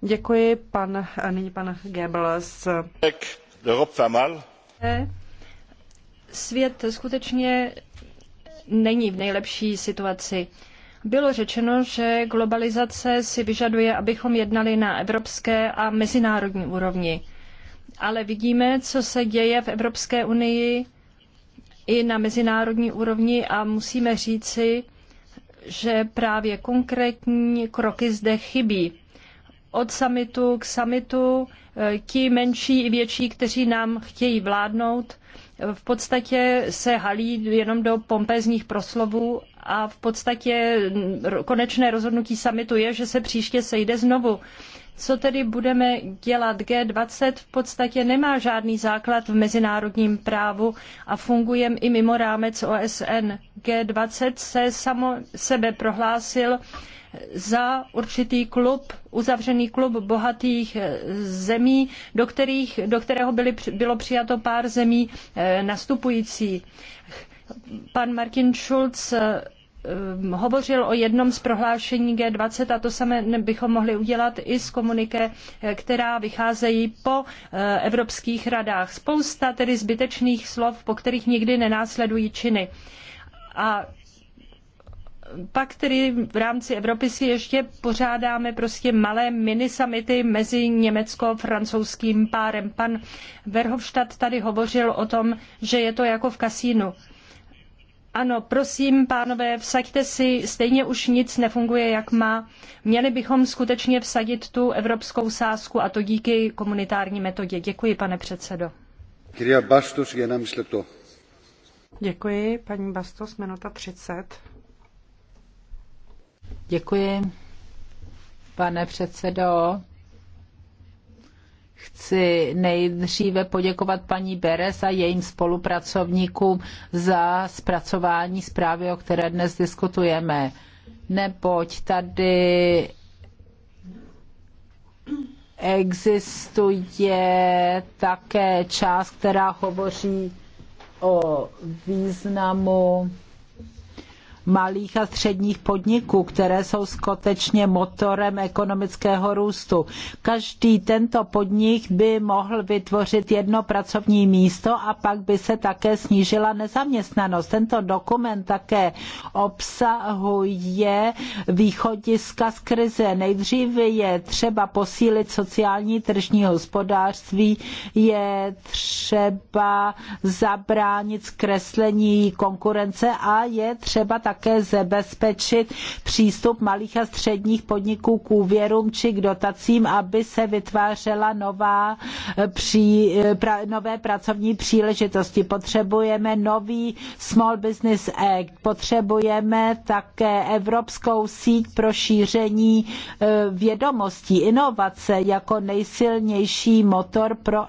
Děkuji, pan, nyní pan Goebbels. Svět skutečně není v nejlepší situaci. Bylo řečeno, že globalizace si vyžaduje, abychom jednali na evropské a mezinárodní úrovni. Ale vidíme, co se děje v Evropské unii i na mezinárodní úrovni a musíme říci, že právě konkrétní kroky zde chybí. Od samitu k samitu eh, ti menší i větší, kteří nám chtějí vládnout, v podstatě se halí jenom do pompézních proslovů a v podstatě konečné rozhodnutí samitu je, že se příště sejde znovu. Co tedy budeme dělat? G20 v podstatě nemá žádný základ v mezinárodním právu a funguje i mimo rámec OSN. G20 se samo sebe prohlásil, za určitý klub, uzavřený klub bohatých eh, zemí, do, kterých, do kterého byly, bylo přijato pár zemí eh, nastupující. Pan Martin Schulz eh, hovořil o jednom z prohlášení G20 a to samé bychom mohli udělat i s komunike, která vycházejí po evropských radách. Spousta tedy zbytečných slov, po kterých nikdy nenásledují činy. A pak tedy v rámci Evropy si ještě pořádáme prostě malé minisamity mezi německo-francouzským párem. Pan Verhofstadt tady hovořil o tom, že je to jako v kasínu. Ano, prosím, pánové, vsaďte si, stejně už nic nefunguje, jak má. Měli bychom skutečně vsadit tu evropskou sázku a to díky komunitární metodě. Děkuji, pane předsedo. Bastos, Děkuji, paní Bastos, minuta 30. Děkuji, pane předsedo. Chci nejdříve poděkovat paní Beres a jejím spolupracovníkům za zpracování zprávy, o které dnes diskutujeme. Neboť tady existuje také část, která hovoří o významu malých a středních podniků, které jsou skutečně motorem ekonomického růstu. Každý tento podnik by mohl vytvořit jedno pracovní místo a pak by se také snížila nezaměstnanost. Tento dokument také obsahuje východiska z krize. Nejdříve je třeba posílit sociální tržní hospodářství, je třeba zabránit zkreslení konkurence a je třeba tak také zabezpečit přístup malých a středních podniků k úvěrům či k dotacím, aby se vytvářela nová, eh, pří, eh, pra, nové pracovní příležitosti. Potřebujeme nový Small Business Act, potřebujeme také evropskou síť pro šíření eh, vědomostí, inovace jako nejsilnější motor pro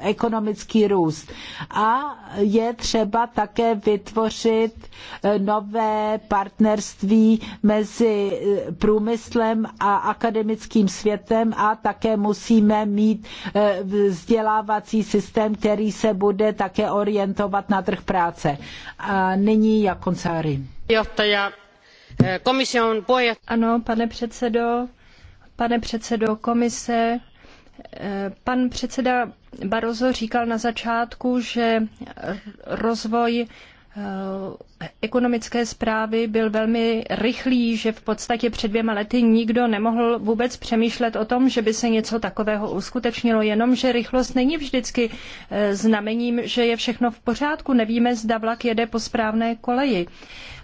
ekonomický růst. A je třeba také vytvořit nové partnerství mezi eh, průmyslem a akademickým světem a také musíme mít eh, vzdělávací systém, který se bude také orientovat na trh práce. A nyní Jakoncáry. Eh, ano, pane předsedo, pane předsedo komise, Pan předseda Barroso říkal na začátku, že rozvoj Eh, ekonomické zprávy byl velmi rychlý, že v podstatě před dvěma lety nikdo nemohl vůbec přemýšlet o tom, že by se něco takového uskutečnilo, jenomže rychlost není vždycky eh, znamením, že je všechno v pořádku. Nevíme, zda vlak jede po správné koleji.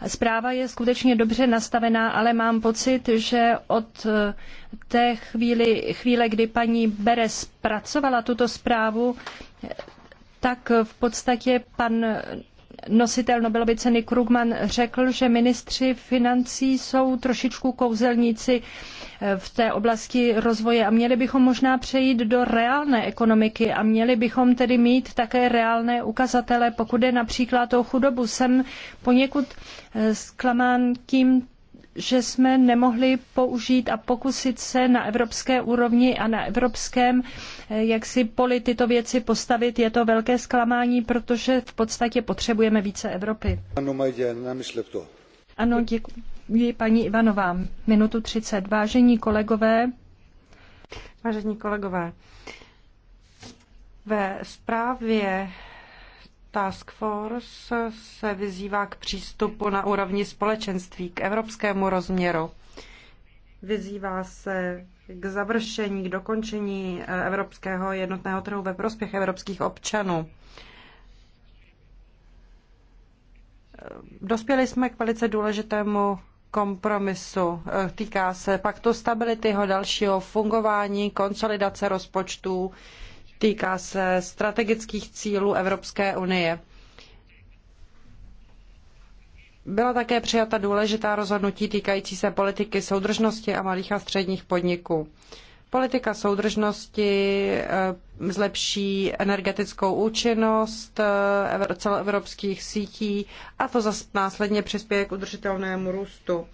Zpráva je skutečně dobře nastavená, ale mám pocit, že od eh, té chvíli, chvíle, kdy paní Beres pracovala tuto zprávu, tak v podstatě pan nositel Nobelovy ceny Krugman řekl, že ministři financí jsou trošičku kouzelníci eh, v té oblasti rozvoje a měli bychom možná přejít do reálné ekonomiky a měli bychom tedy mít také reálné ukazatele, pokud je například o chudobu. Jsem poněkud eh, zklamán tím, že jsme nemohli použít a pokusit se na evropské úrovni a na evropském, eh, jak si poli tyto věci postavit, je to velké zklamání, protože v podstatě potřebujeme více Evropy. Ano, Majdě, Ano, děkuji paní Ivanová. Minutu 30. Vážení kolegové. Vážení kolegové, ve zprávě Task Force se vyzývá k přístupu na úrovni společenství, k evropskému rozměru. Vyzývá se k završení, k dokončení evropského jednotného trhu ve prospěch evropských občanů. Dospěli jsme k velice důležitému kompromisu. Týká se paktu stability, jeho dalšího fungování, konsolidace rozpočtů, týká se strategických cílů Evropské unie. Byla také přijata důležitá rozhodnutí týkající se politiky soudržnosti a malých a středních podniků. Politika soudržnosti eh, zlepší energetickou účinnost eh, celoevropských sítí a to zase následně přispěje k udržitelnému růstu.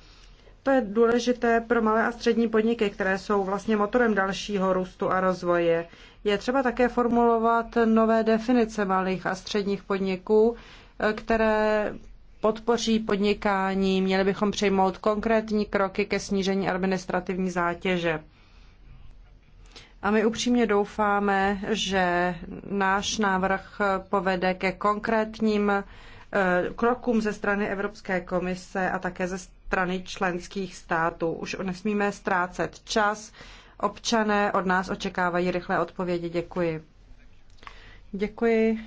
To je důležité pro malé a střední podniky, které jsou vlastně motorem dalšího růstu a rozvoje. Je třeba také formulovat nové definice malých a středních podniků, eh, které podpoří podnikání. Měli bychom přijmout konkrétní kroky ke snížení administrativní zátěže. A my upřímně doufáme, že náš návrh povede ke konkrétním eh, krokům ze strany Evropské komise a také ze strany členských států. Už nesmíme ztrácet čas, Občané od nás očekávají rychlé odpovědi. Děkuji. Děkuji.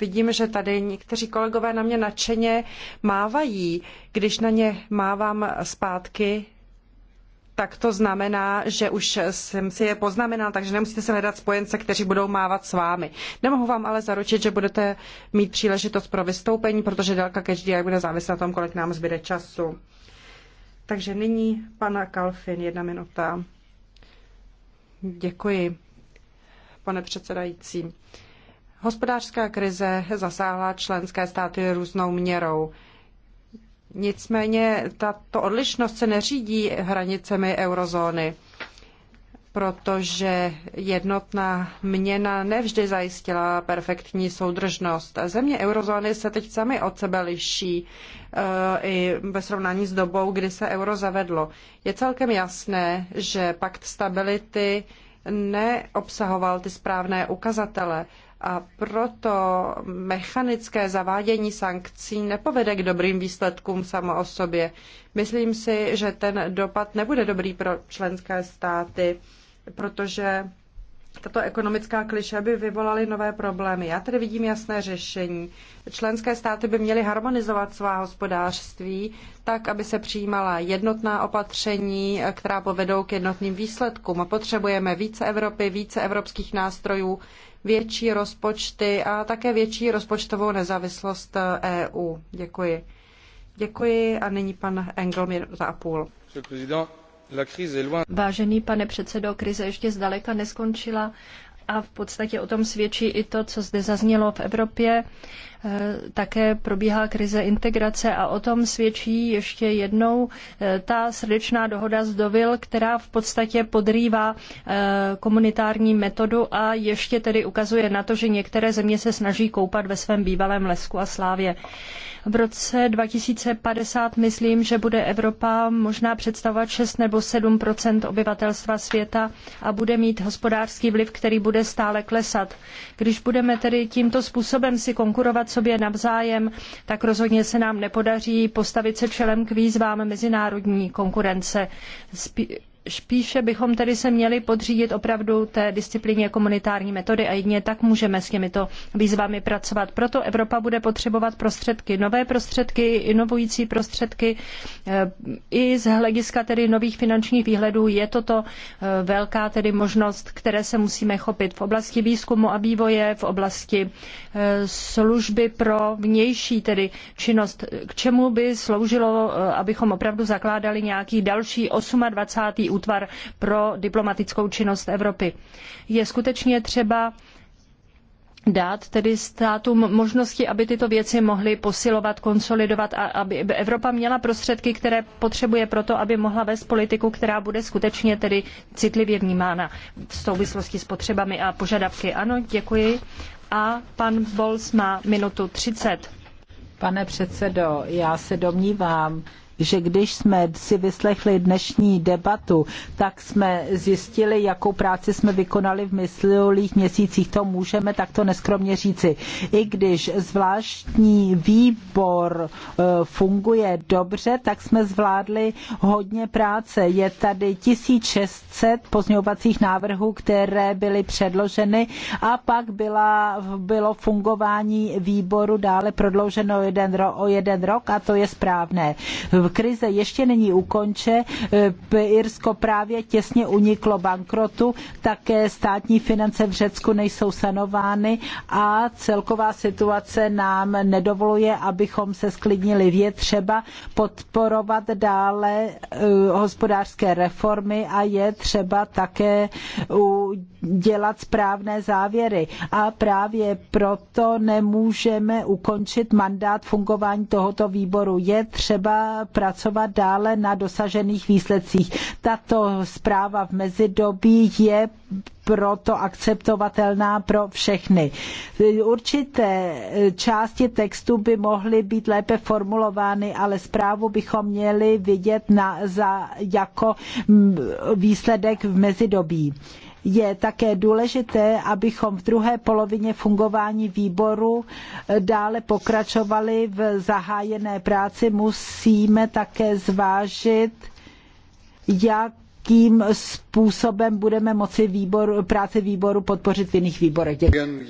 Vidím, že tady někteří kolegové na mě nadšeně mávají. Když na ně mávám zpátky, tak to znamená, že už jsem si je poznamenal, takže nemusíte se hledat spojence, kteří budou mávat s vámi. Nemohu vám ale zaručit, že budete mít příležitost pro vystoupení, protože délka každý bude záviset na tom, kolik nám zbyde času. Takže nyní pana Kalfin, jedna minuta. Děkuji, pane předsedající. Hospodářská krize zasáhla členské státy různou měrou. Nicméně tato odlišnost se neřídí hranicemi eurozóny protože jednotná měna nevždy zajistila perfektní soudržnost. Země eurozóny se teď sami od sebe liší eh, i ve srovnání s dobou, kdy se euro zavedlo. Je celkem jasné, že pakt stability neobsahoval ty správné ukazatele a proto mechanické zavádění sankcí nepovede k dobrým výsledkům samo o sobě. Myslím si, že ten dopad nebude dobrý pro členské státy, protože tato ekonomická kliše by vyvolaly nové problémy. Já tedy vidím jasné řešení. Členské státy by měly harmonizovat svá hospodářství tak, aby se přijímala jednotná opatření, která povedou k jednotným výsledkům. A Potřebujeme více Evropy, více evropských nástrojů větší rozpočty a také větší rozpočtovou nezávislost EU. Eh, e Děkuji. Děkuji a nyní pan Engel za a půl. Vážený pane předsedo, krize ještě zdaleka neskončila a v podstatě o tom svědčí i to, co zde zaznělo v Evropě Eh, také probíhá krize integrace a o tom svědčí ještě jednou eh, ta srdečná dohoda z Dovil, která v podstatě podrývá eh, komunitární metodu a ještě tedy ukazuje na to, že některé země se snaží koupat ve svém bývalém lesku a slávě. V roce 2050 myslím, že bude Evropa možná představovat 6 nebo 7 obyvatelstva světa a bude mít hospodářský vliv, který bude stále klesat. Když budeme tedy tímto způsobem si konkurovat pomáhat sobě navzájem, tak rozhodně se nám nepodaří postavit se čelem k výzvám mezinárodní konkurence. Spí- Spíše bychom tedy se měli podřídit opravdu té disciplíně komunitární metody a jedině tak můžeme s těmito výzvami pracovat. Proto Evropa bude potřebovat prostředky, nové prostředky, inovující prostředky. Eh, I z hlediska tedy nových finančních výhledů je toto eh, velká tedy možnost, které se musíme chopit v oblasti výzkumu a vývoje, v oblasti eh, služby pro vnější tedy činnost. K čemu by sloužilo, abychom opravdu zakládali nějaký další 28 útvar pro diplomatickou činnost Evropy. Je skutečně třeba dát tedy státům možnosti, aby tyto věci mohly posilovat, konsolidovat a aby Evropa měla prostředky, které potřebuje pro to, aby mohla vést politiku, která bude skutečně tedy citlivě vnímána v souvislosti s potřebami a požadavky. Ano, děkuji. A pan Bols má minutu 30. Pane předsedo, já se domnívám, že když jsme si vyslechli dnešní debatu, tak jsme zjistili, jakou práci jsme vykonali v minulých měsících. To můžeme takto neskromně říci. I když zvláštní výbor e, funguje dobře, tak jsme zvládli hodně práce. Je tady 1600 pozňovacích návrhů, které byly předloženy a pak byla, bylo fungování výboru dále prodlouženo jeden, o jeden rok a to je správné krize ještě není ukonče, eh, Irsko právě těsně uniklo bankrotu, také státní finance v Řecku nejsou sanovány a celková situace nám nedovoluje, abychom se sklidnili. Je třeba podporovat dále eh, hospodářské reformy a je třeba také dělat správné závěry. A právě proto nemůžeme ukončit mandát fungování tohoto výboru. Je třeba pracovat dále na dosažených výsledcích. Tato zpráva v mezidobí je proto akceptovatelná pro všechny. Určité části textu by mohly být lépe formulovány, ale zprávu bychom měli vidět na, za, jako výsledek v mezidobí je také důležité, abychom v druhé polovině fungování výboru eh, dále pokračovali v zahájené práci. Musíme také zvážit, jakým způsobem budeme moci práci výboru podpořit v jiných výborech. Děkuji.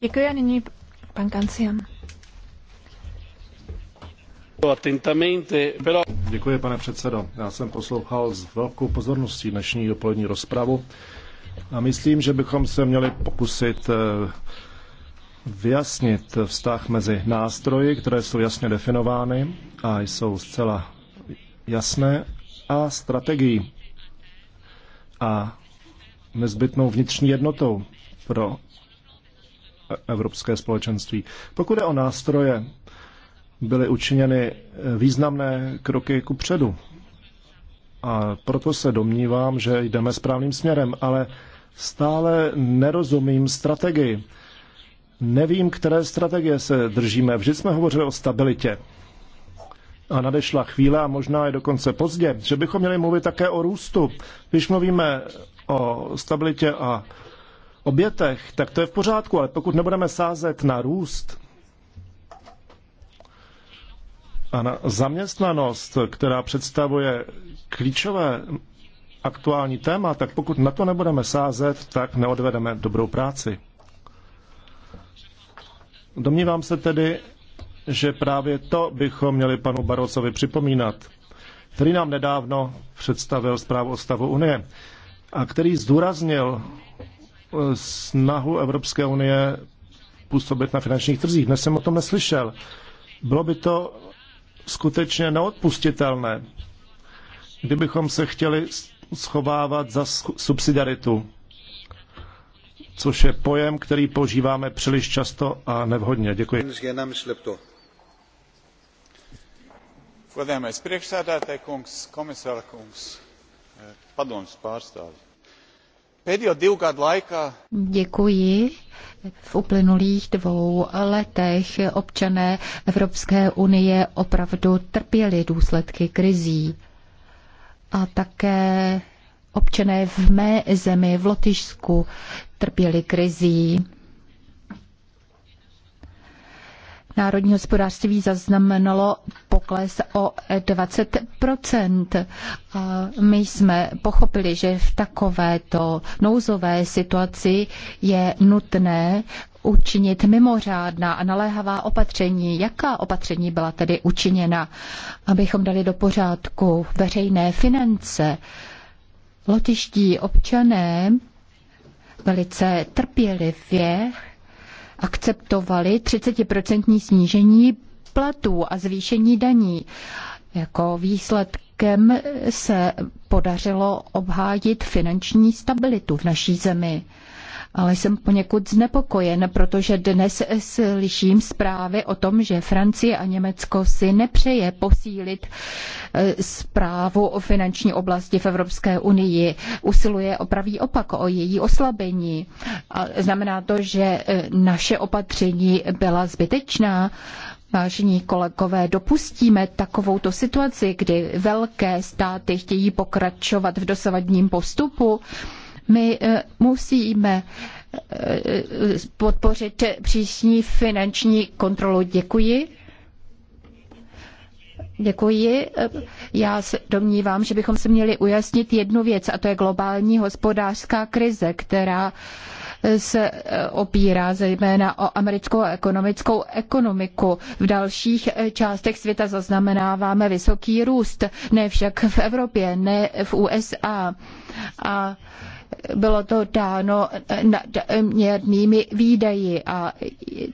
Děkuji a nyní pan Kancian pane předsedající Já jsem poslouchal s velkou pozorností dnešní dopolední rozpravu a myslím, že bychom se měli pokusit eh, vyjasnit vztah mezi nástroji, které jsou jasně definovány a jsou zcela jasné, a strategií a nezbytnou vnitřní jednotou pro e- evropské společenství. Pokud je o nástroje, byly učiněny eh, významné kroky ku předu. A proto se domnívám, že jdeme správným směrem, ale stále nerozumím strategii. Nevím, které strategie se držíme. Vždy jsme hovořili o stabilitě. A nadešla chvíle, a možná je dokonce pozdě, že bychom měli mluvit také o růstu. Když mluvíme o stabilitě a obětech, tak to je v pořádku, ale pokud nebudeme sázet na růst, a na zaměstnanost, která představuje klíčové aktuální téma, tak pokud na to nebudeme sázet, tak neodvedeme dobrou práci. Domnívám se tedy, že právě to bychom měli panu Barosovi připomínat, který nám nedávno představil zprávu o stavu Unie a který zdůraznil eh, snahu Evropské unie působit na finančních trzích. Dnes jsem o tom neslyšel. Bylo by to skutečně neodpustitelné, kdybychom se chtěli schovávat za subsidiaritu, což je pojem, který používáme příliš často a nevhodně. Děkuji. Godājamais priekšsēdētāji kungs, komisāra kungs, eh, padomas pārstāvji. Děkuji. V uplynulých dvou letech občané Evropské unie opravdu trpěli důsledky krizí. A také občané v mé zemi, v Lotyšsku, trpěli krizí. národní hospodářství zaznamenalo pokles o 20 a My jsme pochopili, že v takovéto nouzové situaci je nutné učinit mimořádná a naléhavá opatření. Jaká opatření byla tedy učiněna, abychom dali do pořádku veřejné finance? Lotiští občané velice trpělivě akceptovali 30% snížení platů a zvýšení daní. Jako výsledkem se podařilo obhájit finanční stabilitu v naší zemi ale jsem poněkud znepokojen, protože dnes slyším zprávy o tom, že Francie a Německo si nepřeje posílit eh, zprávu o finanční oblasti v Evropské unii. Usiluje o pravý opak, o její oslabení. A znamená to, že eh, naše opatření byla zbytečná. Vážení kolegové, dopustíme takovouto situaci, kdy velké státy chtějí pokračovat v dosavadním postupu. My eh, musíme eh, podpořit přísní finanční kontrolu. Děkuji. Děkuji. Já se domnívám, že bychom se měli ujasnit jednu věc, a to je globální hospodářská krize, která eh, se opírá zejména o americkou a ekonomickou ekonomiku. V dalších částech světa zaznamenáváme vysoký růst, ne však v Evropě, ne v USA. A bylo to dáno nadměrnými výdaji a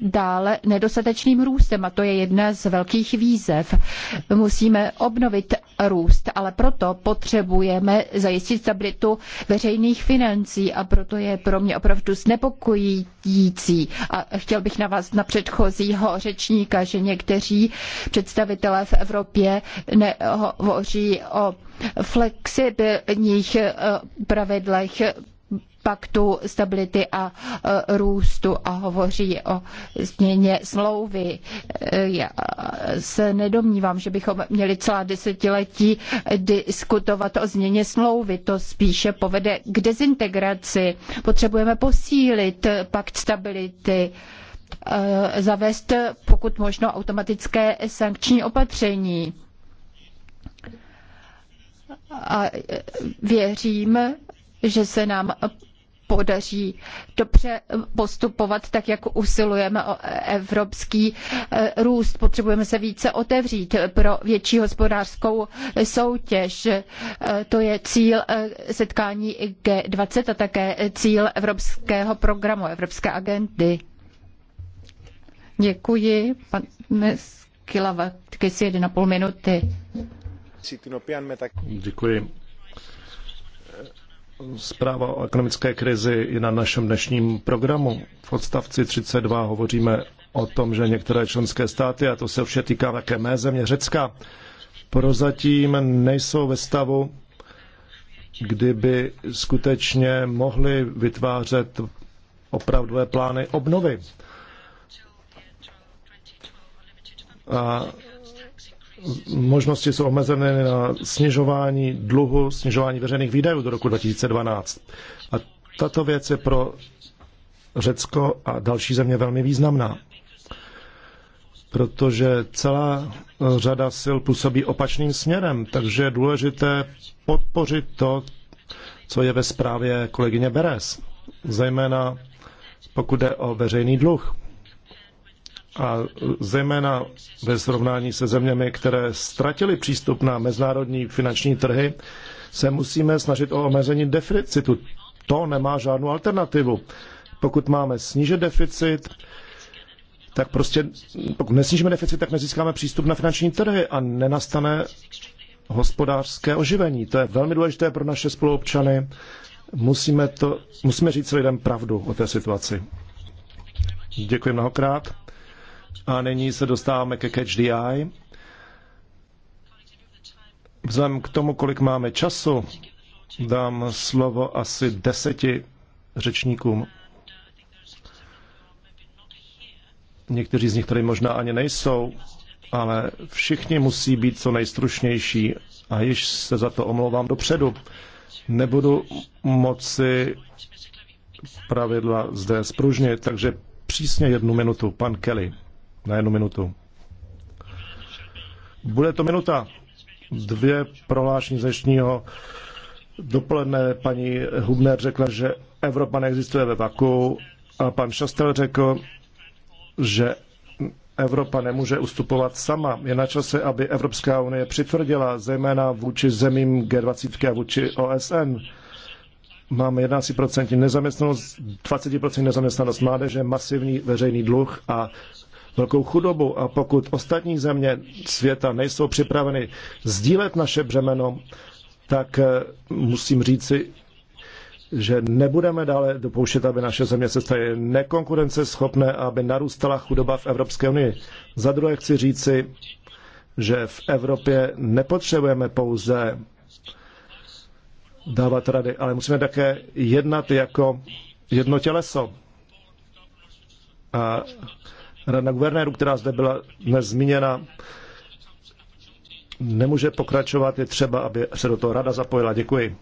dále nedostatečným růstem a to je jedna z velkých výzev. Musíme obnovit růst, ale proto potřebujeme zajistit stabilitu veřejných financí a proto je pro mě opravdu znepokojící provádějící. A chtěl bych navázat na předchozího řečníka, že někteří představitelé v Evropě hovoří o flexibilních eh, pravidlech paktu stability a e, růstu a hovoří o změně smlouvy. E, já se nedomnívám, že bychom měli celá desetiletí diskutovat o změně smlouvy. To spíše povede k dezintegraci. Potřebujeme posílit pakt stability e, zavést pokud možno automatické sankční opatření. A věřím, že se nám podaří dobře postupovat, tak jak usilujeme o evropský eh, růst. Potřebujeme se více otevřít pro větší hospodářskou soutěž. Eh, to je cíl eh, setkání G20 a také cíl evropského programu, evropské agendy. Děkuji. Pan Skilava, taky si 1,5 minuty. Děkuji. Zpráva o ekonomické krizi je na našem dnešním programu. V odstavci 32 hovoříme o tom, že některé členské státy, a to se vše týká také mé země Řecka, prozatím nejsou ve stavu, kdyby skutečně mohli vytvářet opravdové plány obnovy. A možnosti jsou omezené na snižování dluhu, snižování veřejných výdajů do roku 2012. A tato věc je pro Řecko a další země velmi významná, protože celá řada sil působí opačným směrem, takže je důležité podpořit to, co je ve zprávě kolegyně Beres, zejména pokud jde o veřejný dluh a zejména ve srovnání se zeměmi, které ztratily přístup na mezinárodní finanční trhy, se musíme snažit o omezení deficitu. To nemá žádnou alternativu. Pokud máme snížit deficit, tak prostě, pokud nesnížíme deficit, tak nezískáme přístup na finanční trhy a nenastane hospodářské oživení. To je velmi důležité pro naše spoluobčany. Musíme, to, musíme říct lidem pravdu o té situaci. Děkuji mnohokrát. A nyní se dostáváme ke Catch the Eye. Vzhledem k tomu, kolik máme času, dám slovo asi deseti řečníkům. Někteří z nich tady možná ani nejsou, ale všichni musí být co nejstručnější a již se za to omlouvám dopředu. Nebudu moci pravidla zde spružnit, takže přísně jednu minutu. Pan Kelly na jednu minutu. Bude to minuta. Dvě prohlášení z dnešního dopoledne. Paní Hubner řekla, že Evropa neexistuje ve vaku a pan Šastel řekl, že Evropa nemůže ustupovat sama. Je na čase, aby Evropská unie přitvrdila, zejména vůči zemím G20 a vůči OSN. Máme 11% nezaměstnanost, 20% nezaměstnanost mládeže, masivní veřejný dluh a velkou chudobu a pokud ostatní země světa nejsou připraveny sdílet naše břemeno, tak eh, musím říci, že nebudeme dále dopouštět, aby naše země se staly nekonkurenceschopné a aby narůstala chudoba v Evropské unii. Za druhé chci říci, že v Evropě nepotřebujeme pouze dávat rady, ale musíme také jednat jako jedno těleso. A Rada guvernérů, která zde byla dnes zmíněna, nemůže pokračovat. Je třeba, aby se do toho rada zapojila. Děkuji.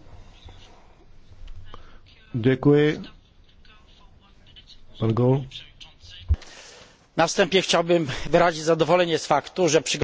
Děkuji. Pan Gou. Następně chtěl bych vyrazit zadovolení z faktu, že při.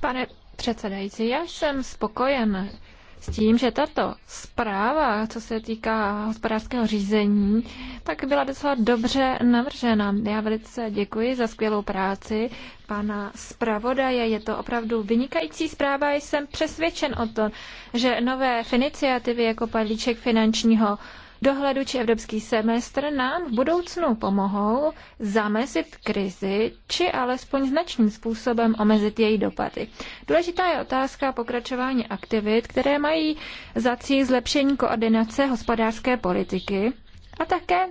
Pane předsedající, já jsem spokojen s tím, že tato zpráva, co se týká hospodářského řízení, tak byla docela dobře navržena. Já velice děkuji za skvělou práci pana zpravodaje. Je to opravdu vynikající zpráva. Jsem přesvědčen o tom, že nové iniciativy jako padlíček finančního dohledu či evropský semestr nám v budoucnu pomohou zamezit krizi či alespoň značným způsobem omezit její dopady. Důležitá je otázka pokračování aktivit, které mají za cíl zlepšení koordinace hospodářské politiky a také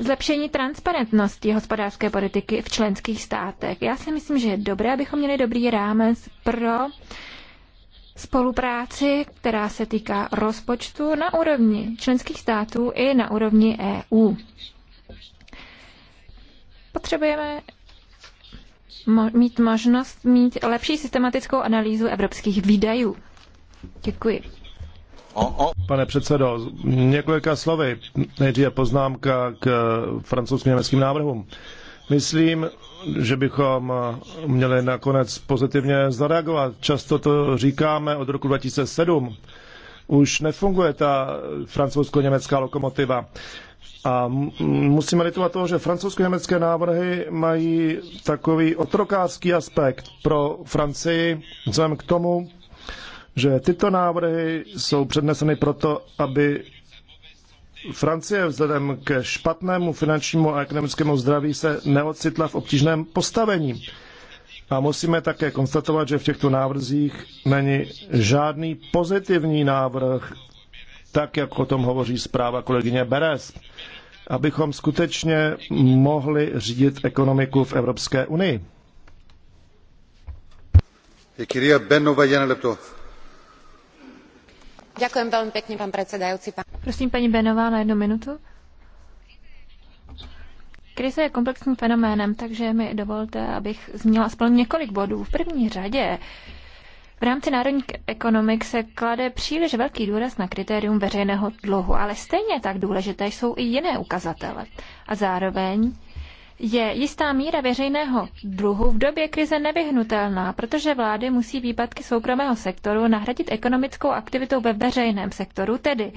Zlepšení transparentnosti hospodářské politiky v členských státech. Já si myslím, že je dobré, abychom měli dobrý rámec pro spolupráci, která se týká rozpočtu na úrovni členských států i na úrovni EU. Potřebujeme mít možnost mít lepší systematickou analýzu evropských výdajů. Děkuji. Pane předsedo, několika slovy. Nejdříve poznámka k francouzsko-německým návrhům. Myslím, že bychom měli nakonec pozitivně zareagovat. Často to říkáme od roku 2007. Už nefunguje ta francouzsko-německá lokomotiva. A musíme litovat toho, že francouzsko-německé návrhy mají takový otrokářský aspekt pro Francii, vzhledem k tomu, že tyto návrhy jsou předneseny proto, aby Francie vzhledem ke špatnému finančnímu a ekonomickému zdraví se neocitla v obtížném postavení. A musíme také konstatovat, že v těchto návrzích není žádný pozitivní návrh, tak jak o tom hovoří zpráva kolegyně Beres, abychom skutečně mohli řídit ekonomiku v Evropské unii. Je, eh, paní jednu minutu. Krize je komplexním fenoménem, takže mi dovolte, abych zmínila aspoň několik bodů. V první řadě v rámci národní ekonomik se klade příliš velký důraz na kritérium veřejného dluhu, ale stejně tak důležité jsou i jiné ukazatele. A zároveň je jistá míra veřejného dluhu v době krize nevyhnutelná, protože vlády musí výpadky soukromého sektoru nahradit ekonomickou aktivitou ve veřejném sektoru, tedy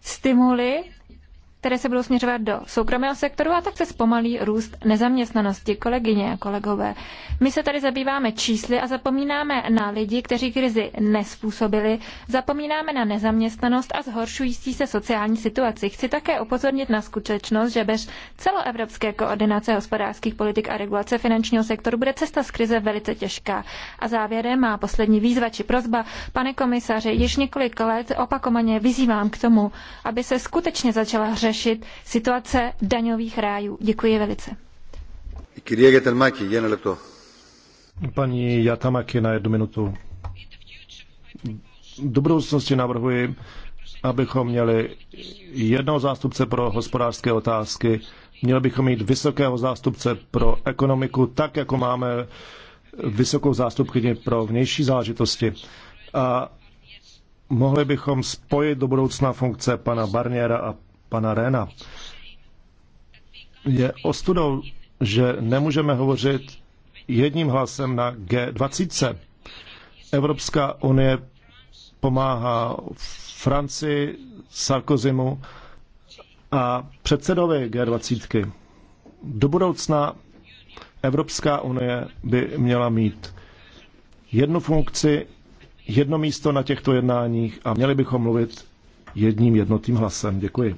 stimuly které se budou směřovat do soukromého sektoru a tak se zpomalí růst nezaměstnanosti. Kolegyně a kolegové, my se tady zabýváme čísly a zapomínáme na lidi, kteří krizi nespůsobili, zapomínáme na nezaměstnanost a zhoršující se sociální situaci. Chci také upozornit na skutečnost, že bez celoevropské koordinace hospodářských politik a regulace finančního sektoru bude cesta z krize velice těžká. A závěrem má poslední výzva či prozba. Pane komisaři, již několik let opakovaně vyzývám k tomu, aby se skutečně začala řešit řešit situace daňových rájů. Děkuji velice. Paní Jatamaki na jednu minutu. Do budoucnosti navrhuji, abychom měli jednoho zástupce pro hospodářské otázky, měli bychom mít vysokého zástupce pro ekonomiku, tak jako máme vysokou zástupkyni pro vnější záležitosti. A mohli bychom spojit do budoucna funkce pana Barniera a pana Réna. Je ostudou, že nemůžeme hovořit jedním hlasem na G20. Evropská unie pomáhá Francii, Sarkozymu a předsedovi G20. -ky. Do budoucna Evropská unie by měla mít jednu funkci, jedno místo na těchto jednáních a měli bychom mluvit jedním jednotým hlasem. Děkuji.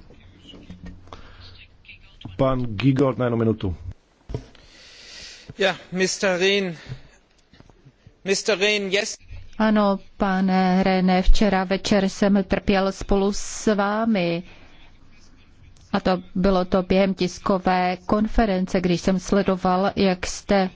Pan Giegold, na jednu minutu. Ano, pane René, včera večer jsem trpěl spolu s vámi. A to bylo to během tiskové konference, když jsem sledoval, jak jste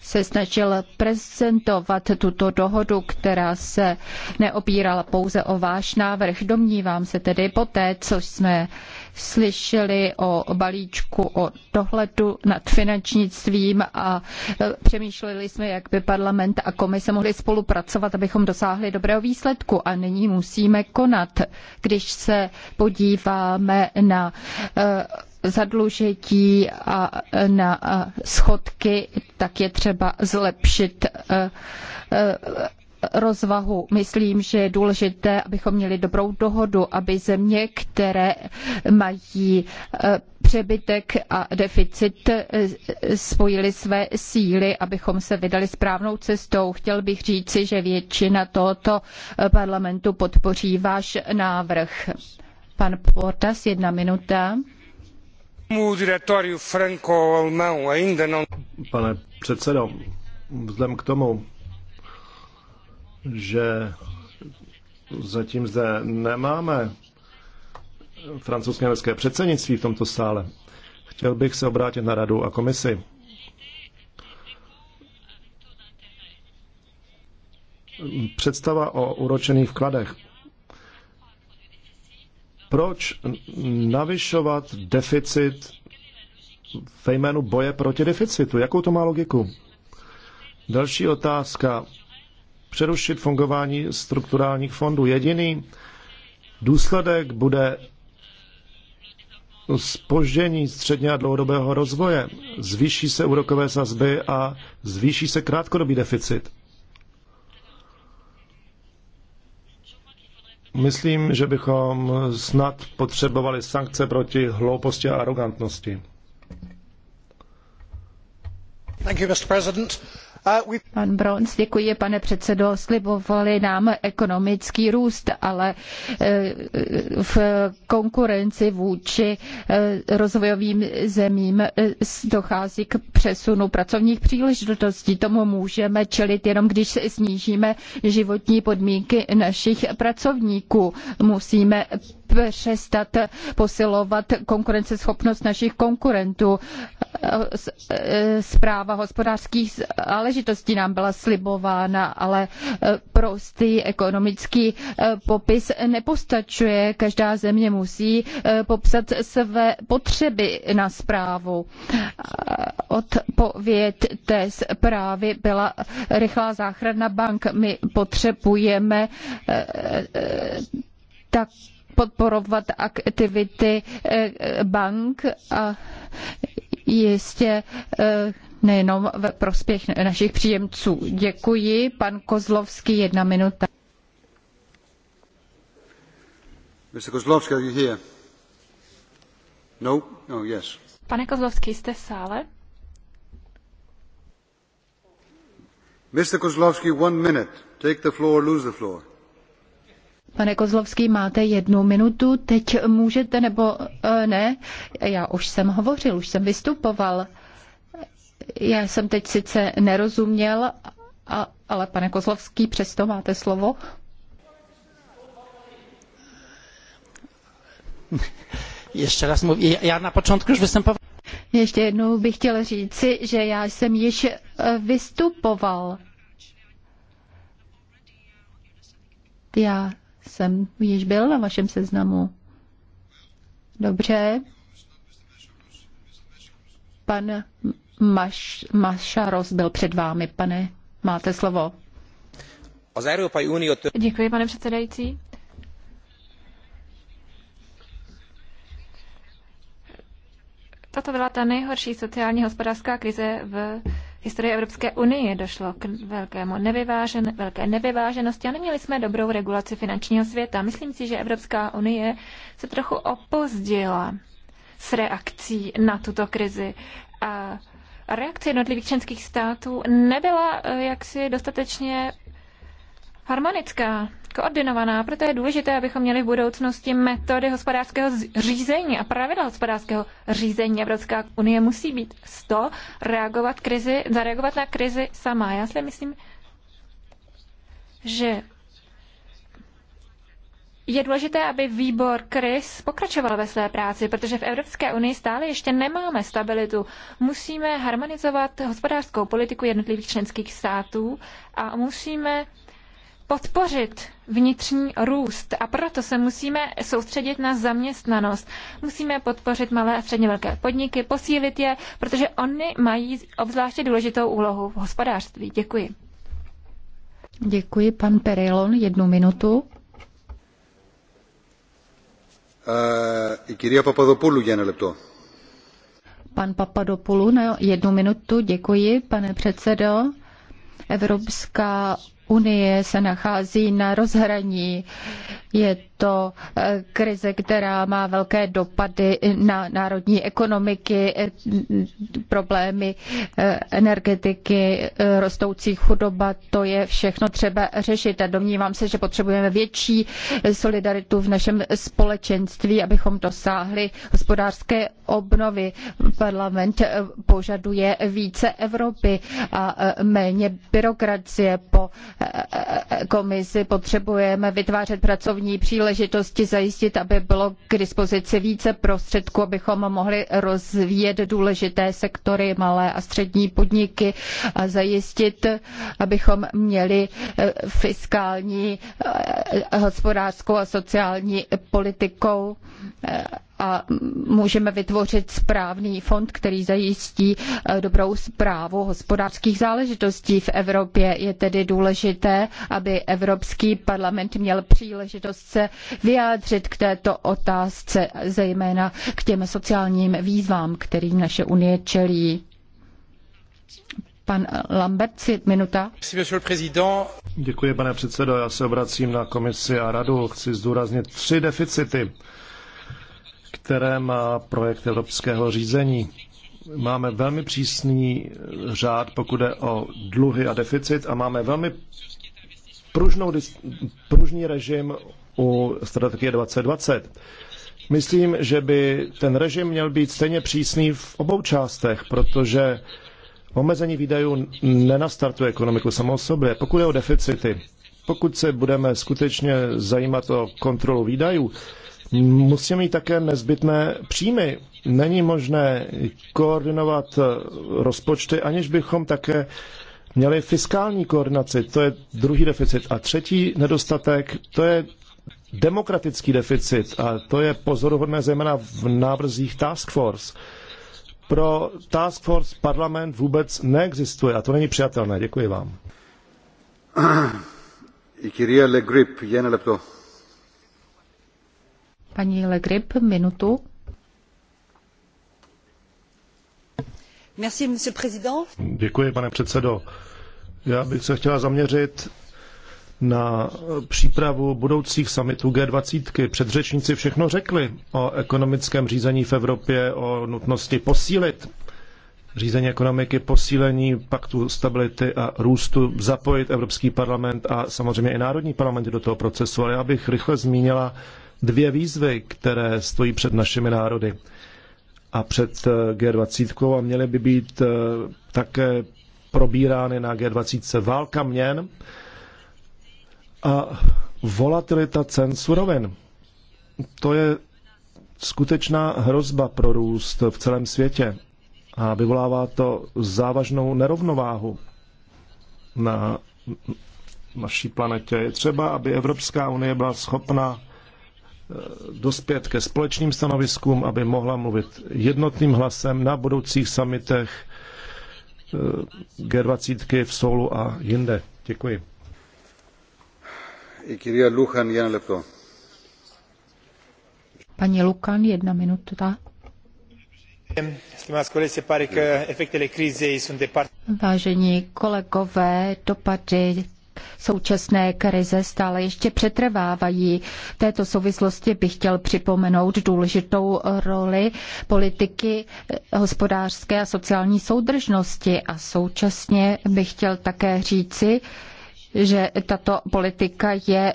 se snažil prezentovat tuto dohodu, která se neopírala pouze o váš návrh. Domnívám se tedy poté, co jsme slyšeli o balíčku o dohledu nad finančnictvím a e, přemýšleli jsme, jak by parlament a komise mohli spolupracovat, abychom dosáhli dobrého výsledku. A nyní musíme konat, když se podíváme na e, zadlužení a e, na schodky, tak je třeba zlepšit rozvahu. Myslím, že je důležité, abychom měli dobrou dohodu, aby země, které mají eh, přebytek a deficit, eh, spojili své síly, abychom se vydali správnou cestou. Chtěl bych říci, že většina tohoto eh, parlamentu podpoří váš návrh. Pan Portas, jedna minuta. Pane předsedo, vzhledem k tomu, že zatím zde nemáme francouzské německé předsednictví v tomto sále. Chtěl bych se obrátit na radu a komisi. Představa o uročených vkladech. Proč navyšovat deficit ve jménu boje proti deficitu? Jakou to má logiku? Další otázka přerušit fungování strukturálních fondů. Jediný důsledek bude spoždění středně a dlouhodobého rozvoje. Zvýší se úrokové sazby a zvýší se krátkodobý deficit. Myslím, že bychom snad potřebovali sankce proti hlouposti a arrogantnosti. Thank you, Mr. President. Uh, Pan Brons, děkuji, pane předsedo. Slibovali nám ekonomický růst, ale eh, v konkurenci vůči eh, rozvojovým zemím eh, dochází k přesunu pracovních příležitostí. Tomu můžeme čelit jenom, když snížíme životní podmínky našich pracovníků. Musíme přestat posilovat konkurenceschopnost našich konkurentů. Zpráva hospodářských záležitostí nám byla slibována, ale prostý ekonomický popis nepostačuje. Každá země musí popsat své potřeby na zprávu. Odpověď té zprávy byla rychlá záchrana bank. My potřebujeme tak podporovat aktivity eh, bank a jistě eh, nejenom ve prospěch našich příjemců. Děkuji. Pan Kozlovský, jedna minuta. Mr. Kozlovský, are you here? No? Oh, yes. Pane Kozlovský, jste v sále? Mr. Kozlovský, one minute. Take the floor, lose the floor. Pane Kozlovský, máte jednu minutu, teď můžete nebo eh, ne? Já už jsem hovořil, už jsem vystupoval. Já jsem teď sice nerozuměl, a, ale pane Kozlovský, přesto máte slovo. Ještě raz mluvím. Já na počátku už vystupoval. Ještě jednou bych chtěl říci, že já jsem již eh, vystupoval. Já jsem již byl na vašem seznamu. Dobře. Pan Maš, Mašaros byl před vámi, pane. Máte slovo. Děkuji, pane předsedající. Toto byla ta nejhorší sociální hospodářská krize v historii Evropské unie došlo k velkému nevyvážen, velké nevyváženosti a neměli jsme dobrou regulaci finančního světa. Myslím si, že Evropská unie se trochu opozdila s reakcí na tuto krizi. A reakce jednotlivých členských států nebyla eh, jaksi dostatečně harmonická koordinovaná, proto je důležité, abychom měli v budoucnosti metody hospodářského řízení a pravidla hospodářského řízení. Evropská unie musí být z to reagovat krizi, zareagovat na krizi sama. Já si myslím, že je důležité, aby výbor KRIS pokračoval ve své práci, protože v Evropské unii stále ještě nemáme stabilitu. Musíme harmonizovat hospodářskou politiku jednotlivých členských států a musíme podpořit vnitřní růst a proto se musíme soustředit na zaměstnanost. Musíme podpořit malé a středně velké podniky, posílit je, protože oni mají obzvláště důležitou úlohu v hospodářství. Děkuji. Děkuji, pan Perilon, jednu minutu. Eh, uh, Papadopoulou, jen lepto. Pan Papadopoulou no, jednu minutu, děkuji, pane předsedo. Evropská unie se nachází na rozhraní je to eh, krize, která má velké dopady na národní ekonomiky, eh, problémy eh, energetiky, rostoucí chudoba. To je všechno třeba řešit a domnívám se, že potřebujeme větší solidaritu v našem společenství, abychom dosáhli hospodářské obnovy. Parlament požaduje více Evropy a méně byrokracie. Po komisi potřebujeme vytvářet pracovní pracovní příležitosti zajistit, aby bylo k dispozici více prostředků, abychom mohli rozvíjet důležité sektory, malé a střední podniky a zajistit, abychom měli eh, fiskální, eh, hospodářskou a sociální politikou eh, a můžeme vytvořit správný fond, který zajistí eh, dobrou zprávu hospodářských záležitostí v Evropě. Je tedy důležité, aby Evropský parlament měl příležitost se vyjádřit k této otázce, zejména k těm sociálním výzvám, kterým naše Unie čelí. Pan Lambert, minuta. Děkuji, pane předsedo. Já se obracím na komisi a radu. Chci zdůraznit tři deficity které má projekt evropského řízení. Máme velmi přísný řád, pokud je o dluhy a deficit a máme velmi pružnou, pružný režim u strategie 2020. Myslím, že by ten režim měl být stejně přísný v obou částech, protože omezení výdajů nenastartuje ekonomiku samou sobě. Pokud je o deficity, pokud se budeme skutečně zajímat o kontrolu výdajů, musíme mít také nezbytné příjmy. Není možné koordinovat rozpočty, aniž bychom také měli fiskální koordinaci. To je druhý deficit. A třetí nedostatek, to je demokratický deficit. A to je pozoruhodné zejména v návrzích Task Force. Pro Task Force parlament vůbec neexistuje a to není přijatelné. Děkuji vám. I Le Grip, jen lepto. Paní Legrip, minutu. Merci, monsieur président. Děkuji, pane předsedo. Já bych se chtěla zaměřit na přípravu budoucích summitů G20. Předřečníci všechno řekli o ekonomickém řízení v Evropě, o nutnosti posílit řízení ekonomiky, posílení paktu stability a růstu, zapojit Evropský parlament a samozřejmě i národní parlamenty do toho procesu. Ale já bych rychle zmínila dvě výzvy, které stojí před našimi národy a před eh, G20 a měly by být eh, také probírány na G20 válka měn a volatilita cen surovin. To je skutečná hrozba pro růst v celém světě a vyvolává to závažnou nerovnováhu na naší planetě. Je třeba, aby Evropská unie byla schopna dospět ke společným stanoviskům, aby mohla mluvit jednotným hlasem na budoucích samitech eh, G20 v Soulu a jinde. Děkuji. Luchan, jen Paní Lukan, jedna minuta. Vážení kolegové, dopady současné krize stále ještě přetrvávají. V této souvislosti bych chtěl připomenout důležitou roli politiky eh, hospodářské a sociální soudržnosti a současně bych chtěl také říci, že tato politika je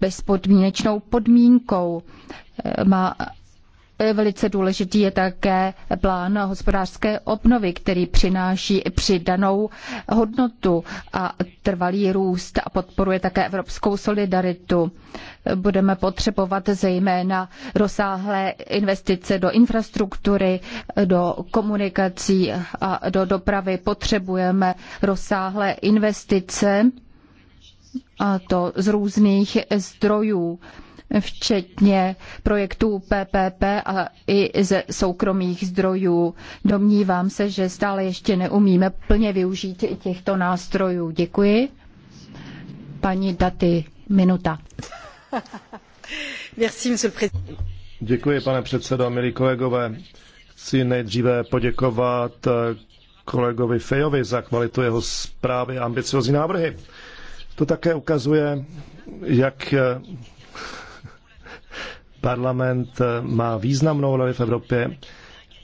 bezpodmínečnou podmínkou. Eh, má Velice důležitý je také plán hospodářské obnovy, který přináší přidanou hodnotu a trvalý růst a podporuje také evropskou solidaritu. Budeme potřebovat zejména rozsáhlé investice do infrastruktury, do komunikací a do dopravy. Potřebujeme rozsáhlé investice a to z různých zdrojů včetně projektů PPP a i ze soukromých zdrojů. Domnívám se, že stále ještě neumíme plně využít i těchto nástrojů. Děkuji. Paní Daty, minuta. Děkuji, pane předsedo, milí kolegové. Chci nejdříve poděkovat eh, kolegovi Fejovi za kvalitu jeho zprávy a ambiciozní návrhy. To také ukazuje, jak eh, Parlament eh, má významnou roli v Evropě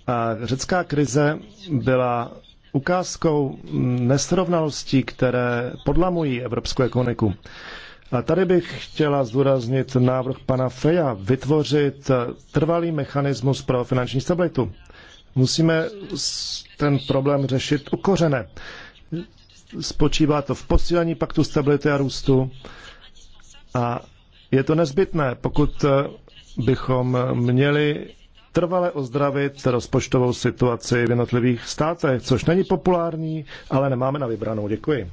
a řecká krize byla ukázkou nesrovnalostí, které podlamují evropskou ekonomiku. A tady bych chtěla zdůraznit návrh pana Feja vytvořit eh, trvalý mechanismus pro finanční stabilitu. Musíme ten problém řešit kořene. Spočívá to v posílení paktu stability a růstu a je to nezbytné, pokud eh, bychom měli trvale ozdravit rozpočtovou situaci v jednotlivých státech, což není populární, ale nemáme na vybranou. Děkuji.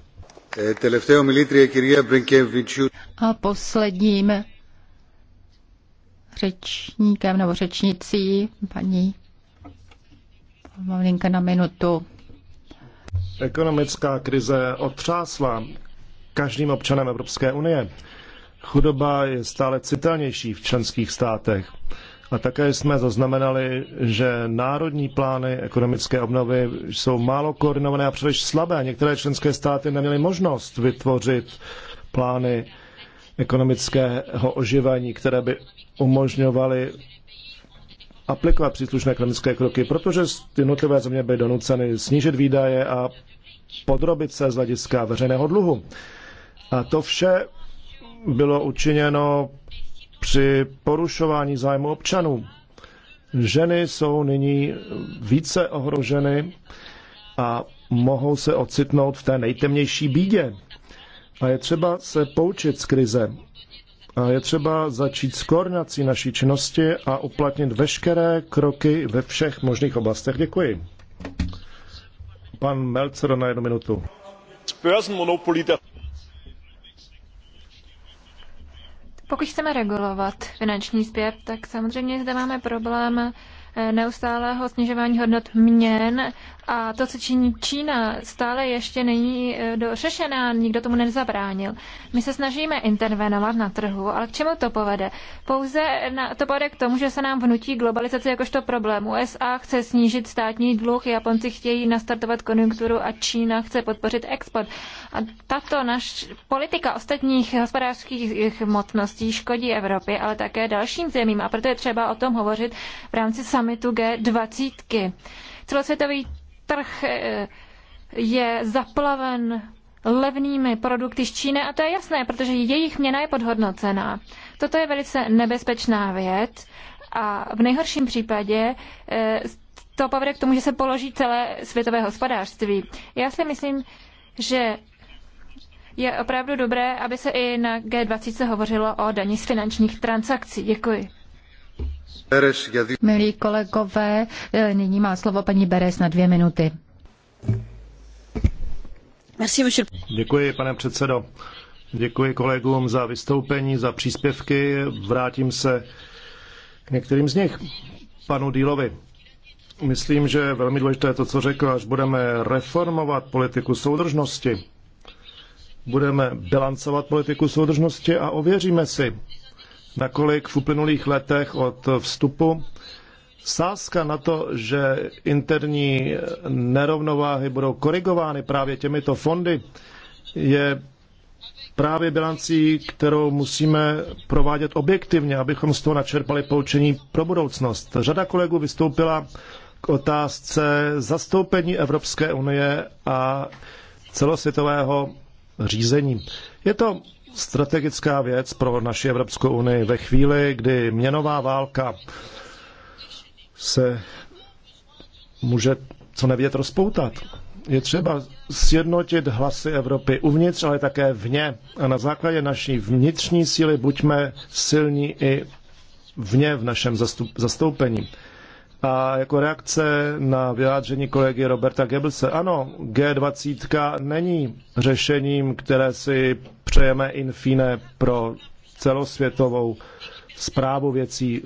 Eh, A posledním řečníkem nebo řečnicí paní Pavlinka na minutu. Ekonomická krize otřásla každým občanem Evropské unie. Chudoba je stále citelnější v členských státech. A také jsme zaznamenali, že národní plány ekonomické obnovy jsou málo koordinované a příliš slabé. Některé členské státy neměly možnost vytvořit plány ekonomického oživení, které by umožňovaly aplikovat příslušné ekonomické kroky, protože jednotlivé země by donuceny snížit výdaje a podrobit se z hlediska veřejného dluhu. A to vše bylo učiněno při porušování zájmu občanů. Ženy jsou nyní více ohroženy a mohou se ocitnout v té nejtemnější bídě. A je třeba se poučit z krize. A je třeba začít s koordinací naší činnosti a uplatnit veškeré kroky ve všech možných oblastech. Děkuji. Pan Melcer na jednu minutu. Pokud chceme regulovat finanční zpěv, tak samozřejmě zde máme problém eh, neustálého snižování hodnot měn a to, co činí Čína, stále ještě není e, dořešená, nikdo tomu nezabránil. My se snažíme intervenovat na trhu, ale k čemu to povede? Pouze na, to povede k tomu, že se nám vnutí globalizace jakožto problém. USA chce snížit státní dluh, Japonci chtějí nastartovat konjunkturu a Čína chce podpořit export. A tato naš politika ostatních hospodářských mocností škodí Evropě, ale také dalším zemím. A proto je třeba o tom hovořit v rámci summitu G20. Celosvětový trh eh, je zaplaven levnými produkty z Číny a to je jasné, protože jejich měna je podhodnocená. Toto je velice nebezpečná věc a v nejhorším případě eh, to povede k tomu, že se položí celé světové hospodářství. Já si myslím, že je opravdu dobré, aby se i na G20 hovořilo o daní z finančních transakcí. Děkuji. Milí kolegové, eh, nyní má slovo paní Beres na dvě minuty. Děkuji, pane předsedo. Děkuji kolegům za vystoupení, za příspěvky. Vrátím se k některým z nich. Panu Dílovi. Myslím, že je velmi důležité to, co řekl, až budeme reformovat politiku soudržnosti, budeme bilancovat politiku soudržnosti a ověříme si, nakolik v uplynulých letech od vstupu sázka na to, že interní nerovnováhy budou korigovány právě těmito fondy, je právě bilancí, kterou musíme provádět objektivně, abychom z toho načerpali poučení pro budoucnost. Řada kolegů vystoupila k otázce zastoupení Evropské unie a celosvětového řízení. Je to strategická věc pro naši Evropskou unii ve chvíli, kdy měnová válka se může co nevět rozpoutat. Je třeba sjednotit hlasy Evropy uvnitř, ale také vně. A na základě naší vnitřní síly buďme silní i vně v našem zastup, zastoupení. A jako reakce na vyjádření kolegy Roberta Gebelse, ano, G20 není řešením, které si přejeme infine pro celosvětovou zprávu věcí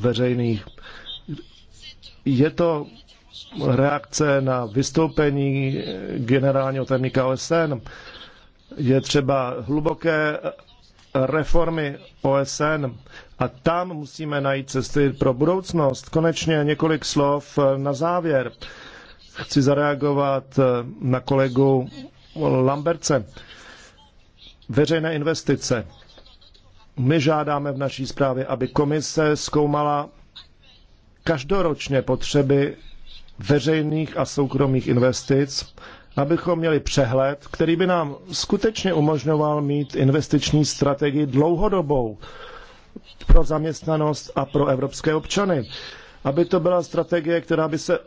veřejných. Je to reakce na vystoupení generálního tajemníka OSN. Je třeba hluboké reformy OSN a tam musíme najít cesty pro budoucnost. Konečně několik slov eh, na závěr. Chci zareagovat eh, na kolegu Lamberce. Veřejné investice. My žádáme v naší zprávě, aby komise zkoumala každoročně potřeby veřejných a soukromých investic, abychom měli přehled, který by nám skutečně umožňoval mít investiční strategii dlouhodobou pro zaměstnanost a pro evropské občany. Aby to byla strategie, která by se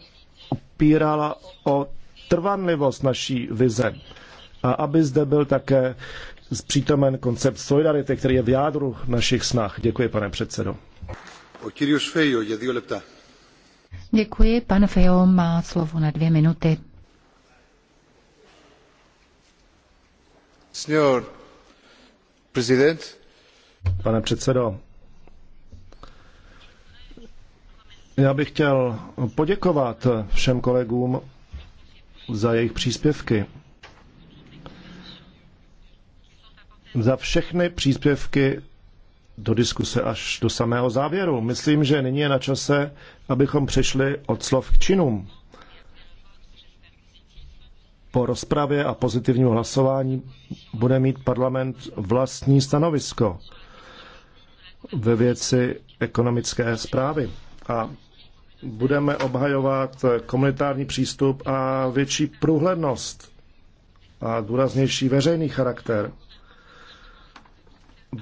opírala o trvanlivost naší vize a aby zde byl také přítomen koncept solidarity, který je v jádru našich snah. Děkuji, pane předsedo. Děkuji, pan Fejo má slovo na dvě minuty. Senhor president, Pane předsedo, já bych chtěl poděkovat všem kolegům za jejich příspěvky. Za všechny příspěvky do diskuse až do samého závěru. Myslím, že nyní je na čase, abychom přešli od slov k činům. Po rozpravě a pozitivním hlasování bude mít parlament vlastní stanovisko ve věci ekonomické zprávy. A budeme obhajovat komunitární přístup a větší průhlednost a důraznější veřejný charakter.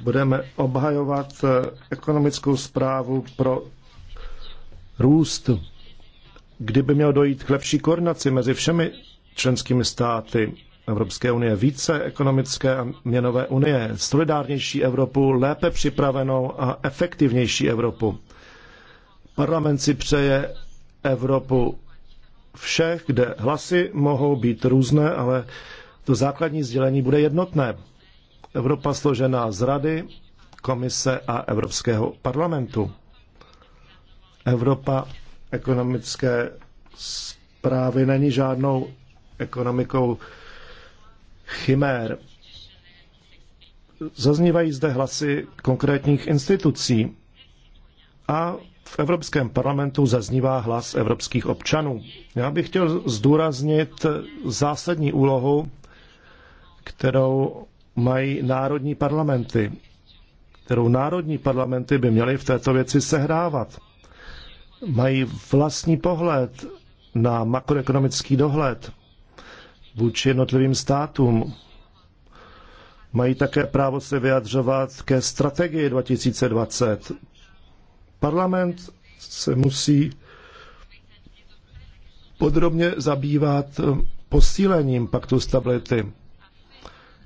Budeme obhajovat ekonomickou zprávu pro růst, kdyby mělo dojít k lepší koordinaci mezi všemi členskými státy Evropské unie, více ekonomické a měnové unie, solidárnější Evropu, lépe připravenou a efektivnější Evropu. Parlament si přeje Evropu všech, kde hlasy mohou být různé, ale to základní sdělení bude jednotné. Evropa složená z Rady, Komise a Evropského parlamentu. Evropa ekonomické zprávy není žádnou ekonomikou chimér. Zaznívají zde hlasy konkrétních institucí a v Evropském parlamentu zaznívá hlas evropských občanů. Já bych chtěl zdůraznit zásadní úlohu, kterou mají národní parlamenty, kterou národní parlamenty by měly v této věci sehrávat. Mají vlastní pohled na makroekonomický dohled, vůči jednotlivým státům. Mají také právo se vyjadřovat ke strategii 2020. Parlament se musí podrobně zabývat posílením paktu stability.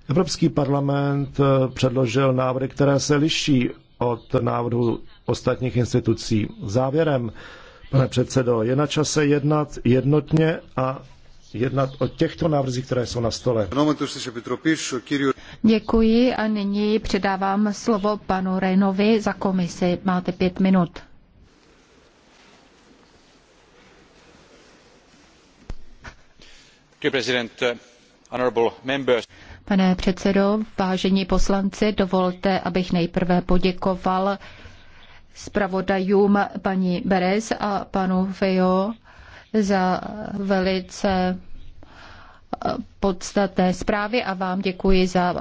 Evropský parlament eh, předložil návrhy, které se liší od návrhu ostatních institucí. Závěrem, pane předsedo, je na čase jednat jednotně a jednat o těchto návrzích, které jsou na stole. Děkuji a nyní předávám slovo panu Renovi za komisi. Máte pět minut. Pane předsedo, vážení poslanci, dovolte, abych nejprve poděkoval zpravodajům paní Beres a panu Fejo za velice eh, podstatné zprávy a vám děkuji za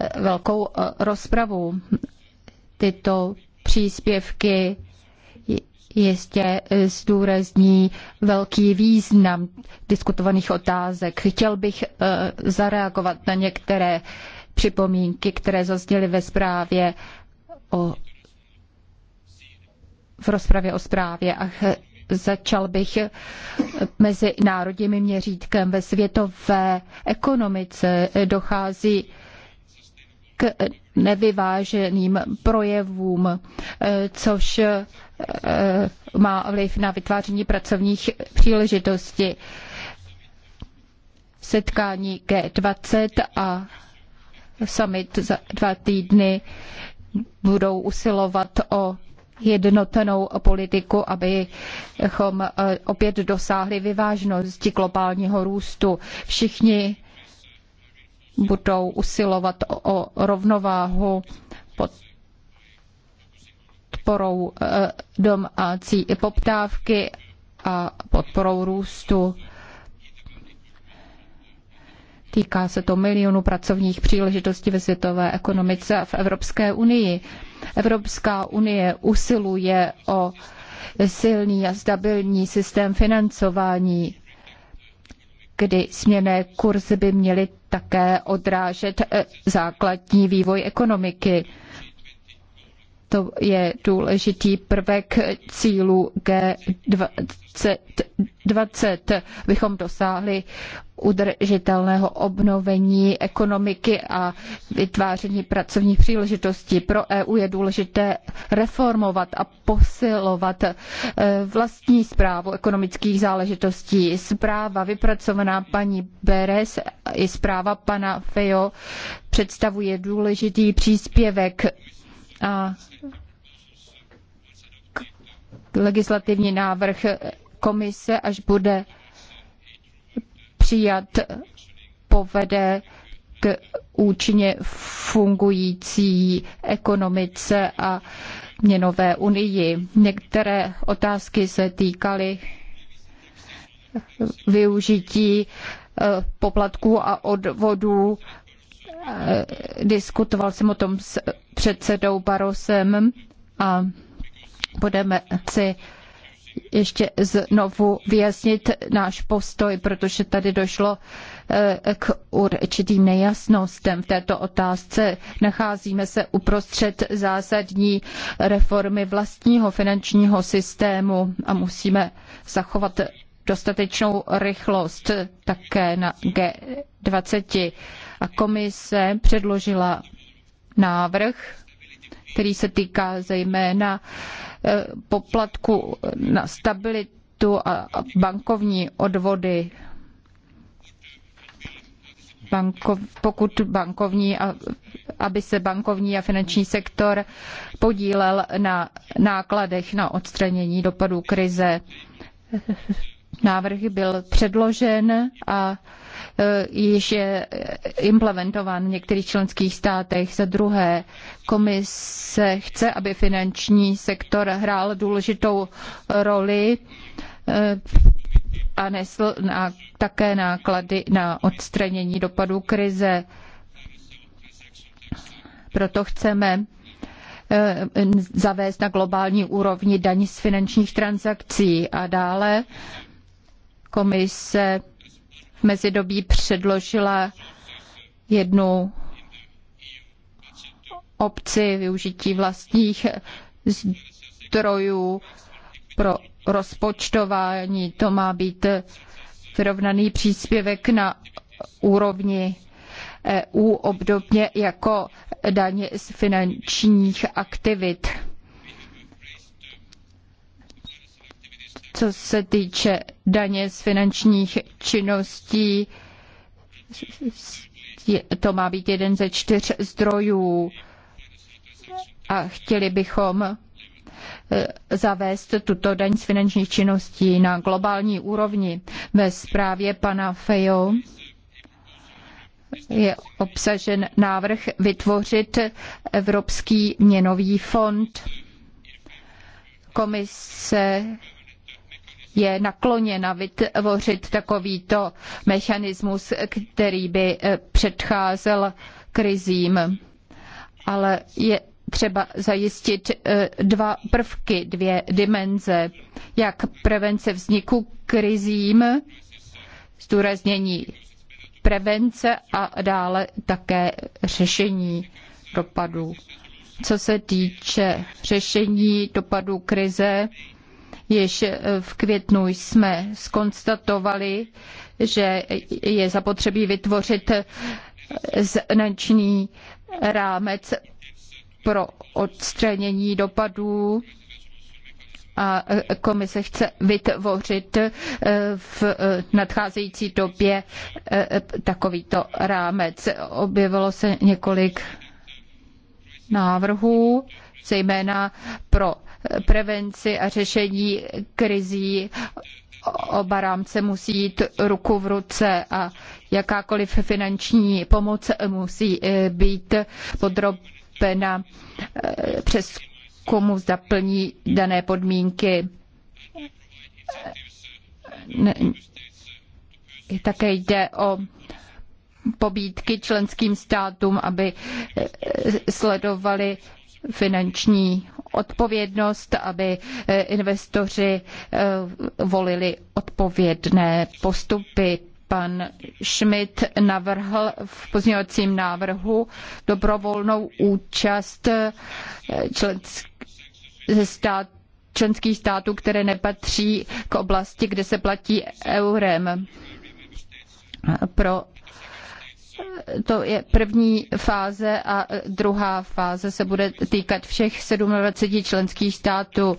eh, velkou eh, rozpravu. Tyto příspěvky jistě zdůrazní velký význam diskutovaných otázek. Chtěl bych zareagovat na některé připomínky, které zazněly ve zprávě o v rozpravě o zprávě a Začal bych mezi národními měřítkem ve světové ekonomice. Dochází k nevyváženým projevům, což eh, má vliv na vytváření pracovních příležitostí. Setkání G20 a summit za dva týdny budou usilovat o jednotnou politiku, abychom eh, opět dosáhli vyvážnosti globálního růstu. Všichni budou usilovat o rovnováhu podporou eh, domácí poptávky a podporou růstu. Týká se to milionu pracovních příležitostí ve světové ekonomice a v Evropské unii. Evropská unie usiluje o silný a stabilní systém financování, kdy směné kurzy by měly také odrážet eh, základní vývoj ekonomiky. To je důležitý prvek cílu G20, bychom dosáhli udržitelného obnovení ekonomiky a vytváření pracovních příležitostí. Pro EU je důležité reformovat a posilovat eh, vlastní zprávu ekonomických záležitostí. Zpráva vypracovaná paní Beres i zpráva pana Feo představuje důležitý příspěvek a legislativní návrh komise, až bude přijat, povede k účinně fungující ekonomice a měnové unii. Některé otázky se týkaly využití eh, poplatků a odvodů Eh, diskutoval jsem o tom s předsedou Barosem a budeme si ještě znovu vyjasnit náš postoj, protože tady došlo eh, k určitým nejasnostem v této otázce. Nacházíme se uprostřed zásadní reformy vlastního finančního systému a musíme zachovat dostatečnou rychlost také na G20. A komise předložila návrh, který se týká zejména eh, poplatku na stabilitu a bankovní odvody. pokud bankovní a, aby se bankovní a finanční sektor podílel na nákladech na odstranění dopadů krize návrh byl předložen a e, již je implementován v některých členských státech. Za druhé, komise chce, aby finanční sektor hrál důležitou roli e, a nesl na, také náklady na odstranění dopadů krize. Proto chceme e, zavést na globální úrovni daň z finančních transakcí a dále Komise v mezidobí předložila jednu obci využití vlastních zdrojů pro rozpočtování. To má být vyrovnaný příspěvek na úrovni EU, obdobně jako daň z finančních aktivit. Co se týče daně z finančních činností, to má být jeden ze čtyř zdrojů a chtěli bychom eh, zavést tuto daň z finančních činností na globální úrovni. Ve zprávě pana Fejo je obsažen návrh vytvořit Evropský měnový fond. Komise je nakloněna vytvořit takovýto mechanismus, který by eh, předcházel krizím. Ale je třeba zajistit eh, dva prvky, dvě dimenze, jak prevence vzniku krizím, zdůraznění prevence a dále také řešení dopadů. Co se týče řešení dopadů krize, jež eh, v květnu jsme skonstatovali, že je zapotřebí vytvořit eh, značný rámec pro odstranění dopadů a eh, komise chce vytvořit v nadcházející době takovýto rámec. Objevilo se několik návrhů, zejména pro prevenci a řešení krizí oba rámce musí jít ruku v ruce a jakákoliv finanční pomoc musí eh, být podrobena eh, přes komu zda plní dané podmínky. Také jde o pobídky členským státům, aby eh, sledovali finanční odpovědnost, aby eh, investoři eh, volili odpovědné postupy. Pan Schmidt navrhl v pozměňovacím návrhu dobrovolnou účast eh, členských stát, členských států, které nepatří k oblasti, kde se platí eurem pro to je první fáze a druhá fáze se bude týkat všech 27 členských států.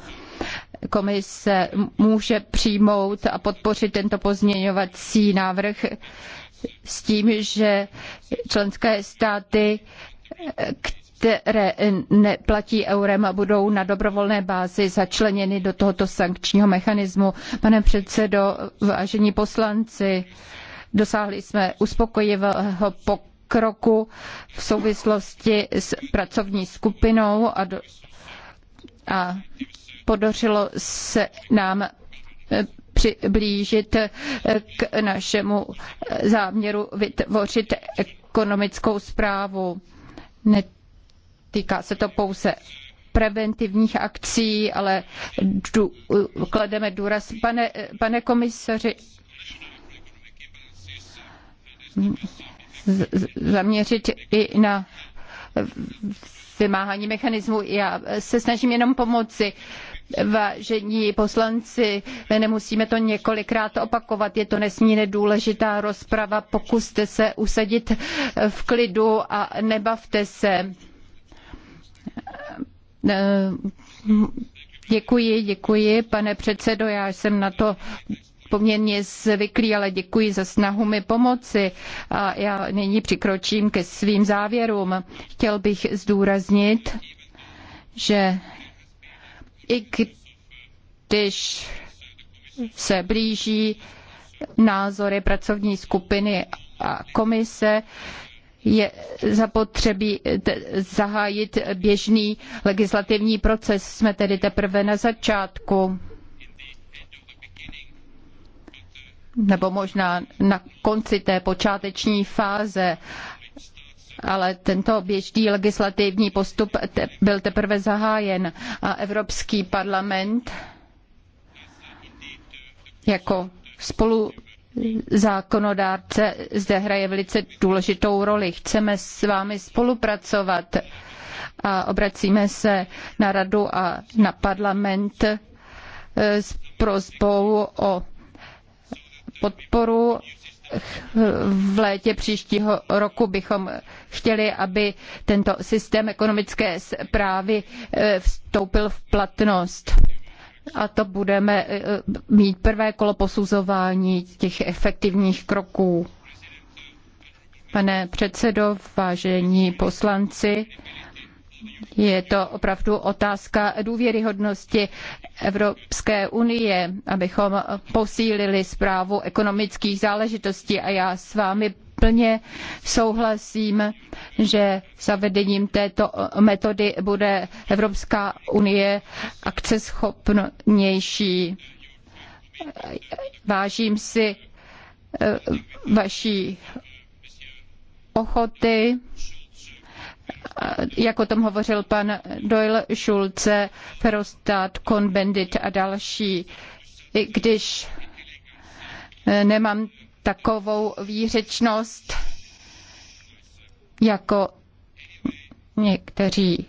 Komise může přijmout a podpořit tento pozměňovací návrh s tím, že členské státy, které neplatí eurem a budou na dobrovolné bázi začleněny do tohoto sankčního mechanismu. Pane předsedo, vážení poslanci, Dosáhli jsme uspokojivého pokroku v souvislosti s pracovní skupinou a, do, a podařilo se nám eh, přiblížit eh, k našemu eh, záměru vytvořit ekonomickou zprávu. Netýká se to pouze preventivních akcí, ale dů, klademe důraz. Pane, pane komisaři, zaměřit i na vymáhání mechanismu. Já se snažím jenom pomoci. Vážení poslanci, nemusíme to několikrát opakovat, je to nesmírně důležitá rozprava, pokuste se usadit v klidu a nebavte se. Děkuji, děkuji, pane předsedo, já jsem na to poměrně zvyklý, ale děkuji za snahu mi pomoci. A já nyní přikročím ke svým závěrům. Chtěl bych zdůraznit, že i když se blíží názory pracovní skupiny a komise, je zapotřebí zahájit běžný legislativní proces. Jsme tedy teprve na začátku. nebo možná na konci té počáteční fáze, ale tento běžný legislativní postup byl teprve zahájen a Evropský parlament jako spolu zákonodárce zde hraje velice důležitou roli. Chceme s vámi spolupracovat a obracíme se na radu a na parlament eh, s prozbou o podporu. V létě příštího roku bychom chtěli, aby tento systém ekonomické zprávy eh, vstoupil v platnost. A to budeme eh, mít prvé kolo posuzování těch efektivních kroků. Pane předsedo, vážení poslanci, je to opravdu otázka důvěryhodnosti Evropské unie, abychom posílili zprávu ekonomických záležitostí a já s vámi plně souhlasím, že zavedením této metody bude Evropská unie akceschopnější. Vážím si eh, vaší ochoty jak o tom hovořil pan Doyle Schulze, Ferostat, Konbendit a další. I když eh, nemám takovou výřečnost jako někteří.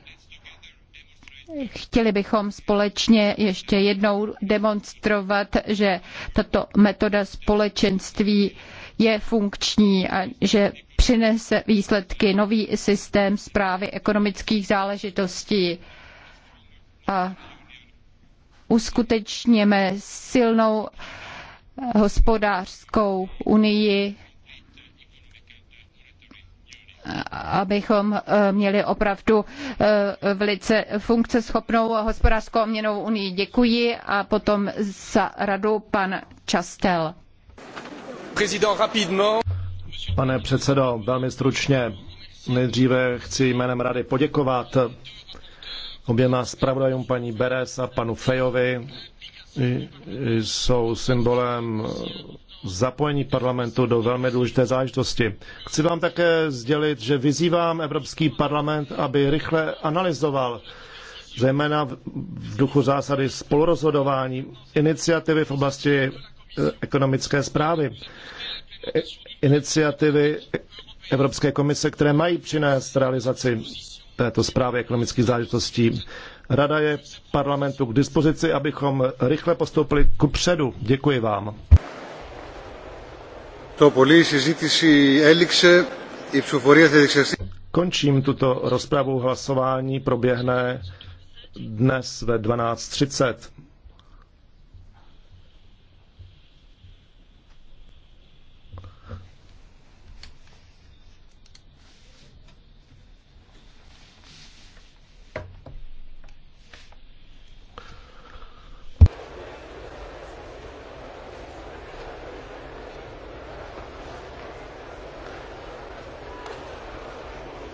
Chtěli bychom společně ještě jednou demonstrovat, že tato metoda společenství je funkční a že přinese výsledky nový systém zprávy ekonomických záležitostí. A uskutečněme silnou hospodářskou unii, abychom eh, měli opravdu eh, velice funkceschopnou hospodářskou a měnovou unii. Děkuji a potom za radu pan Častel. Pane předsedo, velmi stručně. Nejdříve chci jménem Rady poděkovat oběma zpravodajům paní Beres a panu Fejovi. Jsou symbolem zapojení parlamentu do velmi důležité záležitosti. Chci vám také sdělit, že vyzývám Evropský parlament, aby rychle analyzoval zejména v duchu zásady spolurozhodování iniciativy v oblasti ekonomické zprávy, iniciativy Evropské komise, které mají přinést realizaci této zprávy ekonomických záležitostí. Rada je parlamentu k dispozici, abychom rychle postoupili ku předu. Děkuji vám. To polí συζήτηση Elixe, Η ψηφοφορία Končím tuto rozpravu. Hlasování proběhne dnes ve 12.30.